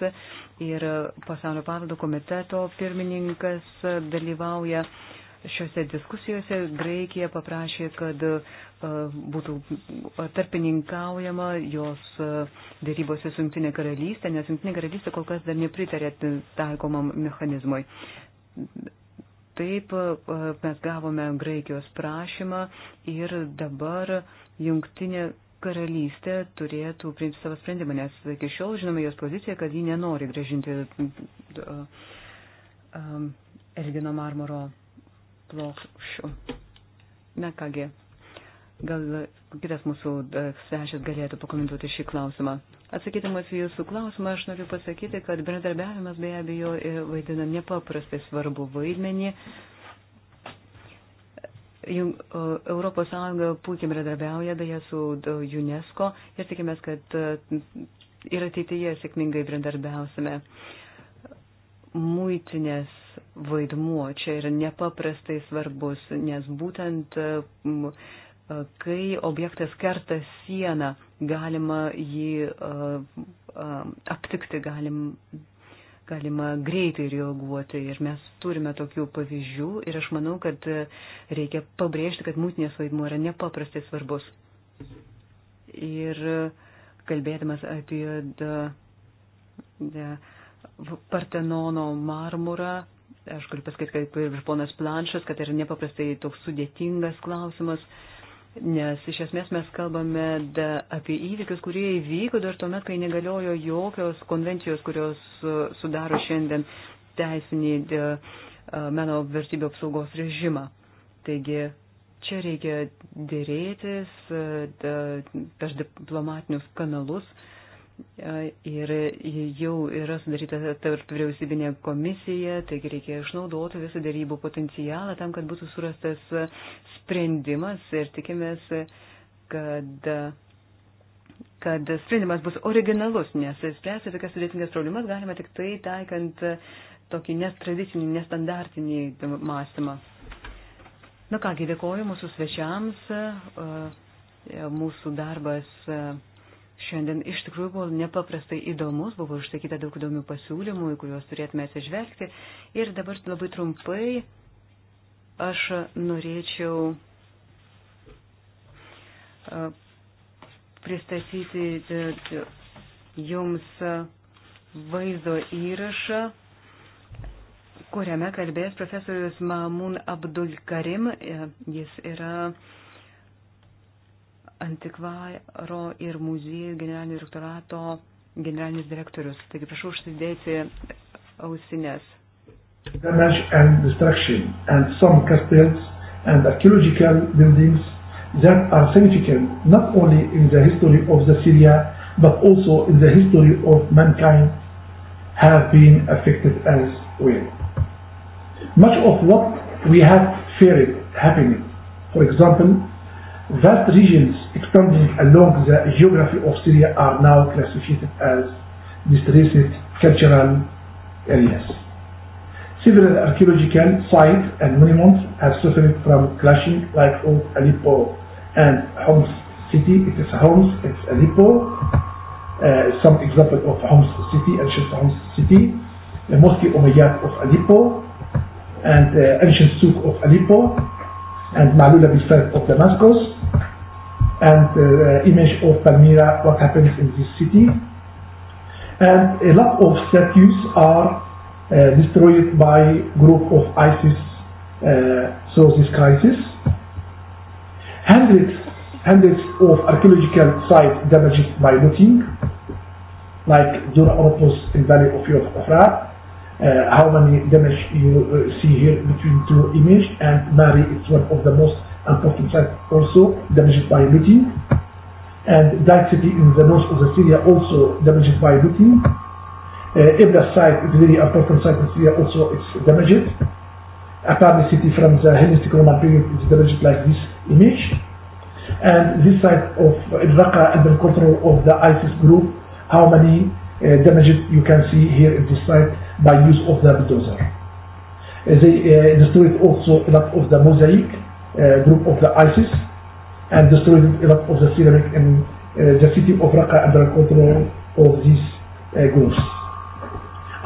Ir pasaulio paveldo komiteto pirmininkas dalyvauja uh, šiuose diskusijose Graikija paprašė, kad e, būtų tarpininkaujama jos e, dėrybose su Junktinė karalystė, nes Junktinė karalystė kol kas dar nepritarė taikomam mechanizmui. Taip e, mes gavome Graikijos prašymą ir dabar Junktinė karalystė turėtų priimti savo sprendimą, nes iki šiol žinome jos poziciją, kad ji nenori gražinti Elgino marmoro plokščių. Na kągi, gal kitas mūsų e, svečias galėtų pakomentuoti šį klausimą. Atsakydamas į jūsų klausimą, aš noriu pasakyti, kad bendradarbiavimas be abejo e, vaidina nepaprastai svarbu vaidmenį. Europos Sąjunga puikiai bendradarbiauja beje su e, UNESCO ir tikimės, kad ir ateityje sėkmingai bendradarbiausime. Uh, muitinės vaidmuo čia yra nepaprastai svarbus, nes būtent kai objektas kerta sieną, galima jį aptikti, galim, galima greitai reaguoti. Ir mes turime tokių pavyzdžių ir aš manau, kad reikia pabrėžti, kad muitinės vaidmuo yra nepaprastai svarbus. Ir kalbėdamas apie da, da, Partenono marmurą. Aš galiu pasakyti, kaip ir ponas Planšas, kad tai yra nepaprastai toks sudėtingas klausimas, nes iš esmės mes kalbame apie įvykius, kurie įvyko dar tuomet, kai negaliojo jokios konvencijos, kurios e, sudaro šiandien teisinį e, e, meno vertybių apsaugos režimą. Taigi čia reikia dėrėtis per diplomatinius kanalus E, ir jau yra sudaryta tarp vyriausybinė komisija, taigi reikia išnaudoti visą darybų potencialą tam, kad būtų surastas sprendimas ir tikimės, kad, kad sprendimas bus originalus, nes spręsti tokias sudėtingas problemas galima tik tai taikant tokį nestradicinį, nestandartinį mąstymą. Na kągi, dėkoju mūsų svečiams, e, e, mūsų darbas Šiandien iš tikrųjų buvo nepaprastai įdomus, buvo išsakyta daug įdomių pasiūlymų, į kuriuos turėtume atsižvelgti. Ir dabar labai trumpai aš norėčiau pristatyti jums vaizdo įrašą, kuriame kalbės profesorius Mamun Abdul Karim. Jis yra antikvaro ir muziejų generalinio direktorato generalinis direktorius. Taigi prašau užsidėti ausinės. Damage and destruction and some castles and archaeological buildings that are significant not only in the history of the Syria but also in the history of mankind have been affected as well. Much of what we have feared happening, for example, Vast regions extending along the geography of Syria are now classified as distressed cultural areas. Several archaeological sites and monuments have suffered from clashing like old Aleppo and Homs city. It is Homs, it's Aleppo. Uh, some example of Homs city, ancient Homs city. The Mosque Umayyad of Aleppo and uh, ancient souk of Aleppo and Malula beside of Damascus, and uh, image of Palmyra, what happens in this city. And a lot of statues are uh, destroyed by group of ISIS uh, through this crisis. Hundreds, hundreds of archaeological sites damaged by looting, like Dura Oropos in Valley of Euphrates, uh, how many damage you uh, see here between two images and Mary is one of the most important sites also damaged by looting and Dyke City in the north of the Syria also damaged by looting uh, Ibla site is very really important site in Syria also it's damaged Apparently city from the Hellenistic Roman period is damaged like this image and this side of Raqqa and the control of the ISIS group how many uh, damages you can see here in this site by use of the bulldozer. They uh, destroyed also a lot of the mosaic uh, group of the ISIS and destroyed a lot of the ceramic in uh, the city of Raqqa under control of these uh, groups.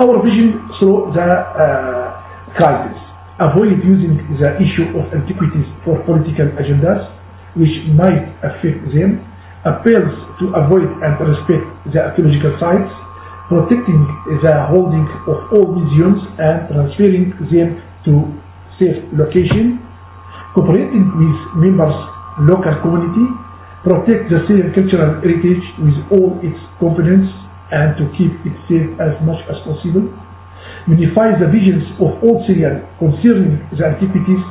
Our vision through the uh, crisis. Avoid using the issue of antiquities for political agendas which might affect them. Appeals to avoid and respect the archaeological sites protecting the holdings of all museums and transferring them to safe location, cooperating with members, local community, protect the Syrian cultural heritage with all its components and to keep it safe as much as possible, unify the visions of all Syrians concerning the antiquities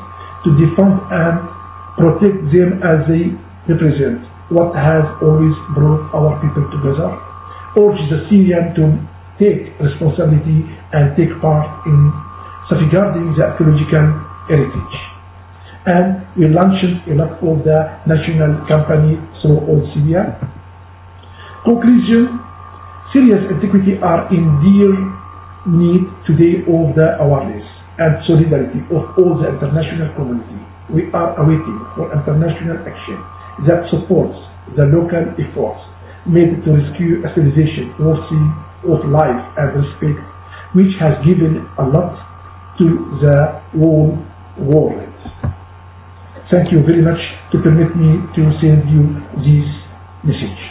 to defend and protect them as they represent what has always brought our people together urged the Syrian to take responsibility and take part in safeguarding the ecological heritage. And we launched a lot of the national campaign through all Syria. Conclusion, Syria's antiquity are in dear need today of the awareness and solidarity of all the international community. We are awaiting for international action that supports the local efforts made to rescue a civilization worthy of life and respect, which has given a lot to the whole world. Thank you very much to permit me to send you this message.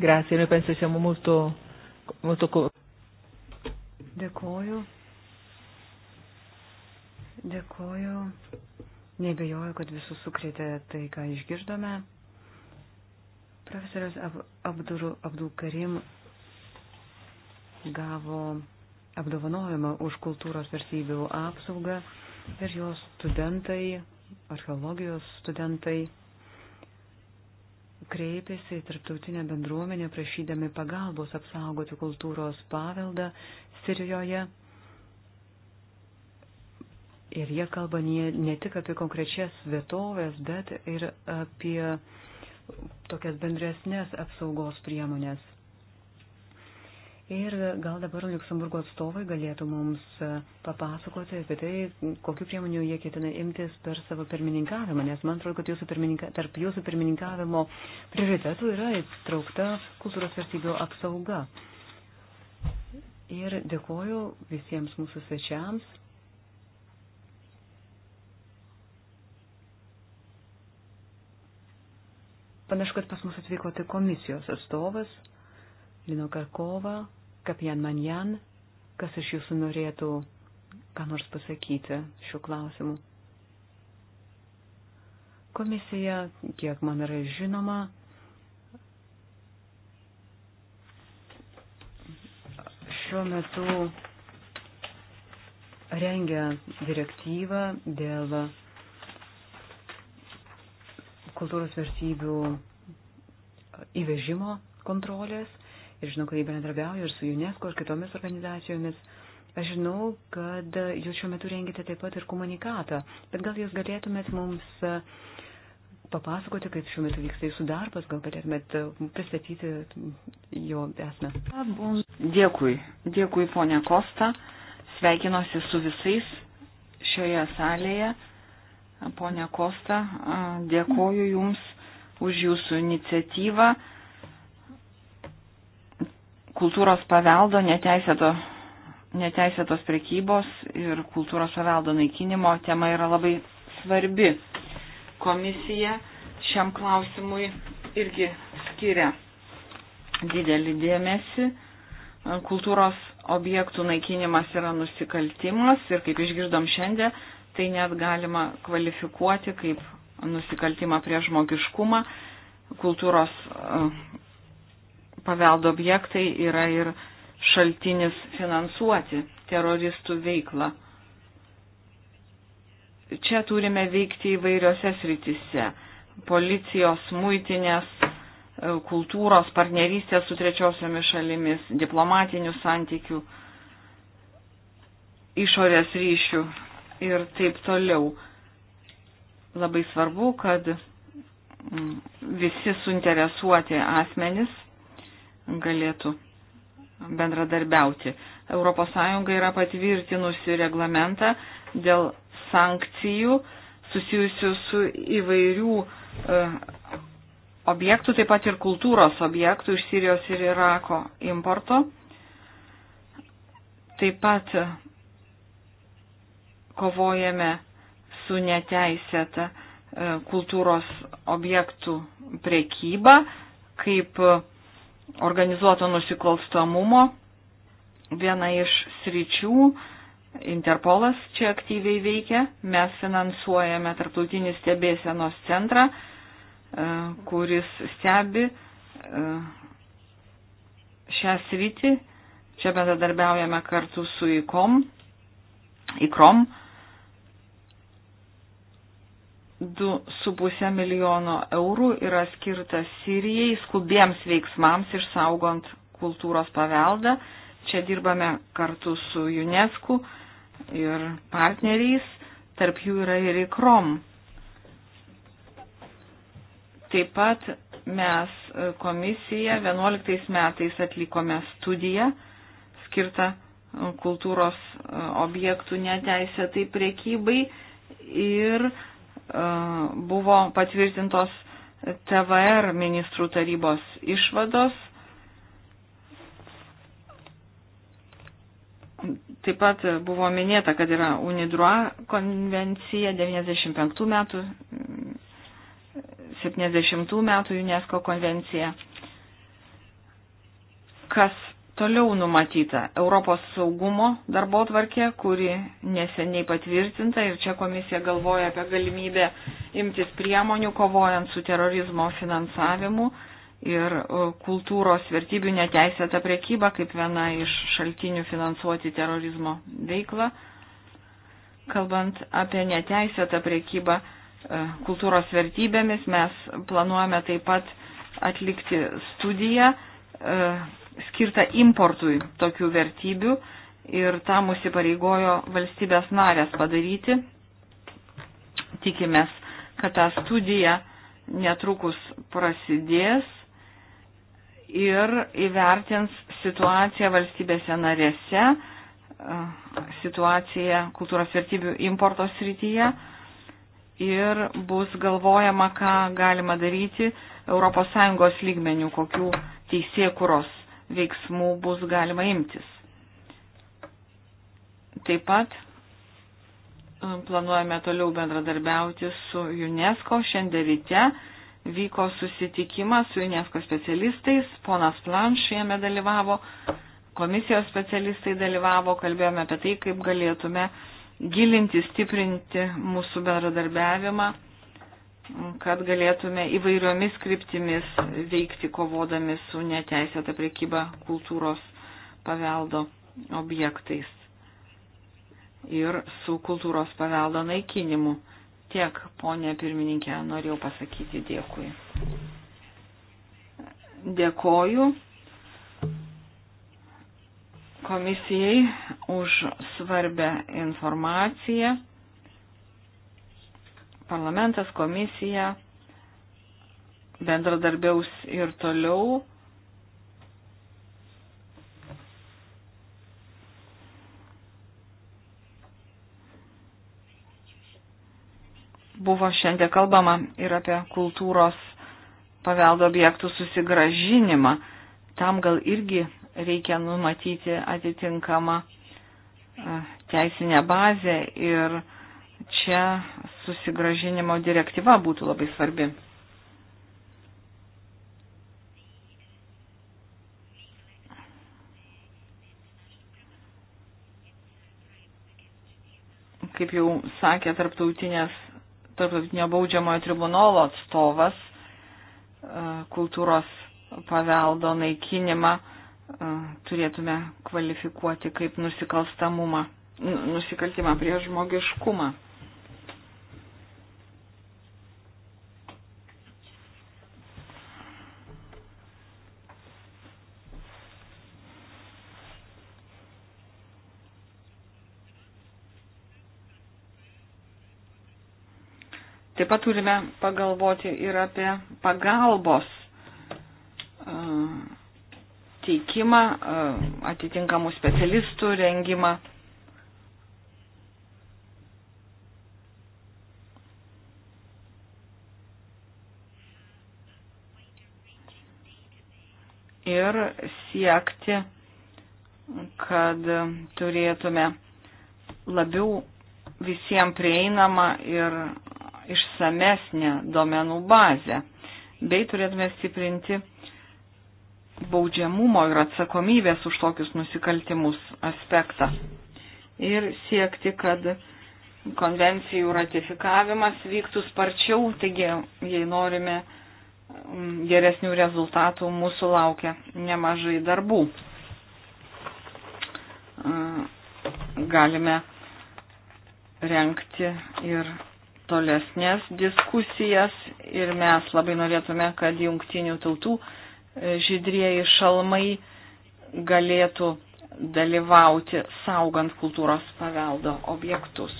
Grazie, noi penso siamo molto, molto Dėkoju. Dėkoju Nebejoju, kad visus sukrėtė tai, ką išgirdome. Profesorius Abduru Abdul Karim gavo apdovanojimą už kultūros vertybių apsaugą ir jos studentai, archeologijos studentai kreipėsi į tarptautinę bendruomenę prašydami pagalbos apsaugoti kultūros paveldą Sirijoje Ir jie kalba ne, ne tik apie konkrečias vietovės, bet ir apie tokias bendresnės apsaugos priemonės. Ir gal dabar Luxemburgo atstovai galėtų mums papasakoti apie tai, kokiu priemonių jie ketina imtis per savo pirmininkavimą, nes man atrodo, kad jūsų pirmininka, tarp jūsų pirmininkavimo prioritetų yra įtraukta kultūros vertybių apsauga. Ir dėkoju visiems mūsų svečiams. Panašu, kad pas mus atvyko tik komisijos atstovas, Lino Karkova, Kapjan Manjan, kas iš jūsų norėtų ką nors pasakyti šiuo klausimu. Komisija, kiek man yra žinoma, šiuo metu rengia direktyvą dėl kultūros versybių įvežimo kontrolės ir žinau, kad jį bendradarbiauju ir su UNESCO ir kitomis organizacijomis. Aš žinau, kad jūs šiuo metu rengite taip pat ir komunikatą, bet gal jūs galėtumėt mums papasakoti, kaip šiuo metu vyksta jūsų darbas, gal galėtumėt pristatyti jo esmę. Dėkui, dėkui ponia Kosta, sveikinuosi su visais šioje salėje. Pone Kosta, dėkoju Jums už Jūsų iniciatyvą kultūros paveldo neteisėto, neteisėtos prekybos ir kultūros paveldo naikinimo tema yra labai svarbi. Komisija šiam klausimui irgi skiria didelį dėmesį. Kultūros objektų naikinimas yra nusikaltimas ir kaip išgirdom šiandien, tai net galima kvalifikuoti kaip nusikaltimą prie žmogiškumą. Kultūros e, paveldo objektai yra ir šaltinis finansuoti teroristų veiklą. Čia turime veikti įvairiose sritise - policijos, muitinės, e, kultūros, partnerystės su trečiosiomis šalimis, diplomatinių santykių, išorės ryšių ir taip toliau. Labai svarbu, kad mm, visi suinteresuoti asmenys galėtų bendradarbiauti. ES yra patvirtinusi reglamentą dėl sankcijų susijusių su įvairių e, objektų, taip pat ir kultūros objektų iš Sirijos ir Irako importo. Taip pat kovojame su neteisėta e, kultūros objektų prekyba, kaip organizuoto nusikalstamumo viena iš sričių. Interpolas čia aktyviai veikia, mes finansuojame tarptautinį stebėsenos centrą, e, kuris stebi e, šią sritį. Čia bendradarbiaujame kartu su ICOM, ICROM, 2,5 milijono eurų yra skirta Sirijai skubiems veiksmams išsaugant kultūros paveldą. Čia dirbame kartu su UNESCO ir partneriais, tarp jų yra ir IKROM. Taip pat mes e, komisija 11 metais atlikome studiją skirtą e, kultūros e, objektų neteisėtai priekybai ir E, buvo patvirtintos TVR ministrų tarybos išvados. Taip pat buvo minėta, kad yra UNIDROA konvencija 95 metų, 70 metų UNESCO konvencija. Kas Toliau numatyta Europos saugumo darbo tvarkė, kuri neseniai patvirtinta ir čia komisija galvoja apie galimybę imtis priemonių kovojant su terorizmo finansavimu ir e, kultūros vertybių neteisėta priekyba kaip viena iš šaltinių finansuoti terorizmo veiklą. Kalbant apie neteisėtą priekybą e, kultūros vertybėmis, mes planuojame taip pat atlikti studiją e, skirta importui tokių vertybių ir tą mūsų pareigojo valstybės narės padaryti. Tikimės, kad ta studija netrukus prasidės ir įvertins situaciją valstybėse narėse, situaciją kultūros vertybių importo srityje ir bus galvojama, ką galima daryti ES lygmenių, kokių teisėkuros veiksmų bus galima imtis. Taip pat e, planuojame toliau bendradarbiauti su UNESCO. Šiandien ryte vyko susitikimas su UNESCO specialistais, ponas Planš jame dalyvavo, komisijos specialistai dalyvavo, kalbėjome apie tai, kaip galėtume gilinti, stiprinti mūsų bendradarbiavimą kad galėtume įvairiomis kryptimis veikti kovodami su neteisėta priekyba kultūros paveldo objektais ir su kultūros paveldo naikinimu. Tiek, ponė pirmininkė, norėjau pasakyti dėkui. Dėkoju komisijai už svarbę informaciją parlamentas, komisija bendradarbiaus ir toliau. Buvo šiandien kalbama ir apie kultūros paveldo objektų susigražinimą. Tam gal irgi reikia numatyti atitinkamą e, teisinę bazę ir čia susigražinimo direktyva būtų labai svarbi. Kaip jau sakė tarptautinės, tarptautinio baudžiamojo tribunolo atstovas, e, kultūros paveldo naikinimą e, turėtume kvalifikuoti kaip nusikalstamumą, nusikaltimą prieš žmogiškumą. Taip pat turime pagalvoti ir apie pagalbos teikimą, atitinkamų specialistų rengimą. ir siekti, kad turėtume labiau visiems prieinamą ir išsamesnę duomenų bazę, bei turėtume stiprinti baudžiamumo ir atsakomybės už tokius nusikaltimus aspektą. Ir siekti, kad konvencijų ratifikavimas vyktų sparčiau, taigi jei norime mm, geresnių rezultatų, mūsų laukia nemažai darbų. Galime renkti ir tolesnės diskusijas ir mes labai norėtume, kad jungtinių tautų e, žydrieji šalmai galėtų dalyvauti saugant kultūros paveldo objektus.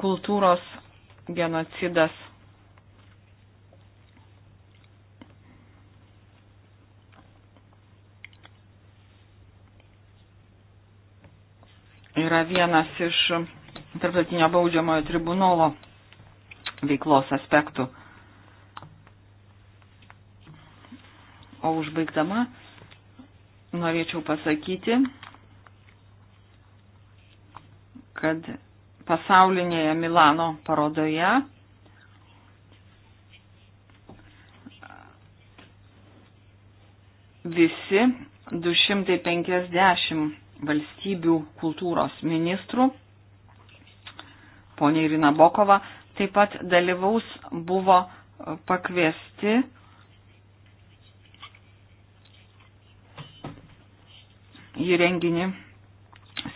Kultūros genocidas yra vienas iš tarptautinio baudžiamojo tribunolo veiklos aspektų. O užbaigdama norėčiau pasakyti, kad pasaulinėje Milano parodoje visi 250 valstybių kultūros ministrų, ponia Irina Bokova, taip pat dalyvaus buvo e, pakviesti į renginį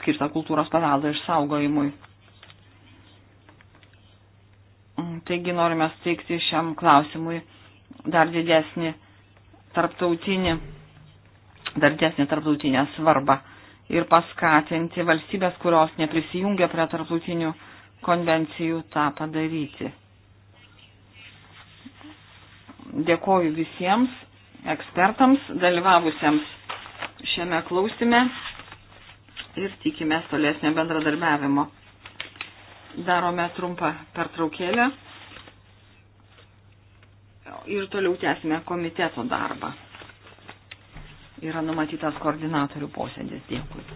skirtą kultūros paveldo išsaugojimui. Mm, taigi norime steigti šiam klausimui dar didesnį tarptautinį, dar didesnį tarptautinę svarbą ir paskatinti valstybės, kurios neprisijungia prie tarptautinių konvencijų, tą padaryti. Dėkoju visiems ekspertams, dalyvavusiems šiame klausime ir tikime tolesnio bendradarbiavimo. Darome trumpą pertraukėlę ir toliau tęsime komiteto darbą yra numatytas koordinatorių posėdis. Dėkui.